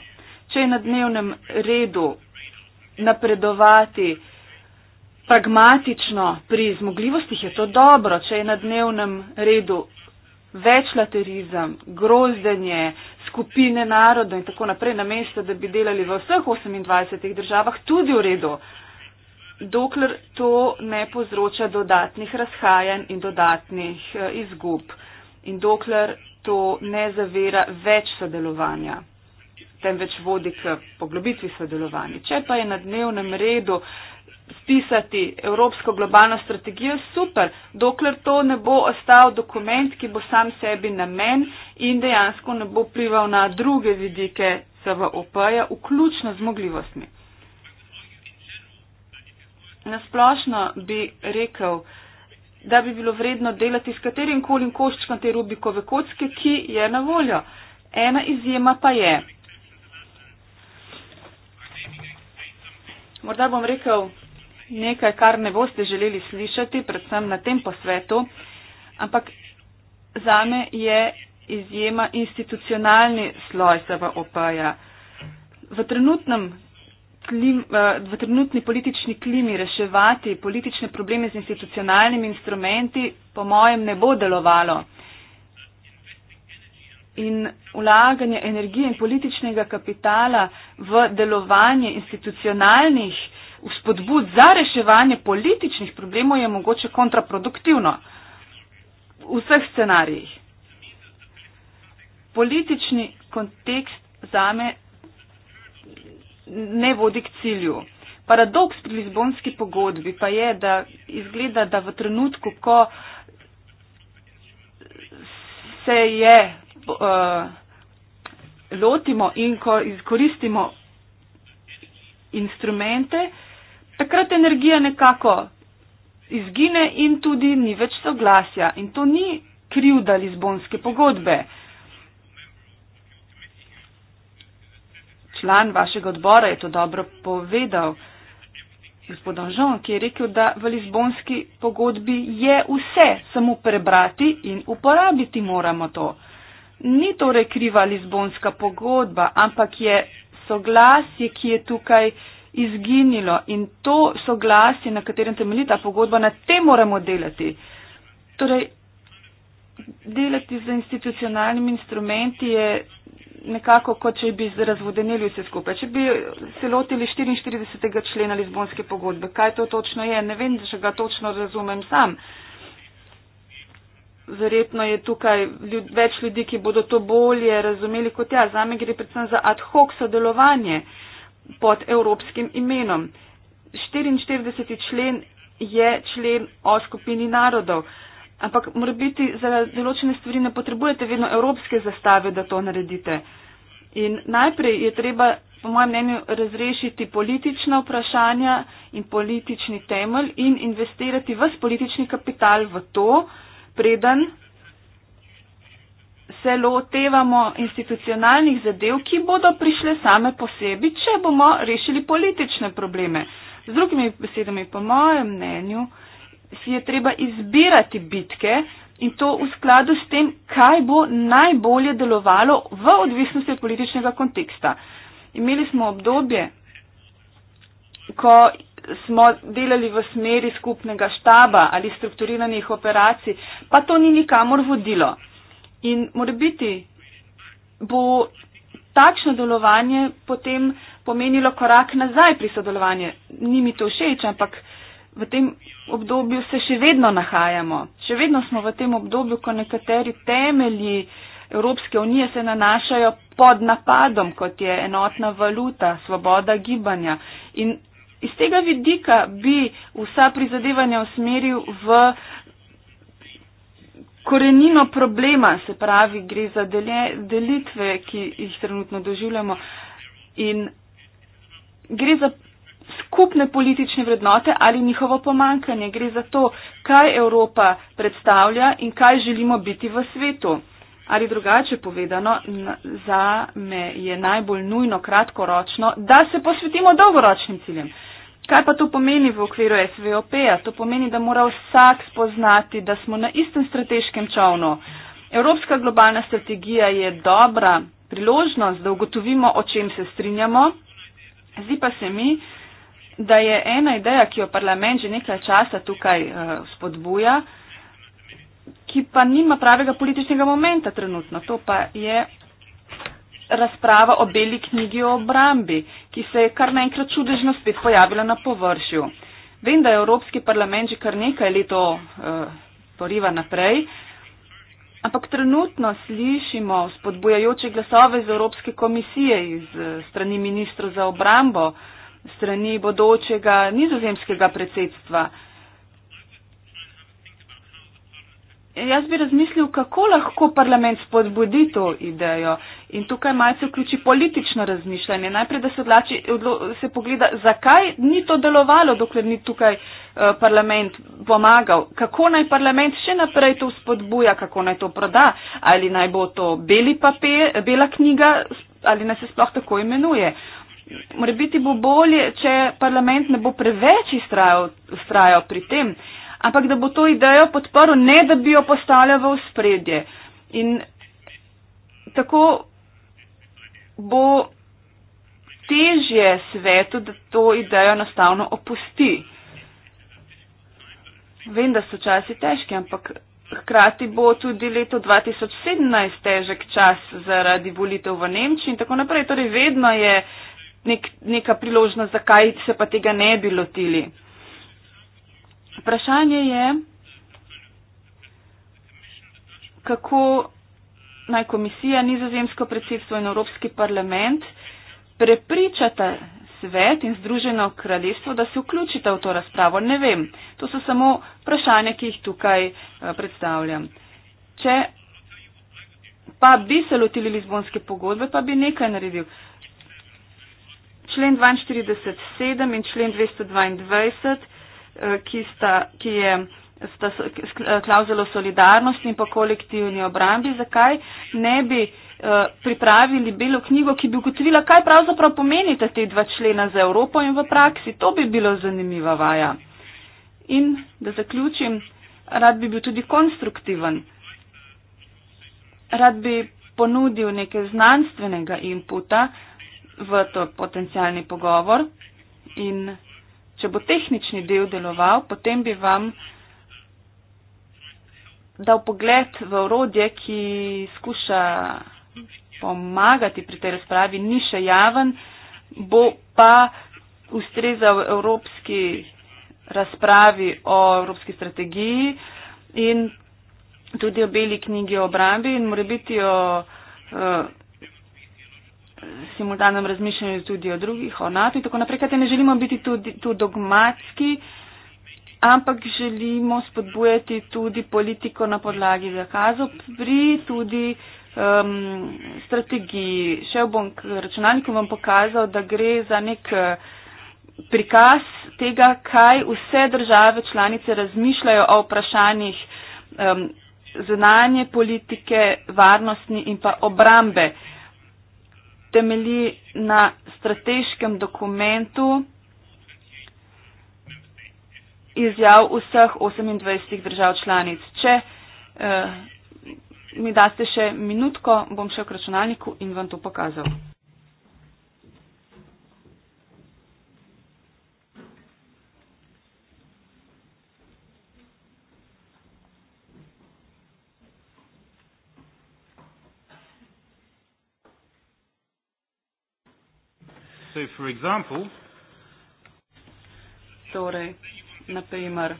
Če je na dnevnem redu napredovati, pragmatično pri zmogljivostih je to dobro, če je na dnevnem redu večlaterizem, grozdenje, skupine narodov in tako naprej, namesto da bi delali v vseh 28 državah, tudi v redu, dokler to ne povzroča dodatnih razhajanj in dodatnih eh, izgub in dokler to ne zavira več sodelovanja temveč vodi k poglobitvi sodelovanja. Če pa je na dnevnem redu spisati Evropsko globalno strategijo, super, dokler to ne bo ostal dokument, ki bo sam sebi namen in dejansko ne bo plival na druge vidike CVOP-ja, vključno zmogljivostmi. Nasplošno bi rekel, da bi bilo vredno delati s katerim kolim koščkom te Rubikove kocke, ki je na voljo. Ena izjema pa je. Morda bom rekel nekaj, kar ne boste želeli slišati, predvsem na tem posvetu, ampak zame je izjema institucionalni sloj SVOP-ja. V, v trenutni politični klimi reševati politične probleme z institucionalnimi instrumenti, po mojem, ne bo delovalo. In vlaganje energije in političnega kapitala v delovanje institucionalnih vzpodbud za reševanje političnih problemov je mogoče kontraproduktivno v vseh scenarijih. Politični kontekst zame ne vodi k cilju. Paradoks pri Lizbonski pogodbi pa je, da izgleda, da v trenutku, ko se je uh, lotimo in ko izkoristimo instrumente, uh, takrat energija nekako izgine in tudi ni več soglasja. In to ni krivda Lizbonske pogodbe. Član vašega odbora je to dobro povedal, gospod Anžon, ki je rekel, da v Lizbonski pogodbi je vse, samo prebrati in uporabiti moramo to. Ni torej kriva Lizbonska pogodba, ampak je soglasje, ki je tukaj izginilo in to soglasje, na katerem temelji ta pogodba, na tem moramo delati. Torej, delati z institucionalnimi instrumenti je nekako, kot če bi razvodenili vse skupaj. Če bi se lotili 44. člena Lizbonske pogodbe, kaj to točno je, ne vem, če ga točno razumem sam. Verjetno je tukaj ljud, več ljudi, ki bodo to bolje razumeli kot ja. Zame gre predvsem za ad hoc sodelovanje. Uh, pod evropskim imenom. 44. člen je člen o skupini narodov, ampak mora biti za določene stvari ne potrebujete vedno evropske zastave, da to naredite. In najprej je treba, po mojem mnenju, razrešiti politična vprašanja in politični temelj in investirati vse politični kapital v to, preden se lotevamo institucionalnih zadev, ki bodo prišle same po sebi, če bomo rešili politične probleme. Z drugimi besedami, po mojem mnenju, si je treba izbirati bitke in to v skladu s tem, kaj bo najbolje delovalo v odvisnosti od političnega konteksta. Imeli smo obdobje, ko smo delali v smeri skupnega štaba ali strukturiranih operacij, pa to ni nikamor vodilo. In mora biti, bo takšno delovanje potem pomenilo korak nazaj pri sodelovanju. Ni mi to všeč, ampak v tem obdobju se še vedno nahajamo. Še vedno smo v tem obdobju, ko nekateri temelji Evropske unije se nanašajo pod napadom, kot je enotna valuta, svoboda gibanja. In iz tega vidika bi vsa prizadevanja usmeril v korenino problema, se pravi, gre za delje, delitve, ki jih trenutno doživljamo in gre za skupne politične vrednote ali njihovo pomankanje. Gre za to, kaj Evropa predstavlja in kaj želimo biti v svetu. Ali drugače povedano, za me je najbolj nujno kratkoročno, da se posvetimo dolgoročnim ciljem. Kaj pa to pomeni v okviru SVOP-a? To pomeni, da mora vsak spoznati, da smo na istem strateškem čovnu. Evropska globalna strategija je dobra priložnost, da ugotovimo, o čem se strinjamo. Zdi pa se mi, da je ena ideja, ki jo parlament že nekaj časa tukaj uh, spodbuja, ki pa nima pravega političnega momenta trenutno. To pa je razprava o beli knjigi o obrambi, ki se je kar naenkrat čudežno spet pojavila na površju. Vem, da je Evropski parlament že kar nekaj leto eh, poriva naprej, ampak trenutno slišimo spodbujajoče glasove iz Evropske komisije, iz eh, strani ministra za obrambo, strani bodočega nizozemskega predsedstva. jaz bi razmislil, kako lahko parlament spodbudi to idejo in tukaj malce vključi politično razmišljanje. Najprej, da se, odlači, odlo, se pogleda, zakaj ni to delovalo, dokler ni tukaj eh, parlament pomagal, kako naj parlament še naprej to spodbuja, kako naj to proda, ali naj bo to beli papir, bela knjiga, ali naj se sploh tako imenuje. Morbiti bo bolje, če parlament ne bo preveč ustrajal pri tem. Uh, ampak da bo to idejo podporil, ne da bi jo postavljal v spredje. In tako bo težje svetu, da to idejo enostavno opusti. Vem, da so časi težki, ampak hkrati bo tudi leto 2017 težek čas zaradi volitev v Nemčiji in tako naprej. Torej, vedno je nek, neka priložnost, zakaj se pa tega ne bi lotili. Vprašanje je, kako naj komisija, nizozemsko predsedstvo in Evropski parlament prepričata svet in Združeno kraljestvo, da se vključita v to razpravo. Ne vem. To so samo vprašanja, ki jih tukaj eh, predstavljam. Če pa bi se lotili Lizbonske pogodbe, pa bi nekaj naredil. Člen 42.7 in člen 222. Eh, ki, sta, ki je sta klauzulo solidarnosti in pa kolektivni obrambi, zakaj ne bi eh, pripravili belo knjigo, ki bi ugotovila, kaj pravzaprav pomenita te dva člena za Evropo in v praksi. To bi bilo zanimiva vaja. In da zaključim, rad bi bil tudi konstruktiven. Rad bi ponudil nekaj znanstvenega inputa v to potencijalni pogovor in Če bo tehnični del deloval, potem bi vam dal pogled v orodje, ki skuša pomagati pri tej razpravi, ni še javen, bo pa ustrezal evropski razpravi o evropski strategiji in tudi o beli knjigi o obrambi in mora biti o. Uh, simultanem razmišljanju tudi o drugih, o NATO in tako naprej, kajte ne želimo biti tudi tu dogmatski, ampak želimo spodbujati tudi politiko na podlagi zakazov pri tudi um, strategiji. Še bom k računalniku vam pokazal, da gre za nek eh, prikaz tega, kaj vse države članice razmišljajo o vprašanjih um, zunanje politike, varnostni in pa obrambe temelji na strateškem dokumentu izjav vseh 28 držav članic. Če eh, mi daste še minutko, bom šel k računalniku in vam to pokazal. So for example, torej, naprimer,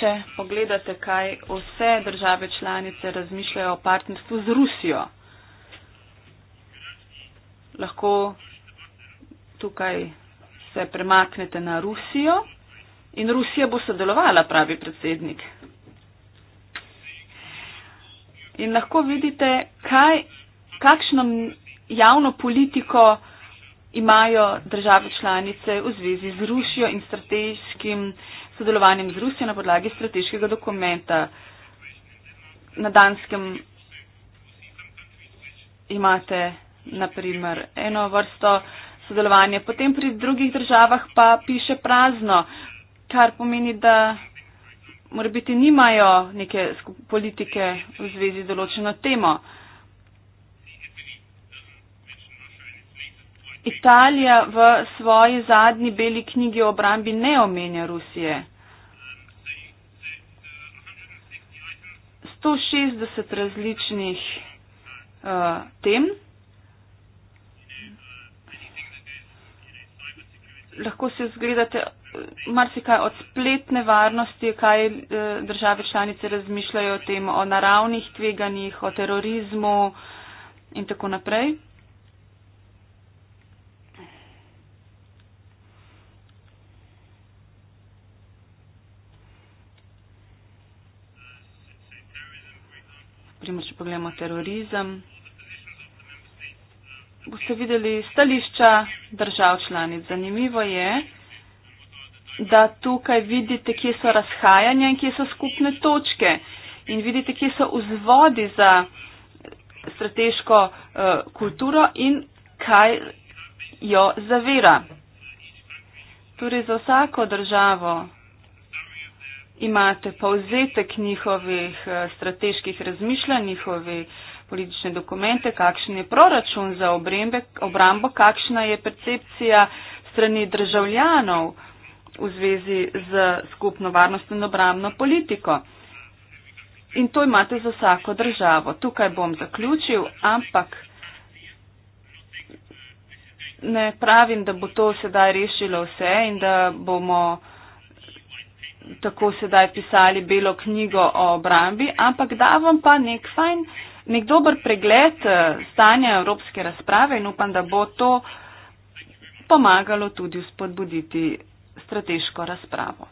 če pogledate, kaj vse države članice razmišljajo o partnerstvu z Rusijo, lahko tukaj se premaknete na Rusijo in Rusija bo sodelovala, pravi predsednik. In lahko vidite, kaj kakšno javno politiko imajo države članice v zvezi z Rusijo in strateškim sodelovanjem z Rusijo na podlagi strateškega dokumenta. Na Danskem imate naprimer eno vrsto sodelovanja, potem pri drugih državah pa piše prazno, kar pomeni, da mora biti nimajo neke politike v zvezi z določeno temo. Italija v svoji zadnji beli knjigi o obrambi ne omenja Rusije. 160 različnih uh, tem. Lahko si zgledate eh, marsikaj od spletne varnosti, kaj eh, države članice razmišljajo o tem, o naravnih tveganjih, o terorizmu in tako naprej. recimo, če pogledamo terorizem, boste videli stališča držav članic. Zanimivo je, da tukaj vidite, kje so razhajanja in kje so skupne točke in vidite, kje so vzvodi za strateško uh, kulturo in kaj jo zavira. Torej, za vsako državo imate povzetek njihovih eh, strateških razmišljanj, njihove politične dokumente, kakšen je proračun za obrembe, obrambo, kakšna je percepcija strani državljanov v zvezi z skupno varnostno in obrambno politiko. In to imate za vsako državo. Tukaj bom zaključil, ampak ne pravim, da bo to sedaj rešilo vse in da bomo tako sedaj pisali belo knjigo o obrambi, ampak da vam pa nek fajn, nek dober pregled eh, stanja evropske razprave in upam, da bo to pomagalo tudi spodbuditi strateško razpravo.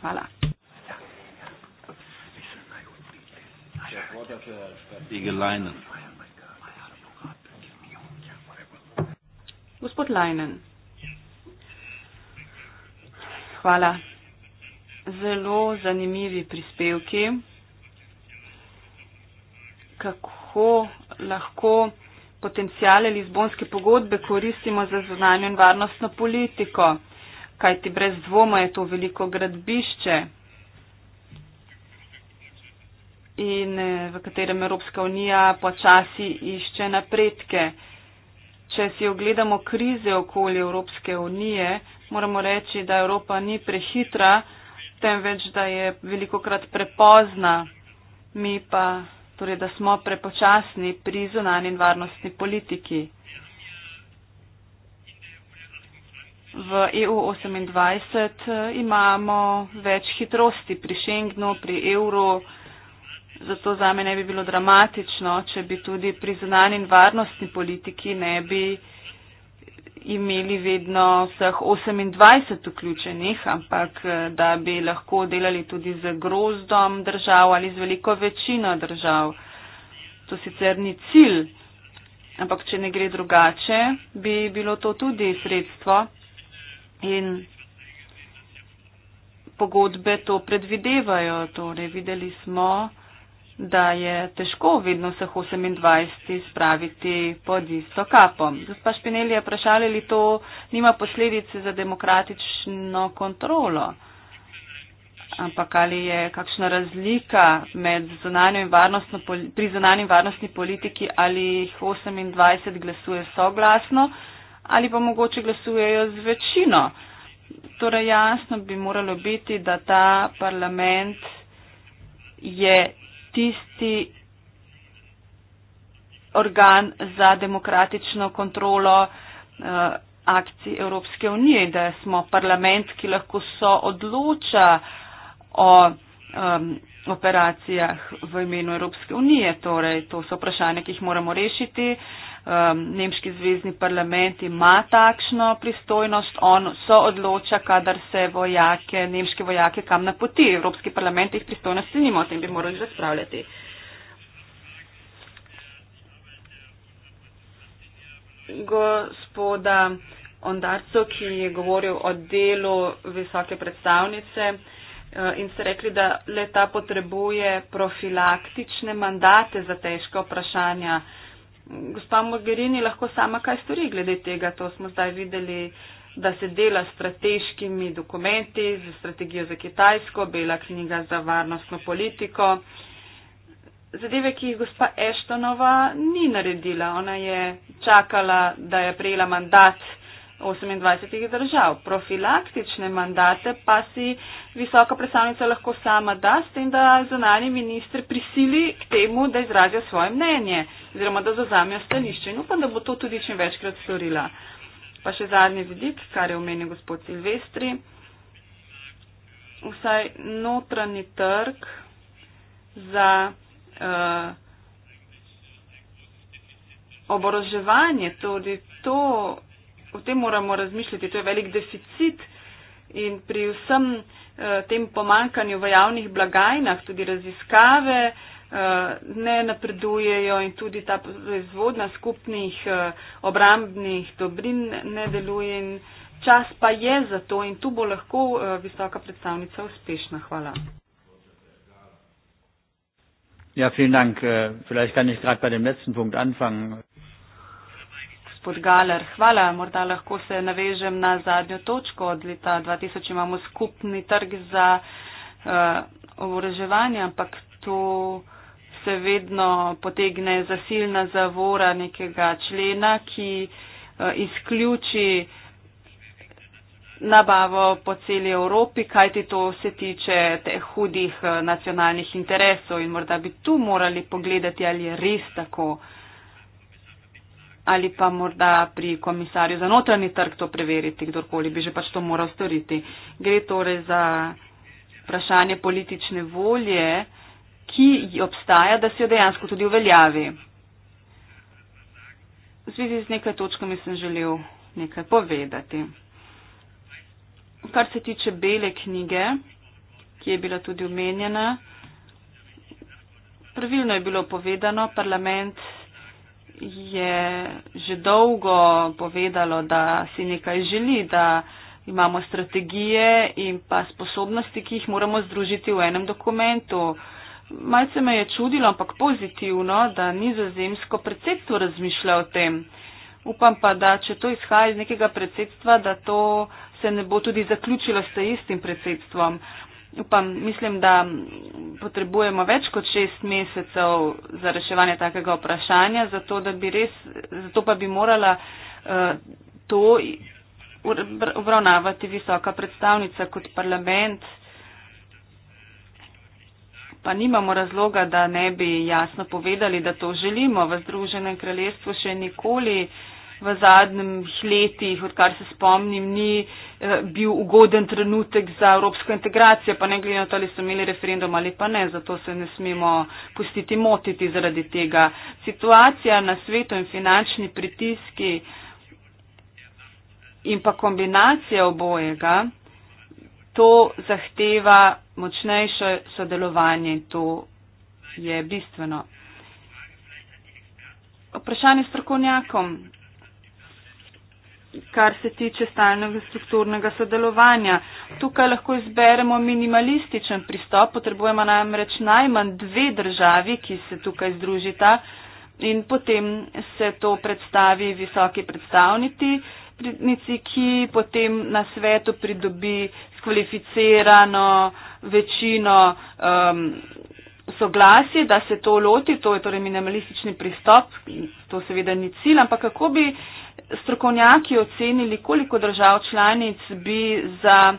Hvala. Gospod Leinen. Hvala zelo zanimivi prispevki, kako lahko potencijale Lizbonske pogodbe koristimo za zunanjo in varnostno politiko, kajti brez dvoma je to veliko gradbišče, in eh, v katerem Evropska unija počasi išče napredke. Če si ogledamo krize okoli Evropske unije, moramo reči, da Evropa ni prehitra, temveč da je veliko krat prepozna, mi pa, torej da smo prepočasni pri zunanji varnostni politiki. V EU28 eh, imamo več hitrosti pri Schengnu, pri evru, zato za me ne bi bilo dramatično, če bi tudi pri zunanji varnostni politiki ne bi imeli vedno vseh 28 vključenih, ampak eh, da bi lahko delali tudi z grozdom držav ali z veliko večino držav. To sicer ni cilj, ampak če ne gre drugače, bi bilo to tudi sredstvo in pogodbe to predvidevajo. Torej, videli smo, da je težko vedno vseh 28 spraviti pod isto kapo. Gospa Špineli je vprašala, ali to nima posledice za demokratično kontrolo. Ampak ali je kakšna razlika med zunanjo in varnostno, pri zunanjem varnostni politiki, ali jih 28 glasuje soglasno, ali pa mogoče glasujejo z večino. Torej jasno bi moralo biti, da ta parlament je tisti organ za demokratično kontrolo uh, akcij Evropske unije, da smo parlament, ki lahko so odloča o um, operacijah v imenu Evropske unije. Torej, to so vprašanja, ki jih moramo rešiti. Uh, um, nemški zvezdni parlament ima takšno pristojnost, on so odloča, kadar se vojake, nemške vojake kam na poti. Evropski parlament jih pristojnosti nima, o tem bi morali razpravljati. Gospoda Ondarco, ki je govoril o delu visoke predstavnice e, in ste rekli, da leta potrebuje profilaktične mandate za težke vprašanja gospa Mogherini lahko sama kaj stori glede tega. To smo zdaj videli, da se dela s strateškimi dokumenti, z strategijo za Kitajsko, bela knjiga za varnostno politiko. Zadeve, ki jih gospa Eštonova ni naredila, ona je čakala, da je prejela mandat 28 držav. Profilaktične mandate pa si visoka predstavnica lahko sama da, s tem, da zunanje ministre prisili k temu, da izrazijo svoje mnenje oziroma da zazamijo stališče. In upam, da bo to tudi čim večkrat storila. Pa še zadnji vidik, kar je omenil gospod Silvestri. Vsaj notranji trg za uh, oboroževanje, tudi to o tem moramo razmišljati. To je velik deficit in pri vsem eh, tem pomankanju v javnih blagajnah tudi raziskave eh, ne napredujejo in tudi ta proizvodna skupnih eh, obrambnih dobrin ne deluje. Čas pa je za to in tu bo lahko eh, visoka predstavnica uspešna. Hvala. Ja, vielen Dank. Äh, vielleicht kann ich gerade bei dem letzten Punkt anfangen. Podgaler. Hvala, morda lahko se navežem na zadnjo točko. Od leta 2000 imamo skupni trg za uh, oboroževanje, ampak to se vedno potegne za silna zavora nekega člena, ki uh, izključi nabavo po celi Evropi, kajti to se tiče teh hudih eh, nacionalnih interesov in morda bi tu morali pogledati, ali je res tako. Uh, ali pa morda pri komisarju za notranji trg to preveriti, kdorkoli bi že pač to moral storiti. Gre torej za vprašanje politične volje, ki obstaja, da se jo dejansko tudi uveljavi. V zvezi z nekaj točkami sem želel nekaj povedati. Kar se tiče bele knjige, ki je bila tudi omenjena, pravilno je bilo povedano, parlament je že dolgo povedalo, da si nekaj želi, da imamo strategije in pa sposobnosti, ki jih moramo združiti v enem dokumentu. Malce me je čudilo, ampak pozitivno, da nizozemsko predsedstvo razmišlja o tem. Upam pa, da če to izhaja iz nekega predsedstva, da to se ne bo tudi zaključilo s istim predsedstvom upam, mislim, da potrebujemo več kot šest mesecev za reševanje takega vprašanja, zato, res, zato pa bi morala uh, to obravnavati visoka predstavnica kot parlament. Pa nimamo razloga, da ne bi jasno povedali, da to želimo. V Združenem kraljestvu še nikoli uh, v zadnjem letih, odkar se spomnim, ni eh, bil ugoden trenutek za evropsko integracijo, pa ne glede na to, ali so imeli referendum ali pa ne, zato se ne smemo pustiti motiti zaradi tega. Situacija na svetu in finančni pritiski in pa kombinacija obojega, to zahteva močnejše sodelovanje in to je bistveno. Vprašanje strokovnjakom kar se tiče stalnega strukturnega sodelovanja. Tukaj lahko izberemo minimalističen pristop, potrebujemo namreč najmanj dve državi, ki se tukaj združita in potem se to predstavi visoki predstavnici, ki potem na svetu pridobi skvalificirano večino um, soglasje, da se to loti, to je torej minimalistični pristop, to seveda ni cilj, ampak kako bi strokovnjaki ocenili, koliko držav članic bi za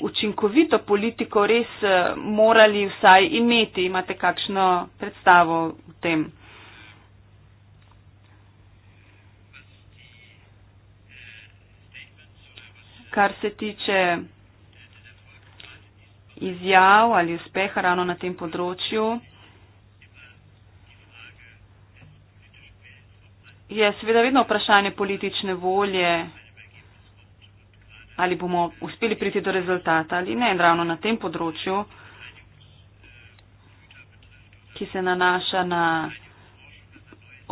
učinkovito politiko res eh, morali vsaj imeti? Imate kakšno predstavo v tem? Kar se tiče izjav ali uspeha ravno na tem področju. Je seveda vedno vprašanje politične volje, ali bomo uspeli priti do rezultata ali ne, in ravno na tem področju, ki se nanaša na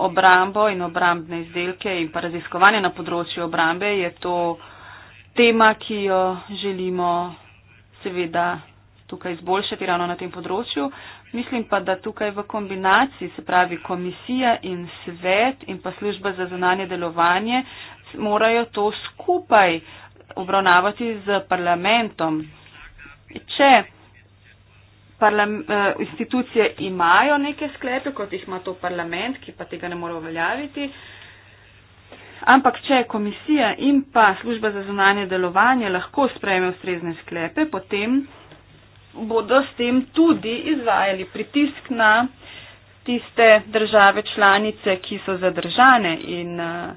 obrambo in obrambne izdelke in pa raziskovanje na področju obrambe, je to tema, ki jo želimo seveda tukaj izboljšati ravno na tem področju. Mislim pa, da tukaj v kombinaciji, se pravi komisija in svet in pa služba za zunanje delovanje, morajo to skupaj obravnavati z parlamentom. Če parlam, eh, institucije imajo neke sklepe, kot jih ima to parlament, ki pa tega ne more uveljaviti, Ampak, če komisija in pa služba za zunanje delovanje lahko sprejme ustrezne sklepe, potem bodo s tem tudi izvajali pritisk na tiste države članice, ki so zadržane in eh,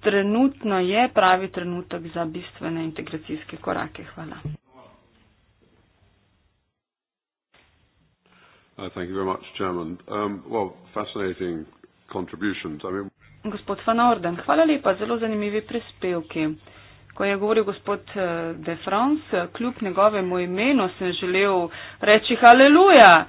trenutno je pravi trenutek za bistvene integracijske korake. Hvala. Uh, um, Gospod Van Orden, hvala lepa, zelo zanimivi prispevki ko je govoril gospod eh, De France, kljub njegovemu imenu sem želel reči haleluja.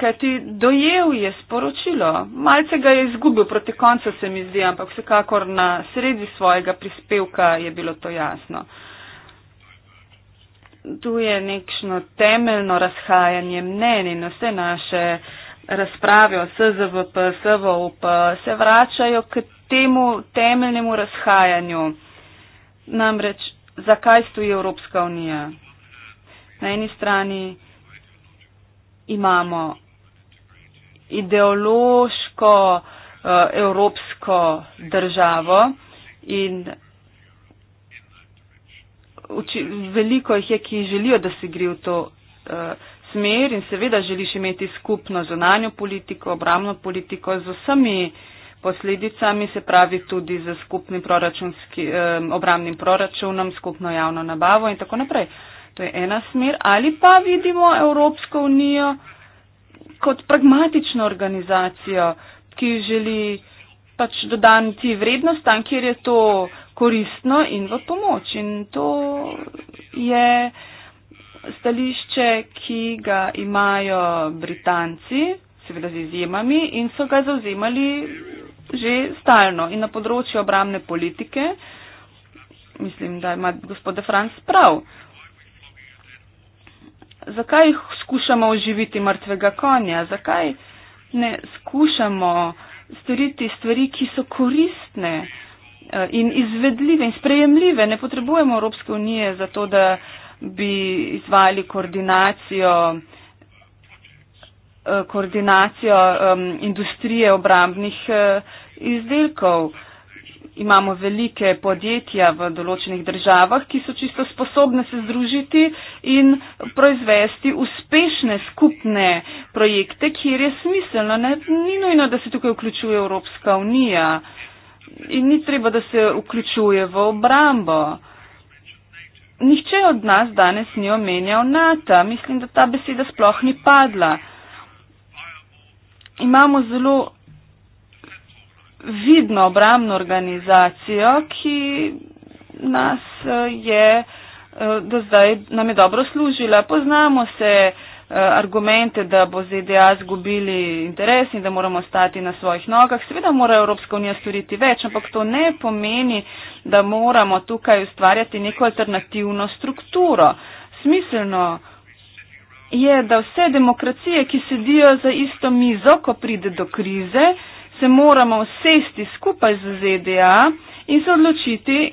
Kaj ti dojel je sporočilo? Malce ga je izgubil, proti koncu se mi zdi, ampak vsekakor na sredi svojega prispevka je bilo to jasno. Tu je nekšno temeljno razhajanje mnenj in vse naše razprave o SZVP, SVOP se vračajo k temu temeljnemu razhajanju. Namreč, zakaj stoji Evropska unija? Na eni strani imamo ideološko eh, evropsko državo in uči, veliko jih je, ki želijo, da se gre v to eh, smer in seveda želiš imeti skupno zunanjo politiko, obramno politiko z vsemi posledicami, se pravi tudi z skupnim proračunski, obramnim proračunom, skupno javno nabavo in tako naprej. To je ena smer. Ali pa vidimo Evropsko unijo kot pragmatično organizacijo, ki želi pač dodati vrednost tam, kjer je to koristno in v pomoč. In to je stališče, ki ga imajo Britanci, seveda z izjemami, in so ga zauzemali že stalno. In na področju obramne politike, mislim, da ima gospode Franc prav. Zakaj skušamo oživiti mrtvega konja? Zakaj ne skušamo storiti stvari, ki so koristne eh, in izvedljive in sprejemljive? Ne potrebujemo Evropske unije za to, da bi izvali koordinacijo uh, Eh, koordinacijo um, industrije obrambnih uh, izdelkov. Imamo velike podjetja v določenih državah, ki so čisto sposobne se združiti in proizvesti uspešne skupne projekte, kjer je smiselno. Ne? Ni nujno, da se tukaj vključuje Evropska unija in ni treba, da se vključuje v obrambo. Nihče od nas danes ni omenjal NATO. Mislim, da ta beseda sploh ni padla imamo zelo vidno obramno organizacijo, ki nas eh, je eh, do zdaj nam je dobro služila. Poznamo se eh, argumente, da bo ZDA zgubili interes in da moramo stati na svojih nogah. Seveda mora Evropska unija storiti več, ampak to ne pomeni, da moramo tukaj ustvarjati neko alternativno strukturo. Smiselno je, da vse demokracije, ki sedijo za isto mizo, ko pride do krize, se moramo sesti skupaj z ZDA in se odločiti,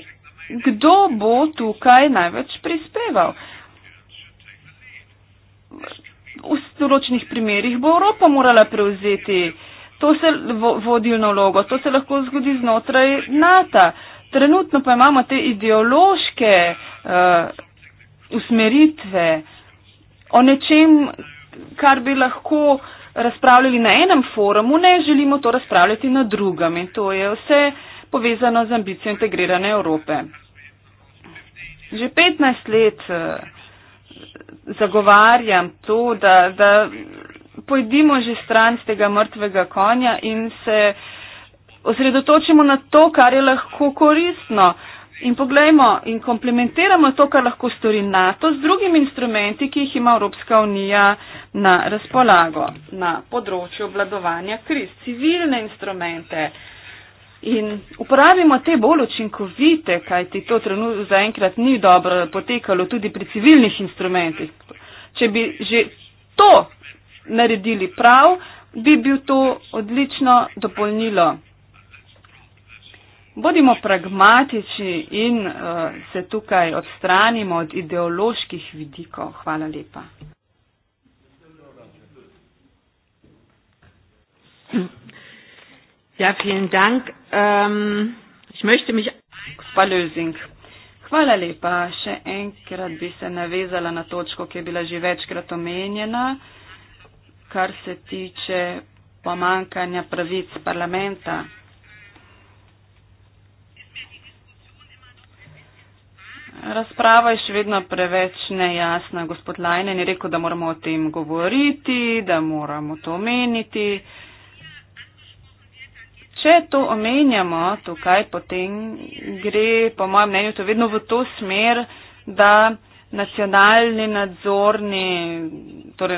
kdo bo tukaj največ prispeval. V določenih primerjih bo Evropa morala prevzeti to se vodilno logo, to se lahko zgodi znotraj NATO. Trenutno pa imamo te ideološke uh, usmeritve, uh, o nečem, kar bi lahko razpravljali na enem forumu, ne želimo to razpravljati na drugem. In to je vse povezano z ambicijo integrirane Evrope. Že 15 let eh, zagovarjam to, da, da pojdimo že stran z tega mrtvega konja in se osredotočimo na to, kar je lahko koristno. In poglejmo in komplementiramo to, kar lahko stori NATO z drugimi instrumenti, ki jih ima Evropska unija na razpolago na področju obladovanja kriz, civilne instrumente. In uporabimo te bolj učinkovite, kajti to trenutno zaenkrat ni dobro potekalo tudi pri civilnih instrumentih. Če bi že to naredili prav, bi bil to odlično dopolnilo Bodimo pragmatični in uh, se tukaj odstranimo od ideoloških vidikov. Hvala lepa. Ja, vielen Dank. Um, ich möchte mich. Hvala lepa. Še enkrat bi se navezala na točko, ki je bila že večkrat omenjena, kar se tiče pomankanja pravic parlamenta. Razprava je še vedno preveč nejasna. Gospod Lajnen je rekel, da moramo o tem govoriti, da moramo to omeniti. Če to omenjamo tukaj, potem gre, po mojem mnenju, to vedno v to smer, da nacionalni nadzorni, torej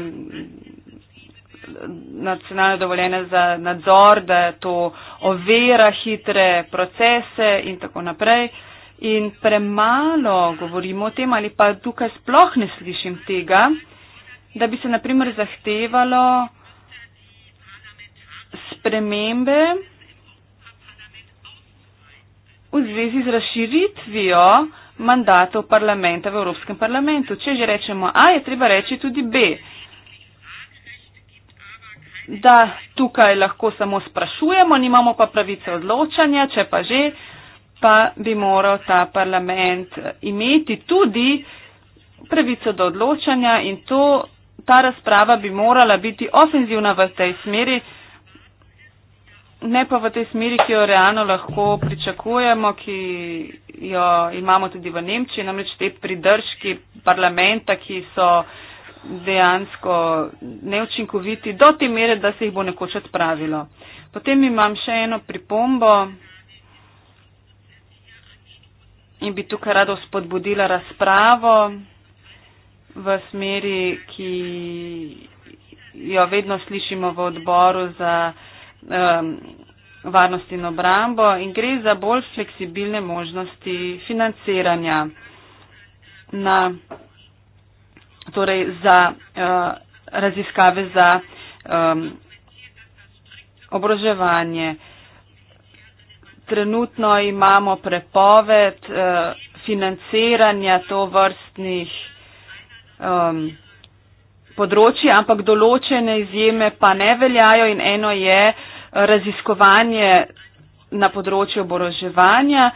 nacionalno dovoljene za nadzor, da to ovira hitre procese in tako naprej in premalo govorimo o tem ali pa tukaj sploh ne slišim tega, da bi se naprimer zahtevalo spremembe v zvezi z razširitvijo mandatov parlamenta v Evropskem parlamentu. Če že rečemo A, je treba reči tudi B. Da tukaj lahko samo sprašujemo, nimamo pa pravice odločanja, če pa že pa bi moral ta parlament imeti tudi pravico do odločanja in to, ta razprava bi morala biti ofenzivna v tej smeri, ne pa v tej smeri, ki jo realno lahko pričakujemo, ki jo imamo tudi v Nemčiji, namreč te pridržki parlamenta, ki so dejansko neučinkoviti do te mere, da se jih bo nekoč odpravilo. Potem imam še eno pripombo in bi tukaj rado spodbudila razpravo v smeri, ki jo vedno slišimo v odboru za um, varnost in obrambo in gre za bolj fleksibilne možnosti financiranja na, torej za uh, raziskave za um, obroževanje. Uh, trenutno imamo prepoved eh, financiranja to vrstnih um, ehm, področji, ampak določene izjeme pa ne veljajo in eno je raziskovanje na področju oboroževanja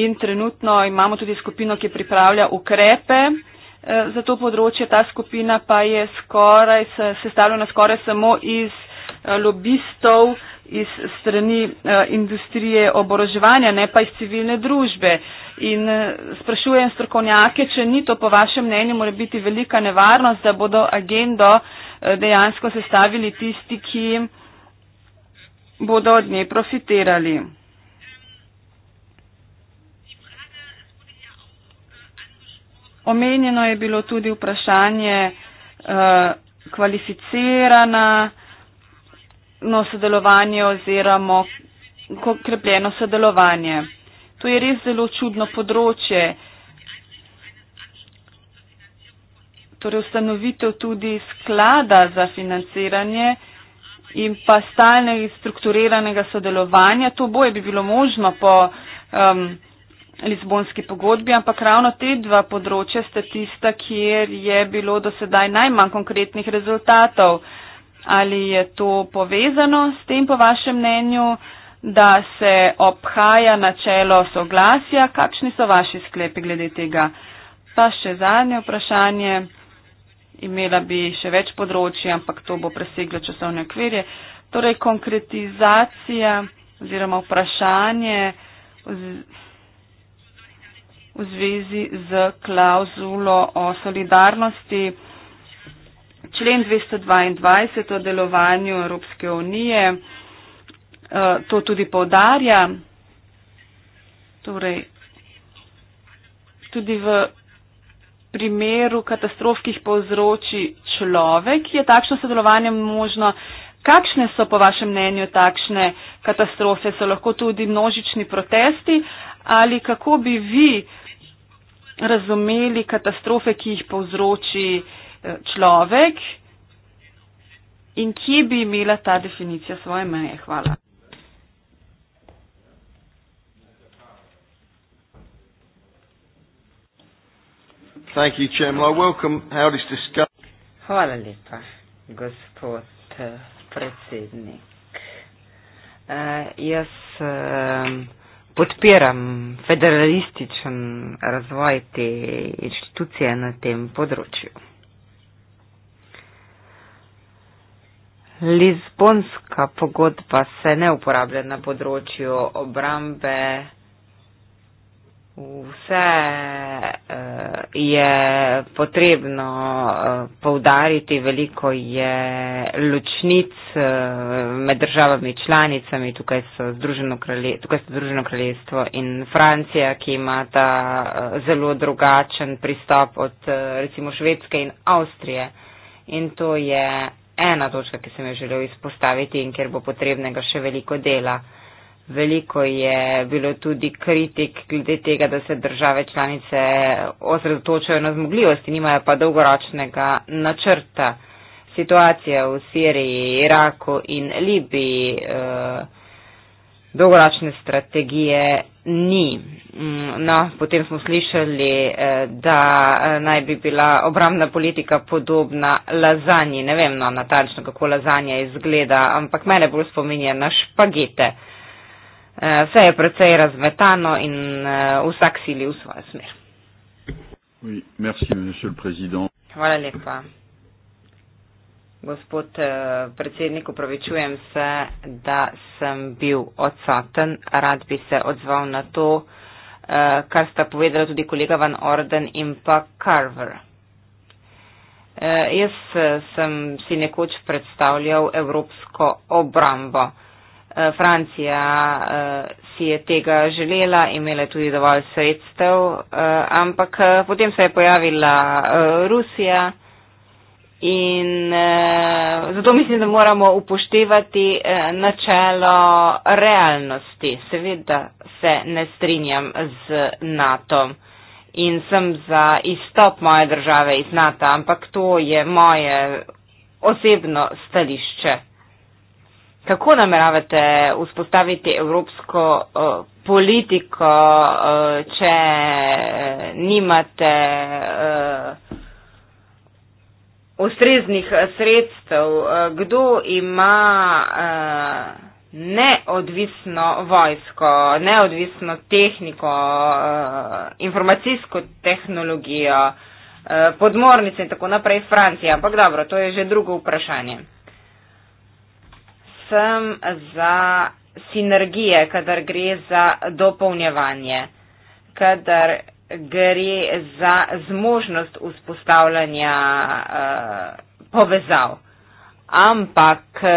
in trenutno imamo tudi skupino, ki pripravlja ukrepe eh, za to področje. Ta skupina pa je skoraj, sestavljena skoraj samo iz eh, lobistov, iz strani eh, industrije oboroževanja, ne pa iz civilne družbe. In eh, sprašujem strokovnjake, če ni to po vašem mnenju, mora biti velika nevarnost, da bodo agendo eh, dejansko sestavili tisti, ki bodo od nje profiterali. Omenjeno je bilo tudi vprašanje uh, kvalificirana krepljeno sodelovanje oziroma krepljeno sodelovanje. To je res zelo čudno področje. Torej ustanovitev tudi sklada za financiranje in pa stalnega in strukturiranega sodelovanja. To boje bi bilo možno po um, Lizbonski pogodbi, ampak ravno te dva področja sta tista, kjer je bilo do sedaj najmanj konkretnih rezultatov ali je to povezano s tem, po vašem mnenju, da se obhaja načelo soglasja, kakšni so vaši sklepi glede tega. Pa še zadnje vprašanje, imela bi še več področji, ampak to bo preseglo časovne okvirje. Torej, konkretizacija oziroma vprašanje v zvezi z klauzulo o solidarnosti člen 222 o delovanju Evropske unije eh, to tudi povdarja. Torej, tudi v primeru katastrof, ki jih povzroči človek, je takšno sodelovanje možno. Kakšne so po vašem mnenju takšne katastrofe? So lahko tudi množični protesti ali kako bi vi razumeli katastrofe, ki jih povzroči človek? Eh, človek in kje bi imela ta definicija svoje meje. Hvala. Hvala lepa, gospod eh, predsednik. Uh, jaz uh, podpiram federalističen razvoj te inštitucije na tem področju. Lizbonska pogodba se ne uporablja na področju obrambe. Vse eh, je potrebno eh, povdariti, veliko je ločnic eh, med državami članicami, tukaj so Združeno, kralje, tukaj so Združeno kraljestvo in Francija, ki imata zelo drugačen pristop od recimo Švedske in Avstrije. In to je ena točka, ki sem jo želel izpostaviti in kjer bo potrebnega še veliko dela. Veliko je bilo tudi kritik glede tega, da se države članice osredotočajo na zmogljivosti, nimajo pa dolgoročnega načrta. Situacija v Siriji, Iraku in Libiji. Uh, dolgoročne strategije ni. Mm, no, potem smo slišali, eh, da eh, naj bi bila obramna politika podobna lazanji. Ne vem no, natančno, kako lazanja izgleda, ampak mene bolj spominja na špagete. Eh, vse je precej razmetano in vsak sili v svojo smer. Oui, merci, Hvala lepa gospod eh, predsednik, upravičujem se, da sem bil odsoten. Rad bi se odzval na to, eh, kar sta povedala tudi kolega Van Orden in pa Carver. Eh, jaz sem si nekoč predstavljal evropsko obrambo. Francija si je tega želela, imela je tudi dovolj sredstev, ampak potem se je pojavila Rusija. In uh, zato mislim, da moramo upoštevati uh, načelo realnosti. Seveda se ne strinjam z NATO in sem za izstop moje države iz NATO, ampak to je moje osebno stališče. Kako nameravate vzpostaviti evropsko uh, politiko, uh, če nimate. Uh, ustreznih eh, sredstev, eh, kdo ima eh, neodvisno vojsko, neodvisno tehniko, informacijsko tehnologijo, podmornice in tako naprej, Francija. Ampak dobro, to je že drugo vprašanje. Sem za sinergije, kadar gre za dopolnjevanje, kadar gre za zmožnost vzpostavljanja eh, povezav. Ampak eh,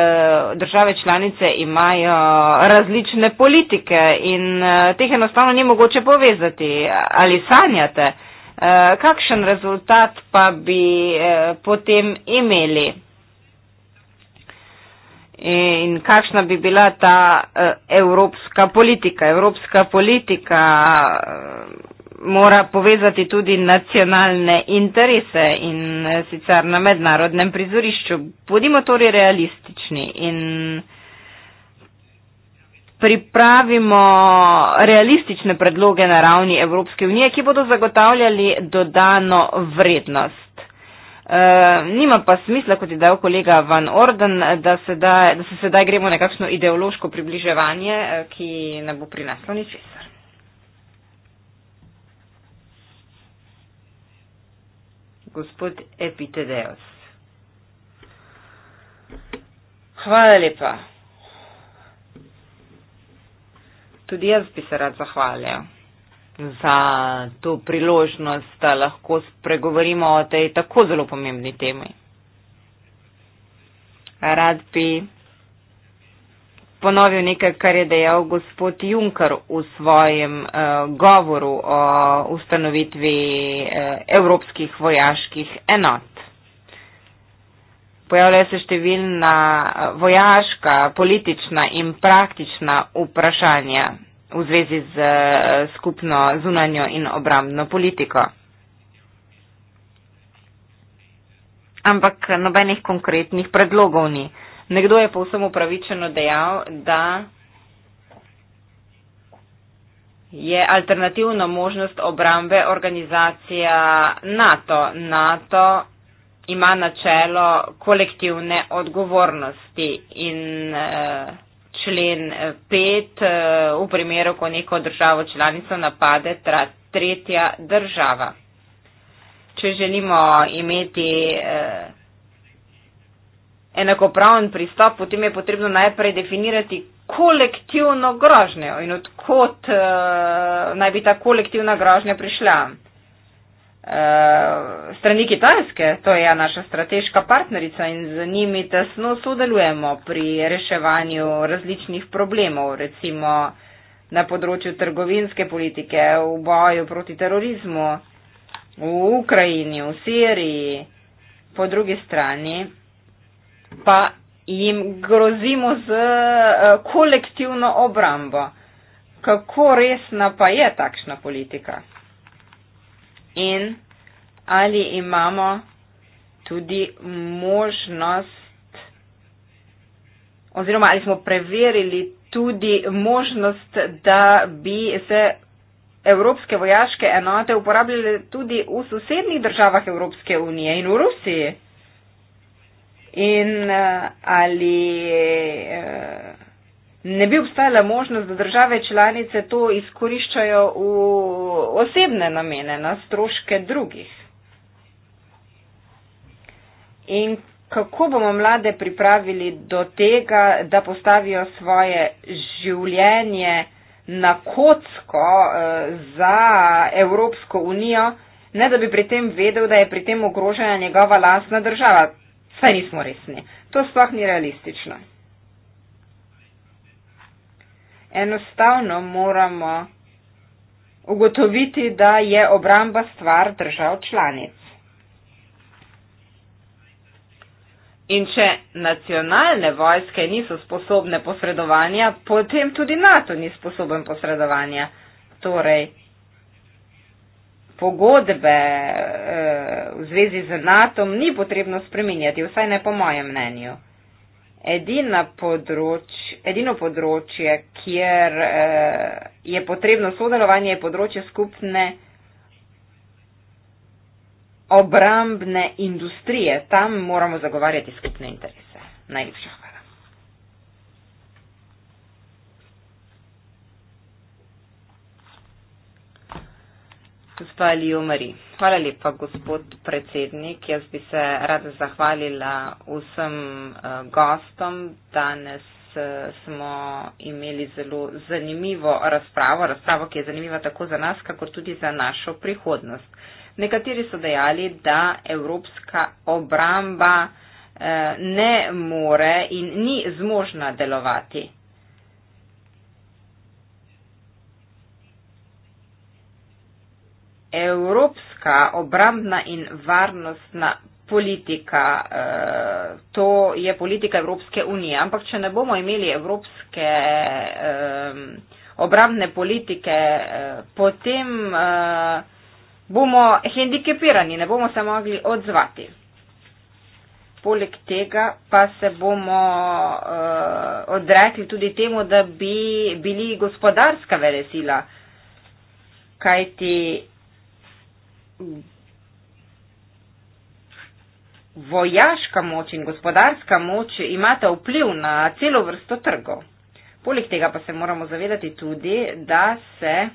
države članice imajo različne politike in eh, teh enostavno ni mogoče povezati. Ali sanjate, kakšen rezultat pa bi potem imeli? In kakšna bi bila ta evropska politika? Evropska politika mora povezati tudi nacionalne interese in eh, sicer na mednarodnem prizorišču. Budimo torej realistični in pripravimo realistične predloge na ravni Evropske unije, ki bodo zagotavljali dodano vrednost. E, nima pa smisla, kot je dal kolega Van Orden, da, sedaj, da se sedaj gremo nekakšno ideološko približevanje, eh, ki ne bo prineslo ničesar. gospod Epitedeus. Hvala lepa. Tudi jaz bi se rad zahvalil za to priložnost, da lahko spregovorimo o tej tako zelo pomembni temi. Rad bi ponovil nekaj, kar je dejal gospod Juncker v svojem uh, govoru o ustanovitvi uh, evropskih vojaških enot. Pojavljajo se številna eh, vojaška, politična in praktična vprašanja v zvezi z skupno zunanjo in obrambno politiko. Ampak nobenih konkretnih predlogov ni. Uh, Nekdo je povsem upravičeno dejal, da je alternativna možnost obrambe organizacija NATO. NATO ima načelo kolektivne odgovornosti in eh, člen 5 eh, eh, v primeru, ko neko državo članico napade tretja država. Če želimo imeti enakopraven pristop, potem je potrebno najprej definirati kolektivno grožnjo in odkot uh, eh, naj bi ta kolektivna grožnja prišla. Uh, strani Kitajske, to je naša strateška partnerica in z njimi tesno sodelujemo pri reševanju različnih problemov, recimo na področju trgovinske politike, v boju proti terorizmu, v Ukrajini, v Siriji, po drugi strani pa jim grozimo z eh, kolektivno obrambo. Kako resna pa je takšna politika? In ali imamo tudi možnost, oziroma ali smo preverili tudi možnost, da bi se evropske vojaške enote uporabljale tudi v sosednjih državah Evropske unije in v Rusiji? in eh, ali eh, ne bi obstajala možnost, da države članice to izkoriščajo v osebne namene, na stroške drugih. In kako bomo mlade pripravili do tega, da postavijo svoje življenje na kocko eh, za Evropsko unijo, ne da bi pri tem vedel, da je pri tem ogrožena njegova lasna država saj nismo resni, to sploh ni realistično. Enostavno moramo ugotoviti, da je obramba stvar držav članic. In če nacionalne vojske niso sposobne posredovanja, potem tudi NATO ni sposoben posredovanja. Torej, pogodbe eh, v zvezi z NATO ni potrebno spreminjati, vsaj ne po mojem mnenju. Področ, edino področje, kjer eh, je potrebno sodelovanje, je področje skupne obrambne industrije. Tam moramo zagovarjati skupne interese. Najlepša. gospa Lijo Mari. Hvala lepa, gospod predsednik. Jaz bi se rada zahvalila vsem eh, gostom. Danes eh, smo imeli zelo zanimivo razpravo, razpravo, ki je zanimiva tako za nas, kakor tudi za našo prihodnost. Nekateri so dejali, da evropska obramba eh, ne more in ni zmožna delovati evropska obrambna in varnostna politika, eh, to je politika Evropske unije. Ampak, če ne bomo imeli evropske eh, obrambne politike, eh, potem eh, bomo hendikepirani, ne bomo se mogli odzvati. Poleg tega pa se bomo eh, odrekli tudi temu, da bi bili gospodarska velesila, kajti Vojaška moč in gospodarska moč imata vpliv na celo vrsto trgov. Poleg tega pa se moramo zavedati tudi, da se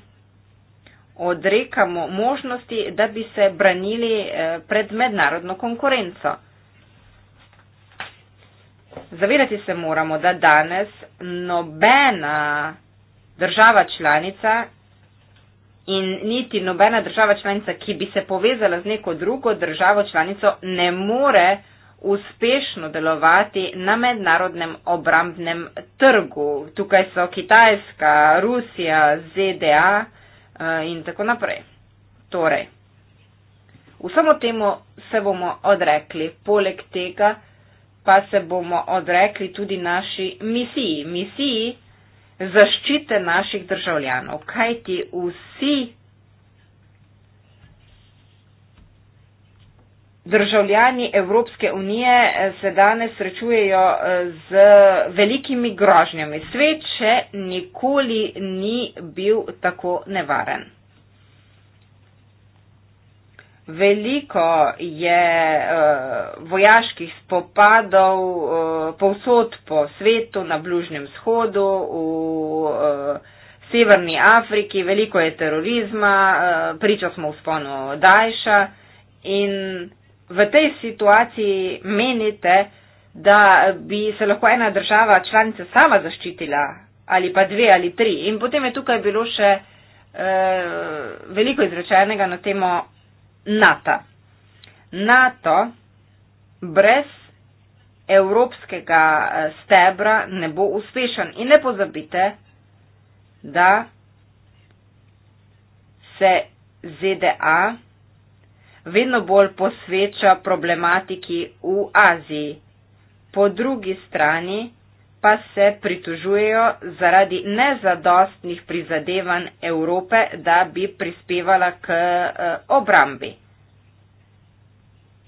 odrekamo možnosti, da bi se branili eh, pred mednarodno konkurenco. Zavedati se moramo, da danes nobena država članica in niti nobena država članica, ki bi se povezala z neko drugo državo članico, ne more uspešno delovati na mednarodnem obrambnem trgu. Tukaj so Kitajska, Rusija, ZDA eh, in tako naprej. Torej, vsemu temu se bomo odrekli, poleg tega pa se bomo odrekli tudi naši misiji. Misiji, zaščite naših državljanov, kajti vsi državljani Evropske unije eh, se danes srečujejo eh, z velikimi grožnjami. Svet še nikoli ni bil tako nevaren veliko je uh, vojaških spopadov uh, povsod po svetu, na Bližnjem shodu, v uh, Severni Afriki, veliko je terorizma, uh, priča smo v sponu Dajša in v tej situaciji menite, da bi se lahko ena država članica sama zaščitila ali pa dve ali tri. In potem je tukaj bilo še uh, veliko izrečenega na temo NATO. NATO brez evropskega eh, stebra ne bo uspešen. In ne pozabite, da se ZDA vedno bolj posveča problematiki v Aziji. Po drugi strani, pa se pritožujejo zaradi nezadostnih prizadevanj Evrope, da bi prispevala k eh, obrambi.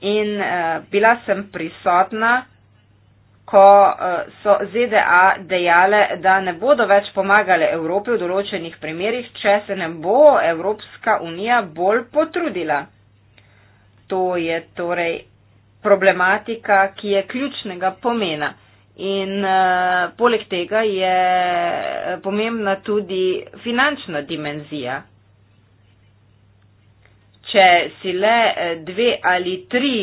In eh, bila sem prisotna, ko eh, so ZDA dejale, da ne bodo več pomagale Evropi v določenih primerjih, če se ne bo Evropska unija bolj potrudila. To je torej problematika, ki je ključnega pomena. In uh, poleg tega je eh, pomembna tudi finančna dimenzija. Če si le eh, dve ali tri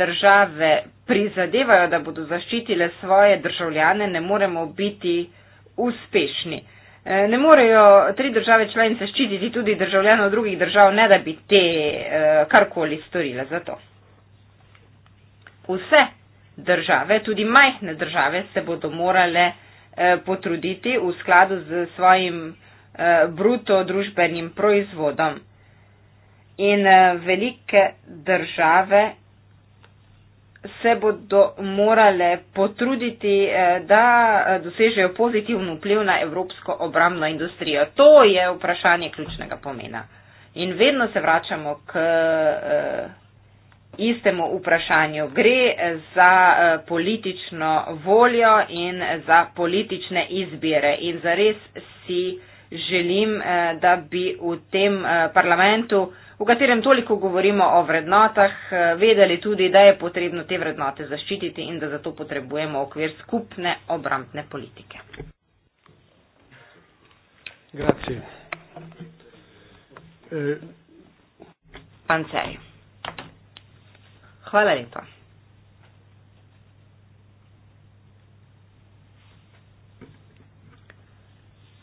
države prizadevajo, da bodo zaščitile svoje državljane, ne moremo biti uspešni. Ne morejo tri države članice ščititi tudi državljanov drugih držav, ne da bi te karkoli storile za to. Vse države, tudi majhne države se bodo morale eh, potruditi v skladu z svojim eh, bruto družbenim proizvodom. In eh, velike države se bodo morale potruditi, eh, da eh, dosežejo pozitivno vpliv na evropsko obramno industrijo. To je vprašanje ključnega pomena. In vedno se vračamo k. Eh, istemu vprašanju. Gre eh, za eh, politično voljo in za politične izbire in zares si želim, eh, da bi v tem parlamentu, v katerem toliko govorimo o vrednotah, vedeli tudi, da je potrebno te vrednote zaščititi in da zato potrebujemo okvir skupne obrambne politike. Grazie. Eh. Panzeri. Hvala lepa.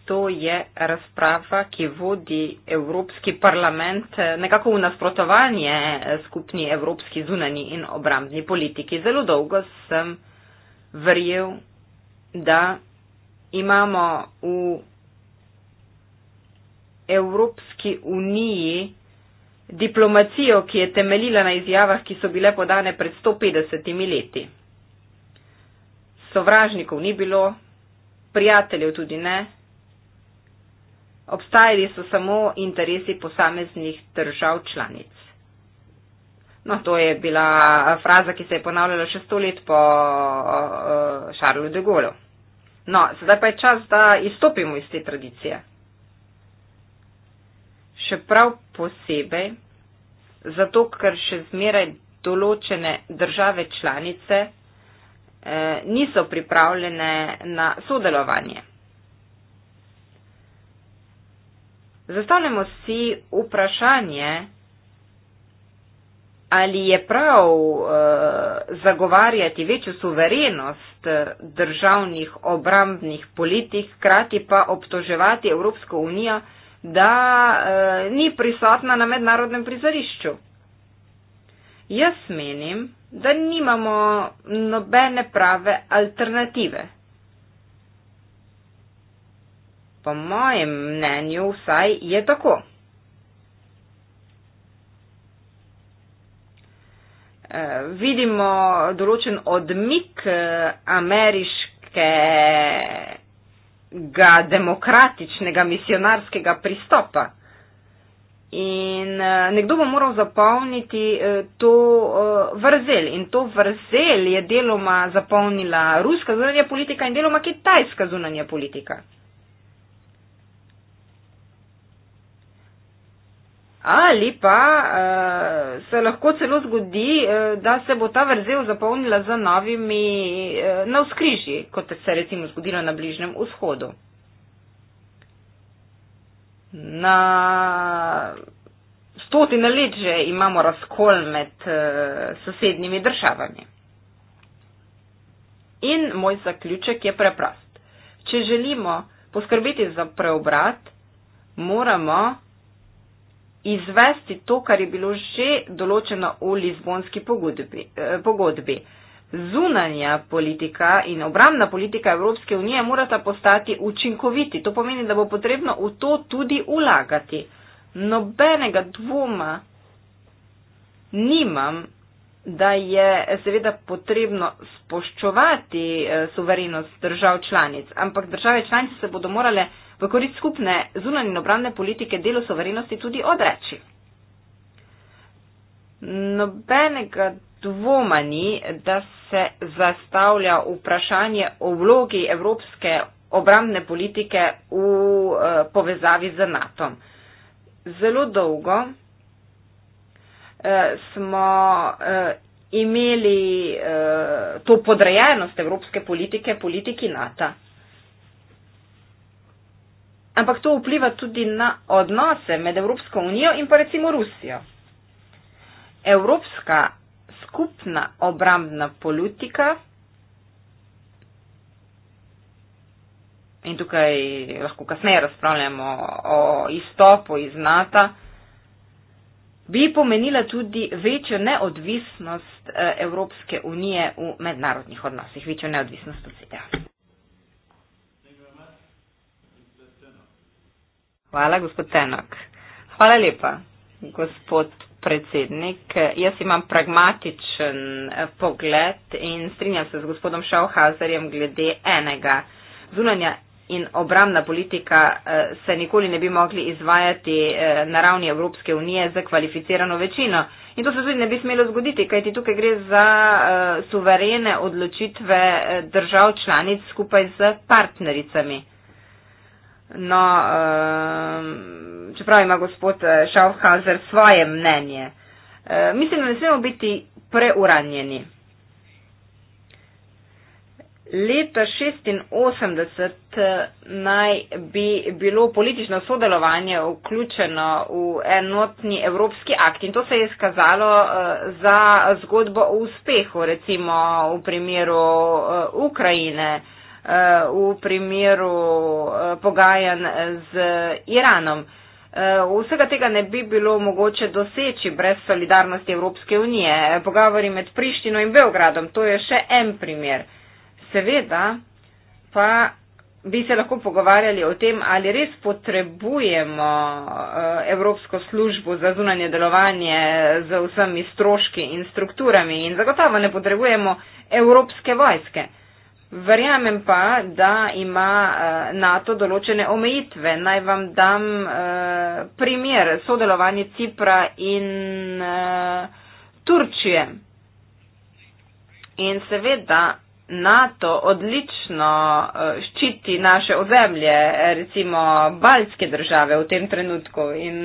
To je razprava, ki vodi Evropski parlament nekako v nasprotovanje eh, skupni evropski zunani in obrambni politiki. Zelo dolgo sem verjel, da imamo v Evropski uniji diplomacijo, ki je temeljila na izjavah, ki so bile podane pred 150 leti. Sovražnikov ni bilo, prijateljev tudi ne. Obstajali so samo interesi posameznih držav članic. No, to je bila fraza, ki se je ponavljala še sto let po Šarlu eh, uh, de Gaulle. No, sedaj pa je čas, da izstopimo iz te tradicije še prav posebej, zato ker še zmeraj določene države članice eh, niso pripravljene na sodelovanje. Zastavljamo si vprašanje, ali je prav eh, zagovarjati večjo suverenost eh, državnih obrambnih politik, krati pa obtoževati Evropsko unijo, da eh, ni prisotna na mednarodnem prizorišču. Jaz menim, da nimamo nobene prave alternative. Po mojem mnenju vsaj je tako. Eh, vidimo določen odmik eh, ameriške ga demokratičnega misionarskega pristopa. In uh, nekdo bo moral zapolniti uh, to uh, vrzel. In to vrzel je deloma zapolnila ruska zunanja politika in deloma kitajska zunanja politika. Ali pa uh, se lahko celo zgodi, uh, da se bo ta vrzel zapolnila za novimi uh, eh, navskrižji, kot se je recimo zgodilo na Bližnjem vzhodu. Na stotine let že imamo razkol med uh, sosednjimi državami. In moj zaključek je preprost. Če želimo poskrbeti za preobrat, moramo izvesti to, kar je bilo že določeno v Lizbonski pogodbi. Eh, pogodbi. Zunanja politika in obramna politika Evropske unije morata postati učinkoviti. To pomeni, da bo potrebno v to tudi ulagati. Nobenega dvoma nimam, da je seveda potrebno spoščovati eh, suverenost držav članic, ampak države članice se bodo morale v korist skupne zunanje in obramne politike delo soverenosti tudi odreči. Nobenega dvoma ni, da se zastavlja vprašanje o vlogi evropske obramne politike v eh, povezavi z NATO. Zelo dolgo eh, smo eh, imeli to podrejenost evropske politike politiki NATO ampak to vpliva tudi na odnose med Evropsko unijo in pa recimo Rusijo. Evropska skupna obrambna politika, in tukaj lahko kasneje razpravljamo o izstopu iz NATO, bi pomenila tudi večjo neodvisnost eh, Evropske unije v mednarodnih odnosih, večjo neodvisnost od sebe. Hvala, gospod Tenok. Hvala lepa, gospod predsednik. Jaz imam pragmatičen eh, pogled in strinjam se z gospodom Šauhazarjem glede enega. Zunanja in obramna politika eh, se nikoli ne bi mogli izvajati eh, na ravni Evropske unije za kvalificirano večino. In to se tudi ne bi smelo zgoditi, kajti tukaj gre za suverene odločitve držav članic skupaj z partnericami. No, ehm, čeprav ima gospod eh, Schaufhauser svoje mnenje, ehm, mislim, da ne smemo biti preuranjeni. Leta 86 eh, naj bi bilo politično sodelovanje vključeno v enotni evropski akt in to se je skazalo eh, za zgodbo o uspehu, recimo v primeru Ukrajine. Eh, v primeru eh, pogajanj z Iranom. Eh, vsega tega ne bi bilo mogoče doseči brez solidarnosti Evropske unije. Pogovori med Prištino in Beogradom, to je še en primer. Seveda pa bi se lahko pogovarjali o tem, ali res potrebujemo Evropsko službo za zunanje delovanje z vsemi stroški in strukturami in zagotovo ne potrebujemo Evropske vojske. Verjamem pa, da ima eh, NATO določene omejitve. Naj vam dam eh, primer sodelovanja Cipra in eh, Turčije. In seveda NATO odlično ščiti naše ozemlje, recimo baljske države v tem trenutku in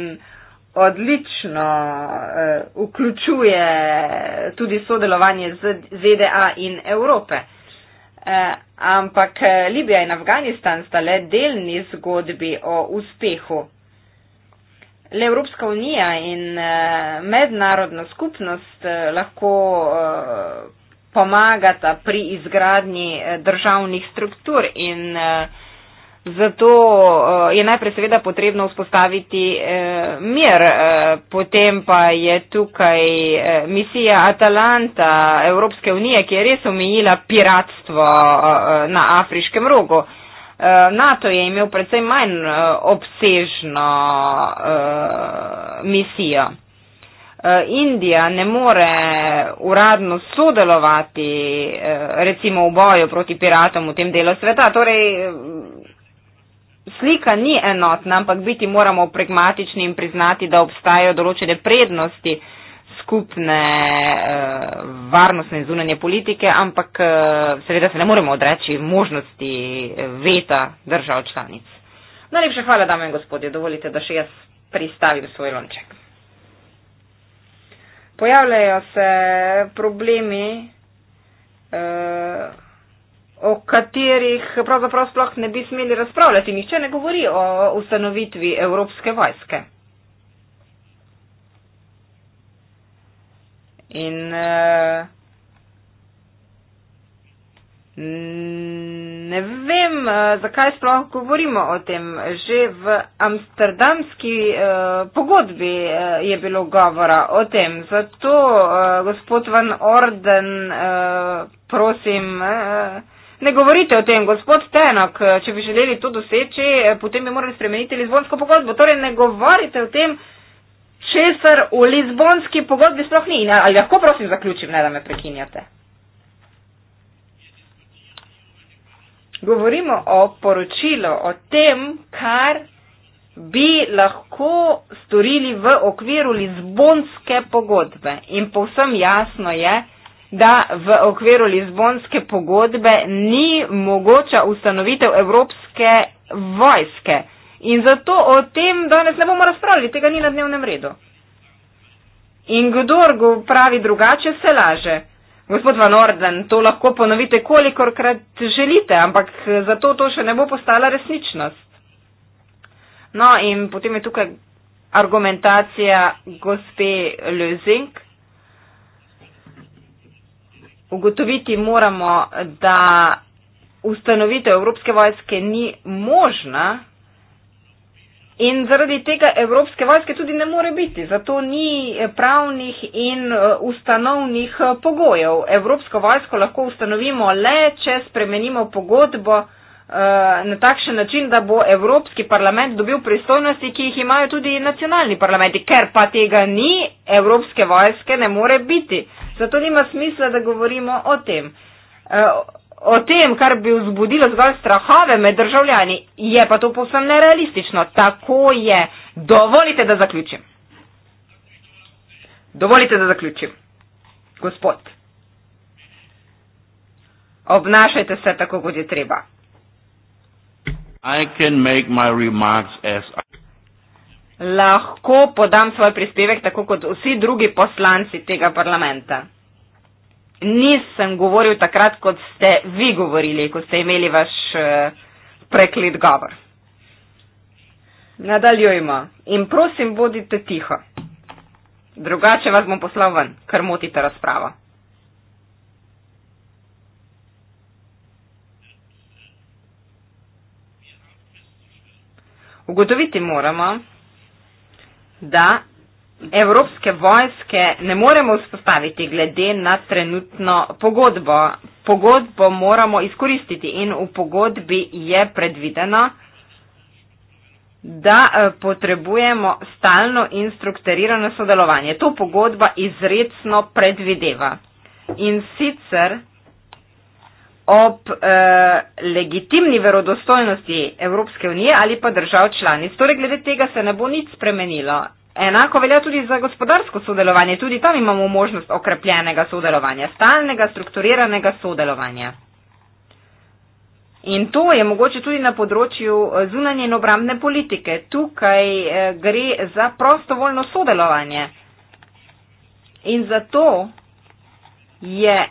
odlično vključuje tudi sodelovanje ZDA in Evrope. Eh, ampak eh, Libija in Afganistan sta le delni zgodbi o uspehu. Le Evropska unija in eh, mednarodna skupnost lahko pomagata pri izgradnji državnih struktur in Zato eh, je najprej seveda potrebno vzpostaviti eh, mir, eh, potem pa je tukaj misija Atalanta Evropske unije, ki je res omejila piratstvo na afriškem rogu. NATO je imel predvsem manj obsežno misijo. Indija ne more uradno sodelovati recimo v boju proti piratom v tem delu sveta. Torej, slika ni enotna, ampak biti moramo pragmatični in priznati, da obstajajo določene prednosti skupne eh, varnostne zunanje politike, ampak eh, seveda se ne moremo odreči možnosti eh, veta držav članic. Najlepša hvala, dame in gospodje, dovolite, da še jaz pristavim svoj lonček. Pojavljajo se problemi. Eh, o katerih pravzaprav sploh ne bi smeli razpravljati. Nihče ne govori o ustanovitvi Evropske vojske. In eh, ne vem, eh, zakaj sploh govorimo o tem. Že v amsterdamski eh, pogodbi je bilo govora o tem. Zato, gospod Van Orden, prosim, Ne govorite o tem, gospod Tenak, če bi želeli to doseči, potem bi morali spremeniti Lizbonsko pogodbo. Torej, ne govorite o tem, česar v Lizbonski pogodbi sploh ni. Ne, ali lahko prosim zaključim, ne da me prekinjate? Govorimo o poročilu, o tem, kar bi lahko storili v okviru Lizbonske pogodbe. In povsem jasno je, da v okviru Lizbonske pogodbe ni mogoča ustanovitev Evropske vojske. In zato o tem danes ne bomo razpravljali, tega ni na dnevnem redu. In kdor go pravi drugače, se laže. Gospod Van Orden, to lahko ponovite kolikorkrat želite, ampak zato to še ne bo postala resničnost. No in potem je tukaj argumentacija gospe Lözing ugotoviti moramo, da ustanovitev Evropske vojske ni možna in zaradi tega Evropske vojske tudi ne more biti. Zato ni pravnih in eh, ustanovnih eh, pogojev. Evropsko vojsko lahko ustanovimo le, če spremenimo pogodbo eh, na takšen način, da bo Evropski parlament dobil pristojnosti, ki jih imajo tudi nacionalni parlamenti, ker pa tega ni, Evropske vojske ne more biti. Zato nima smisla, da govorimo o tem. Eh, o tem, kar bi vzbudilo zgolj strahove med državljani, je pa to povsem nerealistično. Tako je. Dovolite, da zaključim. Dovolite, da zaključim. Gospod. Obnašajte se tako, kot je treba. I can make my remarks as I lahko podam svoj prispevek tako kot vsi drugi poslanci tega parlamenta. Nisem govoril takrat, kot ste vi govorili, ko ste imeli vaš eh, preklet govor. Nadaljujmo in prosim, bodite tiho. Drugače vas bom poslal ven, ker motite razpravo. Ugotoviti moramo, da evropske vojske ne moremo vzpostaviti glede na trenutno pogodbo. Pogodbo moramo izkoristiti in v pogodbi je predvideno, da eh, potrebujemo stalno in strukturirano sodelovanje. To pogodba izredno predvideva. In sicer ob eh, legitimni verodostojnosti Evropske unije ali pa držav članic. Torej, glede tega se ne bo nič spremenilo. Enako velja tudi za gospodarsko sodelovanje. Tudi tam imamo možnost okrepljenega sodelovanja, stalnega, strukturiranega sodelovanja. In to je mogoče tudi na področju eh, zunanje in obramne politike. Tukaj eh, gre za prostovoljno sodelovanje. In zato je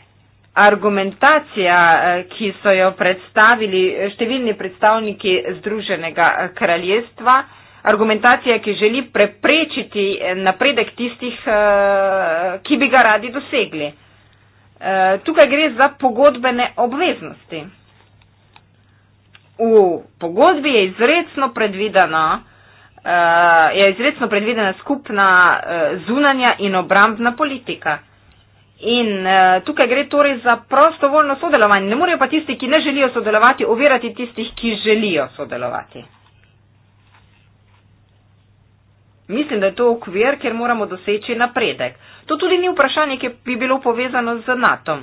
argumentacija, eh, ki so jo predstavili eh, številni predstavniki Združenega eh, kraljestva, argumentacija, ki želi preprečiti napredek tistih, ki bi ga radi dosegli. Tukaj gre za pogodbene obveznosti. V pogodbi je izredno predvidena, je izredno predvidena skupna zunanja in obrambna politika. In uh, tukaj gre torej za prostovoljno sodelovanje. Ne morejo pa tisti, ki ne želijo sodelovati, ovirati tistih, ki želijo sodelovati. Mislim, da je to okvir, kjer moramo doseči napredek. To tudi ni vprašanje, ki bi bilo povezano z NATO.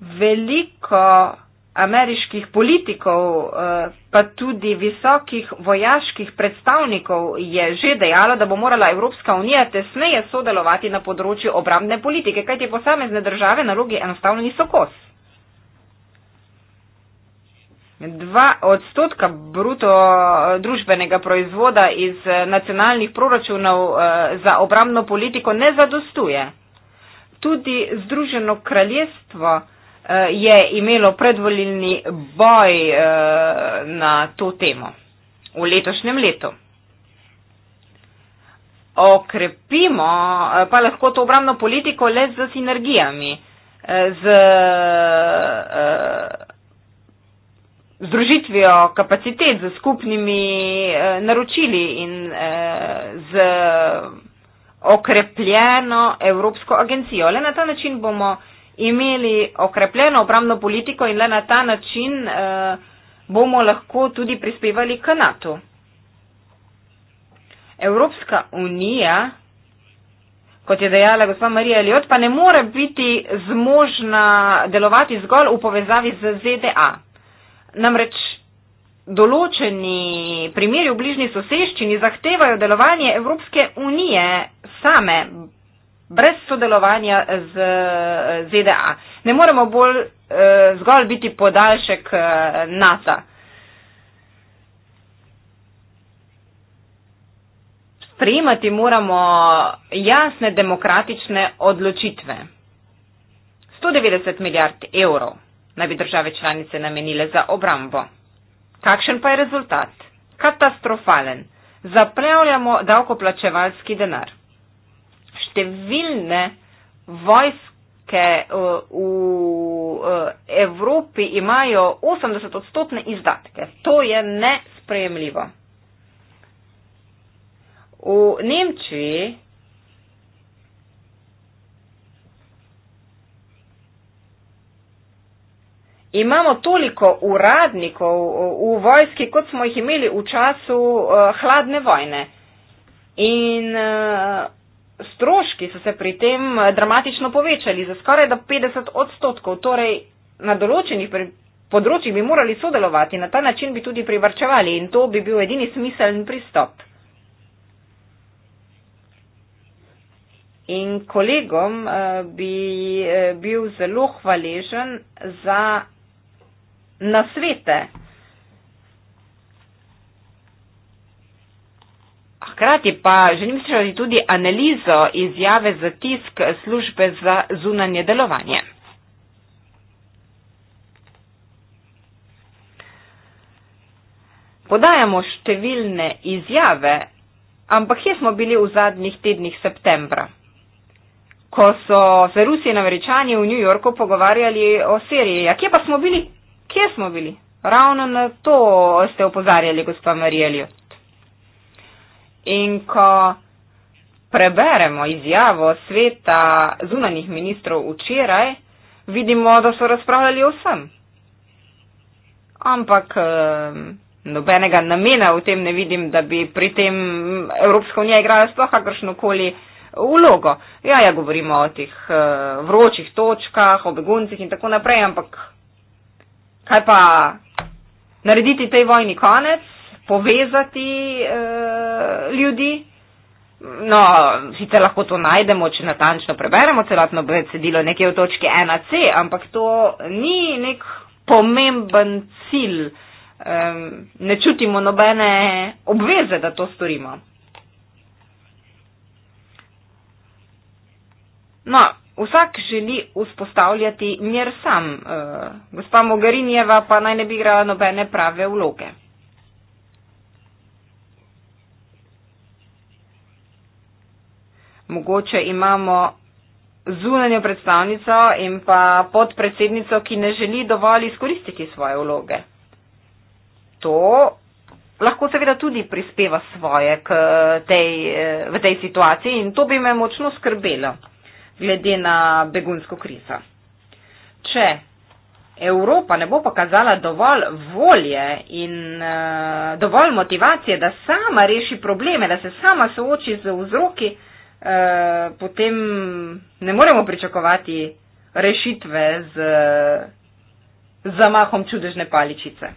Veliko ameriških politikov, eh, pa tudi visokih vojaških predstavnikov je že dejala, da bo morala Evropska unija tesneje sodelovati na področju obrambne politike, kajti posamezne države naloge enostavno niso kos. Dva odstotka bruto eh, družbenega proizvoda iz eh, nacionalnih proračunov za obrambno politiko ne zadostuje. Tudi Združeno kraljestvo Eh, je imelo predvolilni boj eh, na to temo v letošnjem letu. Okrepimo eh, pa lahko to obramno politiko le z sinergijami, z združitvijo kapacitet, z skupnimi naročili in z okrepljeno Evropsko agencijo. Le na ta način bomo imeli okrepljeno obramno politiko in le na ta način eh, bomo lahko tudi prispevali k NATO. Evropska unija, kot je dejala gospa Marija Eliot, pa ne more biti zmožna delovati zgolj v povezavi z ZDA. Namreč določeni primeri v bližnji soseščini zahtevajo delovanje Evropske unije same, brez sodelovanja z eh, ZDA. Ne moremo bolj eh, zgolj biti podaljšek eh, NATO. Sprejemati moramo jasne demokratične odločitve. 190 milijard evrov naj bi države članice namenile za obrambo. Kakšen pa je rezultat? Katastrofalen. Zapravljamo davkoplačevalski denar številne vojske eh, v eh, Evropi imajo 80 odstotne izdatke. To je nesprejemljivo. V Nemčiji imamo toliko uradnikov eh, v vojski, kot smo jih imeli v času hladne vojne. In stroški so se pri tem eh, dramatično povečali za skoraj da 50 odstotkov, torej na določenih področjih bi morali sodelovati, na ta način bi tudi privrčevali in to bi bil edini smiseln pristop. In kolegom eh, bi eh, bil zelo hvaležen za nasvete. Hkrati pa želim slišati tudi analizo izjave za tisk službe za zunanje delovanje. Podajamo številne izjave, ampak kje smo bili v zadnjih tednih septembra, ko so se Rusi in Američani v New Yorku pogovarjali o Siriji. A kje pa smo bili? Kje smo bili? Ravno na to ste opozarjali, gospa Marijeljo. In ko preberemo izjavo sveta zunanih ministrov včeraj, vidimo, da so razpravljali o vsem. Ampak ehm, nobenega namena v tem ne vidim, da bi pri tem Evropska unija igrala sploh kakršno koli ulogo. Ja, ja, govorimo o tih eh, vročih točkah, o beguncih in tako naprej, ampak kaj pa narediti tej vojni konec? povezati uh, ljudi. No, sicer lahko to najdemo, če natančno preberemo celotno besedilo nekje v točki 1c, ampak to ni nek pomemben cilj. Um, ne čutimo nobene obveze, da to storimo. No, vsak želi vzpostavljati mir sam. Uh, gospa Mogarinjeva pa naj ne bi igrala nobene prave vloge. mogoče imamo zunanjo predstavnico in pa podpredsednico, ki ne želi dovolj izkoristiti svoje vloge. To lahko seveda tudi prispeva svoje tej, v tej situaciji in to bi me močno skrbelo, glede na begunsko krizo. Če Evropa ne bo pokazala dovolj volje in eh, dovolj motivacije, da sama reši probleme, da se sama sooči z vzroki, Eh, potem ne moremo pričakovati rešitve z, z zamahom čudežne paličice.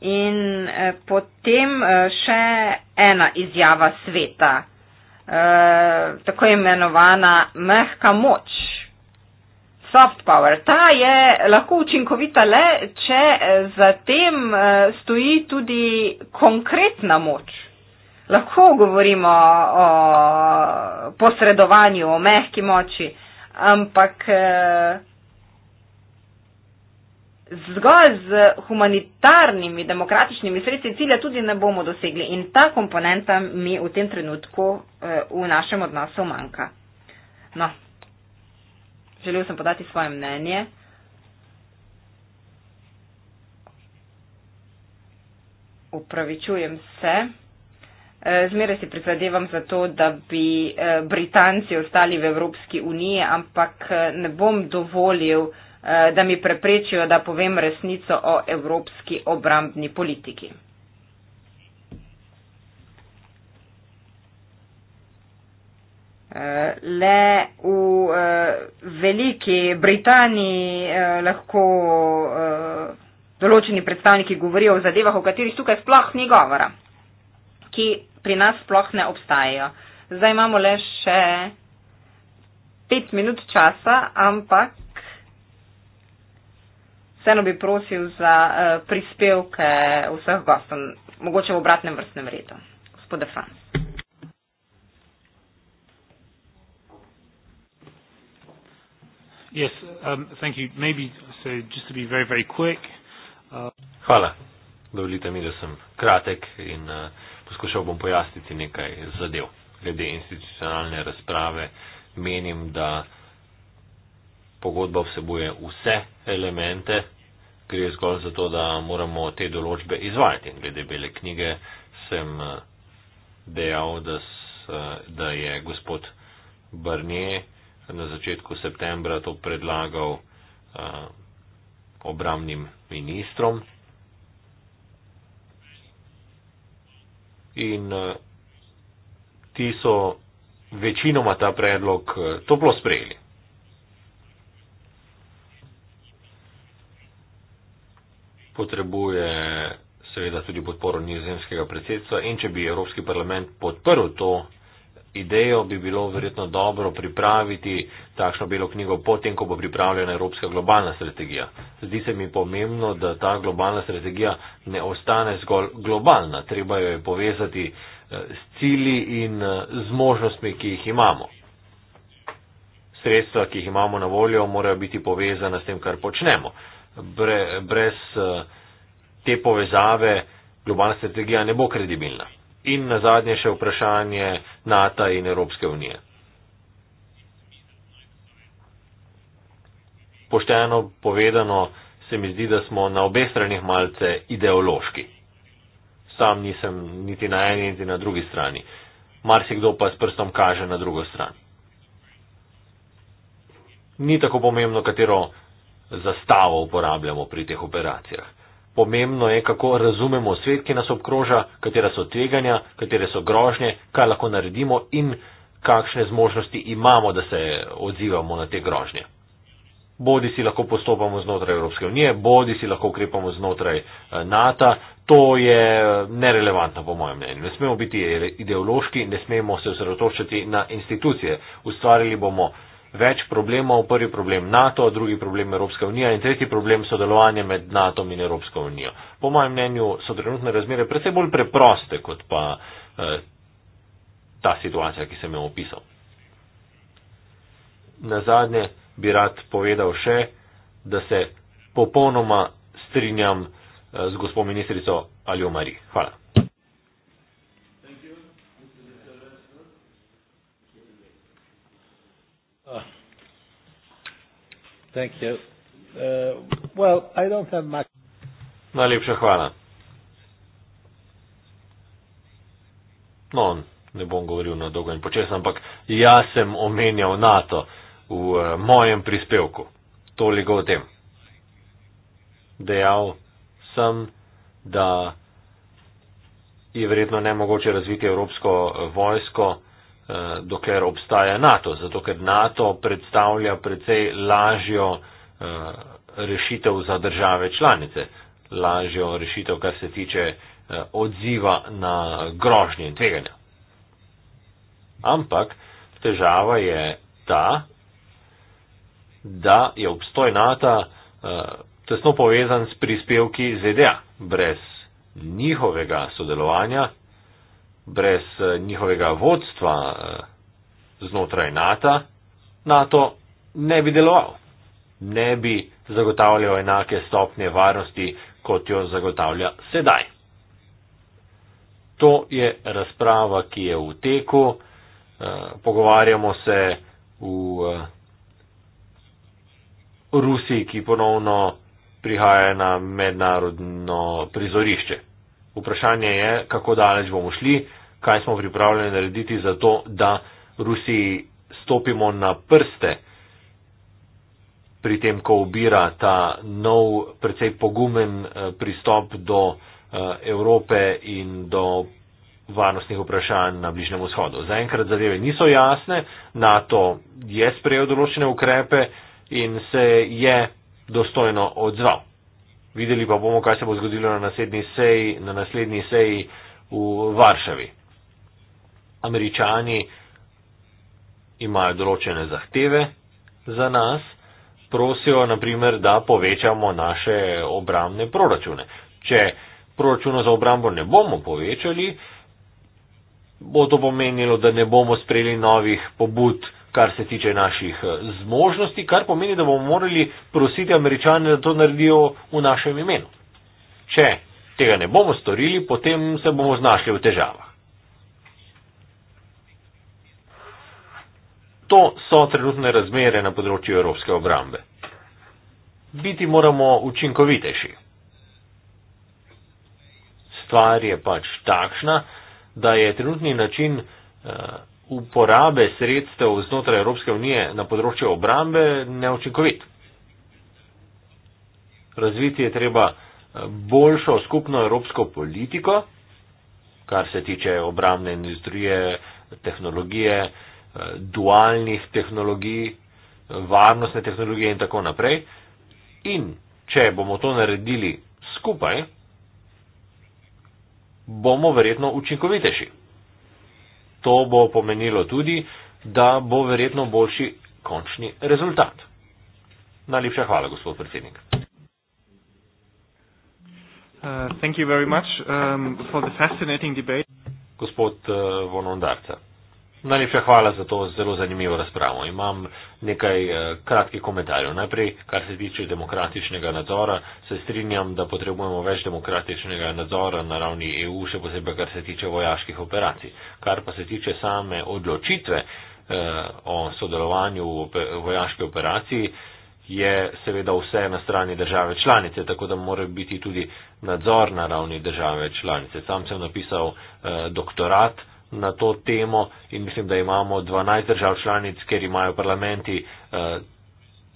In eh, potem eh, še ena izjava sveta, tako imenovana mehka moč, soft power. Ta je lahko učinkovita le, če za tem stoji tudi konkretna moč lahko govorimo o posredovanju, o mehki moči, ampak eh, zgolj z humanitarnimi, demokratičnimi sredstvi cilja tudi ne bomo dosegli in ta komponenta mi v tem trenutku eh, v našem odnosu manjka. No, želel sem podati svoje mnenje. Upravičujem se. Eh, zmeraj si prizadevam za to, da bi eh, Britanci ostali v Evropski uniji, ampak eh, ne bom dovolil, da mi preprečijo, da povem resnico o evropski obrambni politiki. Le v Veliki Britaniji lahko določeni predstavniki govorijo o zadevah, o katerih tukaj sploh ni govora ki pri nas sploh ne obstajajo. Zdaj imamo le še pet minut časa, ampak vseeno bi prosil za uh, prispevke vseh gostov, mogoče v obratnem vrstnem redu. Gospode Fan. Yes, um, thank you. Maybe so just to be very, very quick. Uh... Hvala. Dovolite mi, da sem kratek in uh poskušal bom pojasniti nekaj zadev. Glede institucionalne razprave menim, da pogodba vsebuje vse elemente, gre zgolj za to, da moramo te določbe izvajati. In glede bele knjige sem eh, dejal, da, s, eh, da je gospod Barnier na začetku septembra to predlagal uh, obramnim ministrom. in eh, ti so večinoma ta predlog eh, toplo sprejeli. Potrebuje seveda tudi podporo nizozemskega predsedstva in če bi Evropski parlament podprl to idejo bi bilo verjetno dobro pripraviti takšno belo knjigo potem, ko bo pripravljena Evropska globalna strategija. Zdi se mi pomembno, da ta globalna strategija ne ostane zgolj globalna, treba jo je povezati eh, s cili in eh, z možnostmi, ki jih imamo. Sredstva, ki jih imamo na voljo, morajo biti povezana s tem, kar počnemo. Brez eh, te povezave globalna strategija ne bo kredibilna in na zadnje še vprašanje NATO in Evropske unije. Pošteno povedano, se mi zdi, da smo na obe stranih malce ideološki. Sam nisem niti na eni, niti na drugi strani. Marsikdo pa s prstom kaže na drugo stran. Ni tako pomembno, katero zastavo uporabljamo pri teh operacijah. Pomembno je, kako razumemo svet, ki nas obkroža, katera so tveganja, katere so grožnje, kaj lahko naredimo in kakšne zmožnosti imamo, da se odzivamo na te grožnje. Bodi si lahko postopamo znotraj Evropske unije, bodi si lahko ukrepamo znotraj eh, NATO, to je eh, nerelevantno po mojem mnenju. Ne smemo biti ideološki, ne smemo se osredotočiti na institucije. Ustvarili bomo več problemov. Prvi problem NATO, drugi problem Evropska unija in tretji problem sodelovanje med NATO in Evropsko unijo. Po mojem mnenju so trenutne razmere predvsej bolj preproste kot pa eh, ta situacija, ki sem jo opisal. Na zadnje bi rad povedal še, da se popolnoma strinjam eh, z gospod ministrico Aljo Mari. Hvala. Thank you. Uh, well, I don't have much. Najlepša hvala. No, ne bom govoril na dolgo in počes, ampak jaz sem omenjal NATO v eh, mojem prispevku. Toliko o tem. Dejal sem, da je verjetno nemogoče razviti evropsko eh, vojsko. Eh, dokler obstaja NATO, zato ker NATO predstavlja precej lažjo eh, rešitev za države članice, lažjo rešitev, kar se tiče eh, odziva na grožnje in tveganja. Ampak težava je ta, da je obstoj NATO tesno povezan s prispevki ZDA. Brez njihovega sodelovanja brez eh, njihovega vodstva eh, znotraj NATO, NATO ne bi deloval, ne bi zagotavljal enake stopnje varnosti, kot jo zagotavlja sedaj. To je razprava, ki je v teku, eh, pogovarjamo se v Rusiji, ki ponovno prihaja na mednarodno prizorišče. Vprašanje je, kako daleč bomo šli kaj smo pripravljeni narediti za to, da Rusiji stopimo na prste pri tem, ko ubira ta nov, precej pogumen eh, pristop do eh, Evrope in do varnostnih vprašanj na Bližnjem vzhodu. Zaenkrat zadeve niso jasne, NATO je sprejel določene ukrepe in se je dostojno odzval. Videli pa bomo, kaj se bo zgodilo na naslednji seji, na naslednji seji v Varšavi američani imajo določene zahteve za nas, prosijo naprimer, da povečamo naše obramne proračune. Če proračuna za obrambo ne bomo povečali, bo to pomenilo, da ne bomo sprejeli novih pobud, kar se tiče naših eh, zmožnosti, kar pomeni, da bomo morali prositi američane, da to naredijo v našem imenu. Če tega ne bomo storili, potem se bomo znašli v težavah. To so trenutne razmere na področju evropske obrambe. Biti moramo učinkovitejši. Stvar je pač takšna, da je trenutni način uh, uporabe sredstev znotraj Evropske unije na področju obrambe neučinkovit. Razviti je treba eh, boljšo skupno evropsko politiko, kar se tiče obrambne industrije, tehnologije, uh, Eh, dualnih tehnologij, varnostne tehnologije in tako naprej. In če bomo to naredili skupaj, bomo verjetno učinkovitejši. To bo pomenilo tudi, da bo verjetno boljši končni rezultat. Najlepša hvala, gospod predsednik. Uh, um, gospod uh, Vonondarca. Najlepša hvala za to zelo zanimivo razpravo. Imam nekaj eh, kratkih komentarjev. Najprej, kar se tiče demokratičnega nadzora, se strinjam, da potrebujemo več demokratičnega nadzora na ravni EU, še posebej, kar se tiče vojaških operacij. Kar pa se tiče same odločitve eh, o sodelovanju v vojaški operaciji, je seveda vse na strani države članice, tako da mora biti tudi nadzor na ravni države članice. Sam sem napisal eh, doktorat na to temo in mislim, da imamo 12 držav članic, ker imajo parlamenti eh,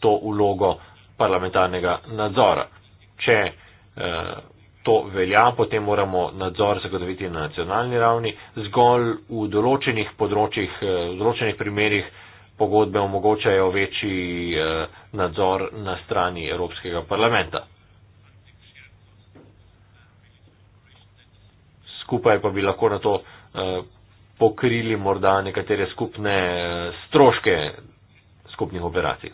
to ulogo parlamentarnega nadzora. Če eh, to velja, potem moramo nadzor zagotoviti na nacionalni ravni, zgolj v določenih področjih, eh, v določenih primerjih pogodbe omogočajo večji nadzor na strani Evropskega parlamenta. Skupaj pa bi lahko na to pokrili morda nekatere skupne eh, stroške skupnih operacij.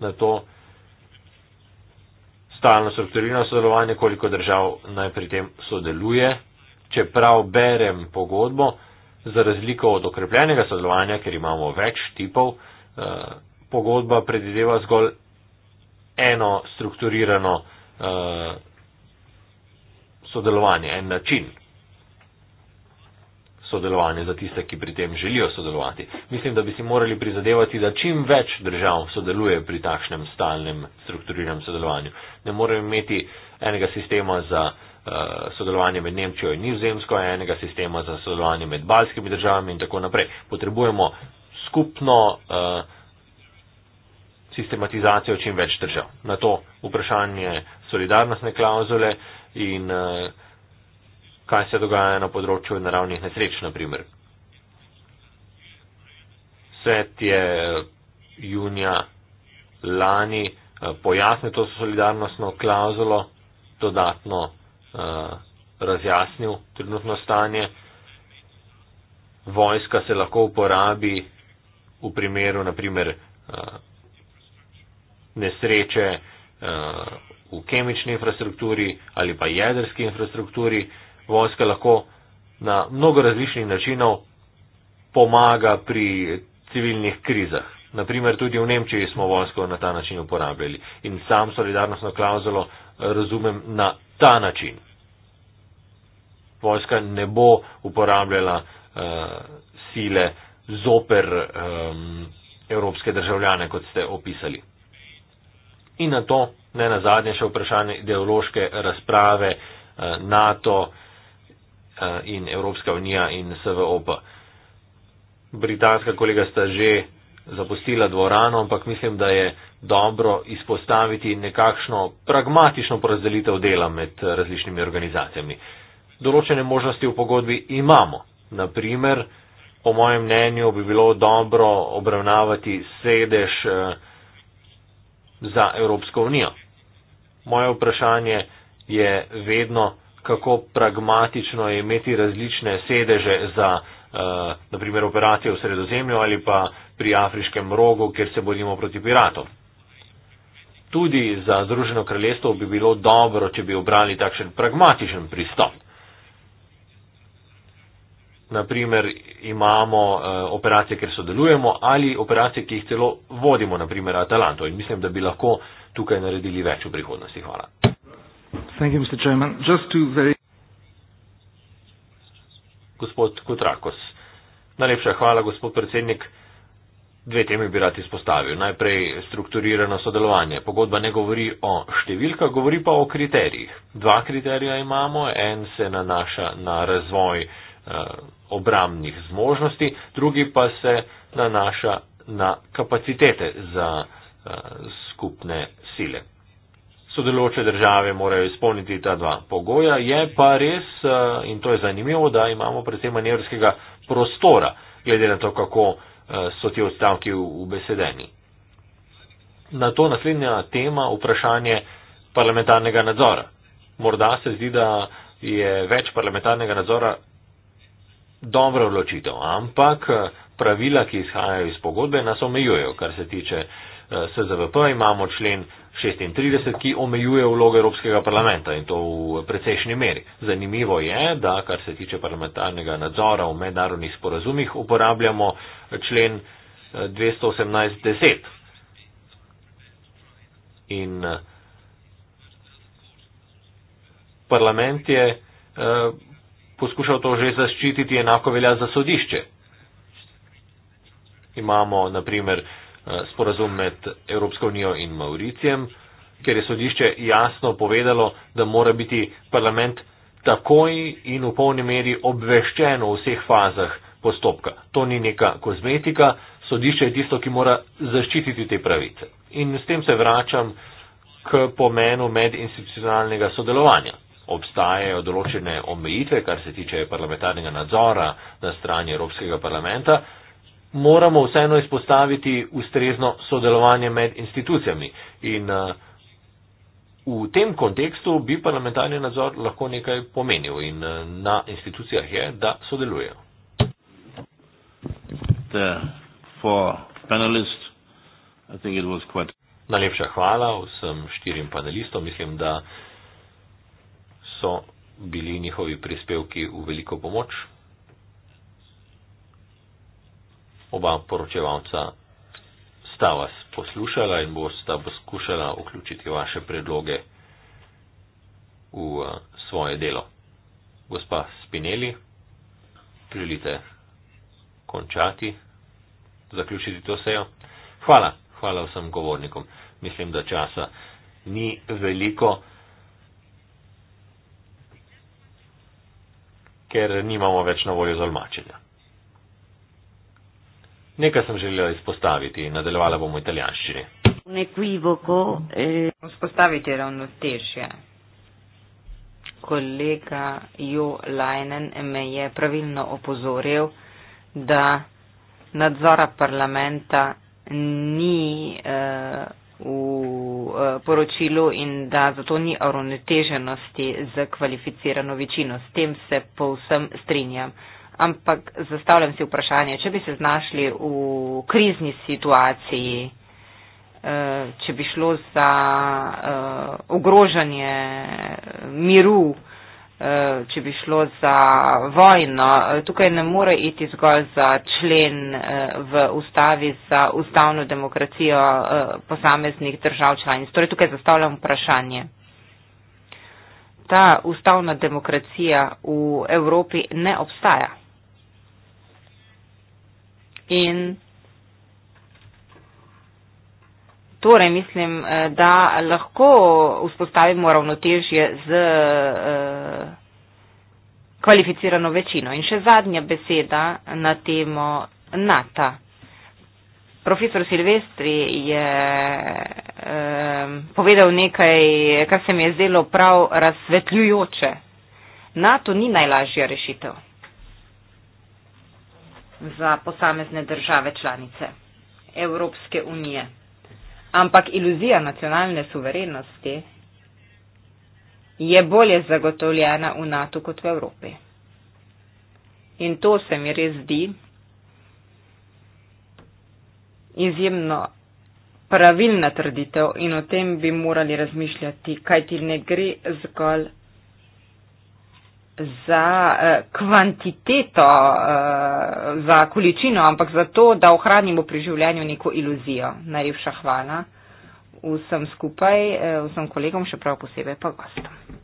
Na to stalno strukturirano sodelovanje, koliko držav naj pri tem sodeluje, čeprav berem pogodbo, za razliko od okrepljenega sodelovanja, ker imamo več tipov, eh, pogodba predvideva zgolj eno strukturirano eh, sodelovanje, en način sodelovanje, za tiste, ki pri tem želijo sodelovati. Mislim, da bi si morali prizadevati, da čim več držav sodeluje pri takšnem stalnem strukturiranem sodelovanju. Ne moremo imeti enega sistema za uh, sodelovanje med Nemčijo in Nizozemsko, enega sistema za sodelovanje med balskimi državami in tako naprej. Potrebujemo skupno uh, sistematizacijo čim več držav. Na to vprašanje solidarnostne klauzule in uh, kaj se dogaja na področju naravnih nesreč, na primer. Svet je eh, junija lani eh, pojasnil to solidarnostno klauzulo, dodatno eh, razjasnil trenutno stanje. Vojska se lahko uporabi v primeru, na primer, nesreče v kemični infrastrukturi ali pa jedrski infrastrukturi vojska lahko na mnogo različnih načinov pomaga pri civilnih krizah. Naprimer, tudi v Nemčiji smo vojsko na ta način uporabljali in sam solidarnostno klauzulo razumem na ta način. Vojska ne bo uporabljala uh, sile zoper um, evropske državljane, kot ste opisali. In na to, ne na zadnje, še vprašanje ideološke razprave uh, NATO. Eh, in Evropska unija in SVOP. Britanska kolega sta že zapustila dvorano, ampak mislim, da je dobro izpostaviti nekakšno pragmatično porazdelitev dela med različnimi organizacijami. Določene možnosti v pogodbi imamo. Naprimer, po mojem mnenju bi bilo dobro obravnavati sedež eh, za Evropsko unijo. Moje vprašanje je vedno, kako pragmatično je imeti različne sedeže za uh, eh, naprimer operacije v sredozemlju ali pa pri afriškem rogu, kjer se bodimo proti piratom. Tudi za Združeno kraljestvo bi bilo dobro, če bi obrali takšen pragmatičen pristop. Naprimer, imamo uh, operacije, kjer sodelujemo ali operacije, ki jih celo vodimo, naprimer Atalanto. In mislim, da bi lahko tukaj naredili več v prihodnosti. Hvala. Thank you, Mr. Chairman. Just two very... Gospod Kutrakos. Najlepša hvala, gospod predsednik. Dve temi bi rad izpostavil. Najprej strukturirano sodelovanje. Pogodba ne govori o številkah, govori pa o kriterijih. Dva kriterija imamo. En se nanaša na razvoj eh, obramnih zmožnosti, drugi pa se nanaša na kapacitete za eh, skupne sile sodeloče države morajo izpolniti ta dva pogoja. Je pa res, eh, in to je zanimivo, da imamo predvsem manevrskega prostora, glede na to, kako eh, so ti odstavki ubesedeni. Na to naslednja tema vprašanje parlamentarnega nadzora. Morda se zdi, da je več parlamentarnega nadzora dobra odločitev, ampak eh, pravila, ki izhajajo iz pogodbe, nas omejujejo, kar se tiče SZVP. Imamo člen 36, ki omejuje vloge Evropskega parlamenta in to v precejšnji meri. Zanimivo je, da kar se tiče parlamentarnega nadzora v mednarodnih sporazumih uporabljamo člen 218.10. Eh, in eh, parlament je eh, poskušal to že zaščititi, enako velja za sodišče. Imamo, na primer, sporazum med Evropsko unijo in Mauricijem, ker je sodišče jasno povedalo, da mora biti parlament takoj in v polni meri obveščen o vseh fazah postopka. To ni neka kozmetika, sodišče je tisto, ki mora zaščititi te pravice. In s tem se vračam k pomenu medinstitucionalnega sodelovanja. Obstajajo določene omejitve, kar se tiče parlamentarnega nadzora na strani Evropskega parlamenta, moramo vseeno izpostaviti ustrezno sodelovanje med institucijami. In eh, v tem kontekstu bi parlamentarni nadzor lahko nekaj pomenil in eh, na institucijah je, da sodelujejo. Quite... Najlepša hvala vsem štirim panelistom. Mislim, da so bili njihovi prispevki v veliko pomoč. oba poročevalca sta vas poslušala in bosta poskušala vključiti vaše predloge v eh, svoje delo. Gospa Spinelli, želite končati, zaključiti to sejo? Hvala, hvala vsem govornikom. Mislim, da časa ni veliko, ker nimamo več na voljo zalmačenja. Nekaj sem želela izpostaviti, nadaljevala bom v italijanščini. Nekvivoko e... Eh, vzpostaviti ravnotežje. Kolega Jo Leinen me je pravilno opozoril, da nadzora parlamenta ni e, v e, poročilu in da zato ni ravnoteženosti z kvalificirano večino. S tem se povsem strinjam ampak zastavljam si vprašanje, če bi se znašli v krizni situaciji, eh, če bi šlo za eh, ogrožanje eh, miru, če bi šlo za vojno, tukaj ne more iti zgolj za člen v ustavi za ustavno demokracijo posameznih držav članic. Torej tukaj zastavljam vprašanje. Ta ustavna demokracija v Evropi ne obstaja in torej mislim, eh, da lahko vzpostavimo ravnotežje z eh, kvalificirano večino. In še zadnja beseda na temo NATO. Profesor Silvestri je eh, povedal nekaj, kar se mi je zdelo prav razsvetljujoče. NATO ni najlažja rešitev za posamezne države članice Evropske unije. Ampak iluzija nacionalne suverenosti je bolje zagotovljena v NATO kot v Evropi. In to se mi res zdi izjemno pravilna trditev in o tem bi morali razmišljati, kaj ti ne gre zgolj za eh, kvantiteto, eh, za količino, ampak za to, da ohranimo pri življenju neko iluzijo. Najlepša hvala vsem skupaj, eh, vsem kolegom, še prav posebej pa gostom.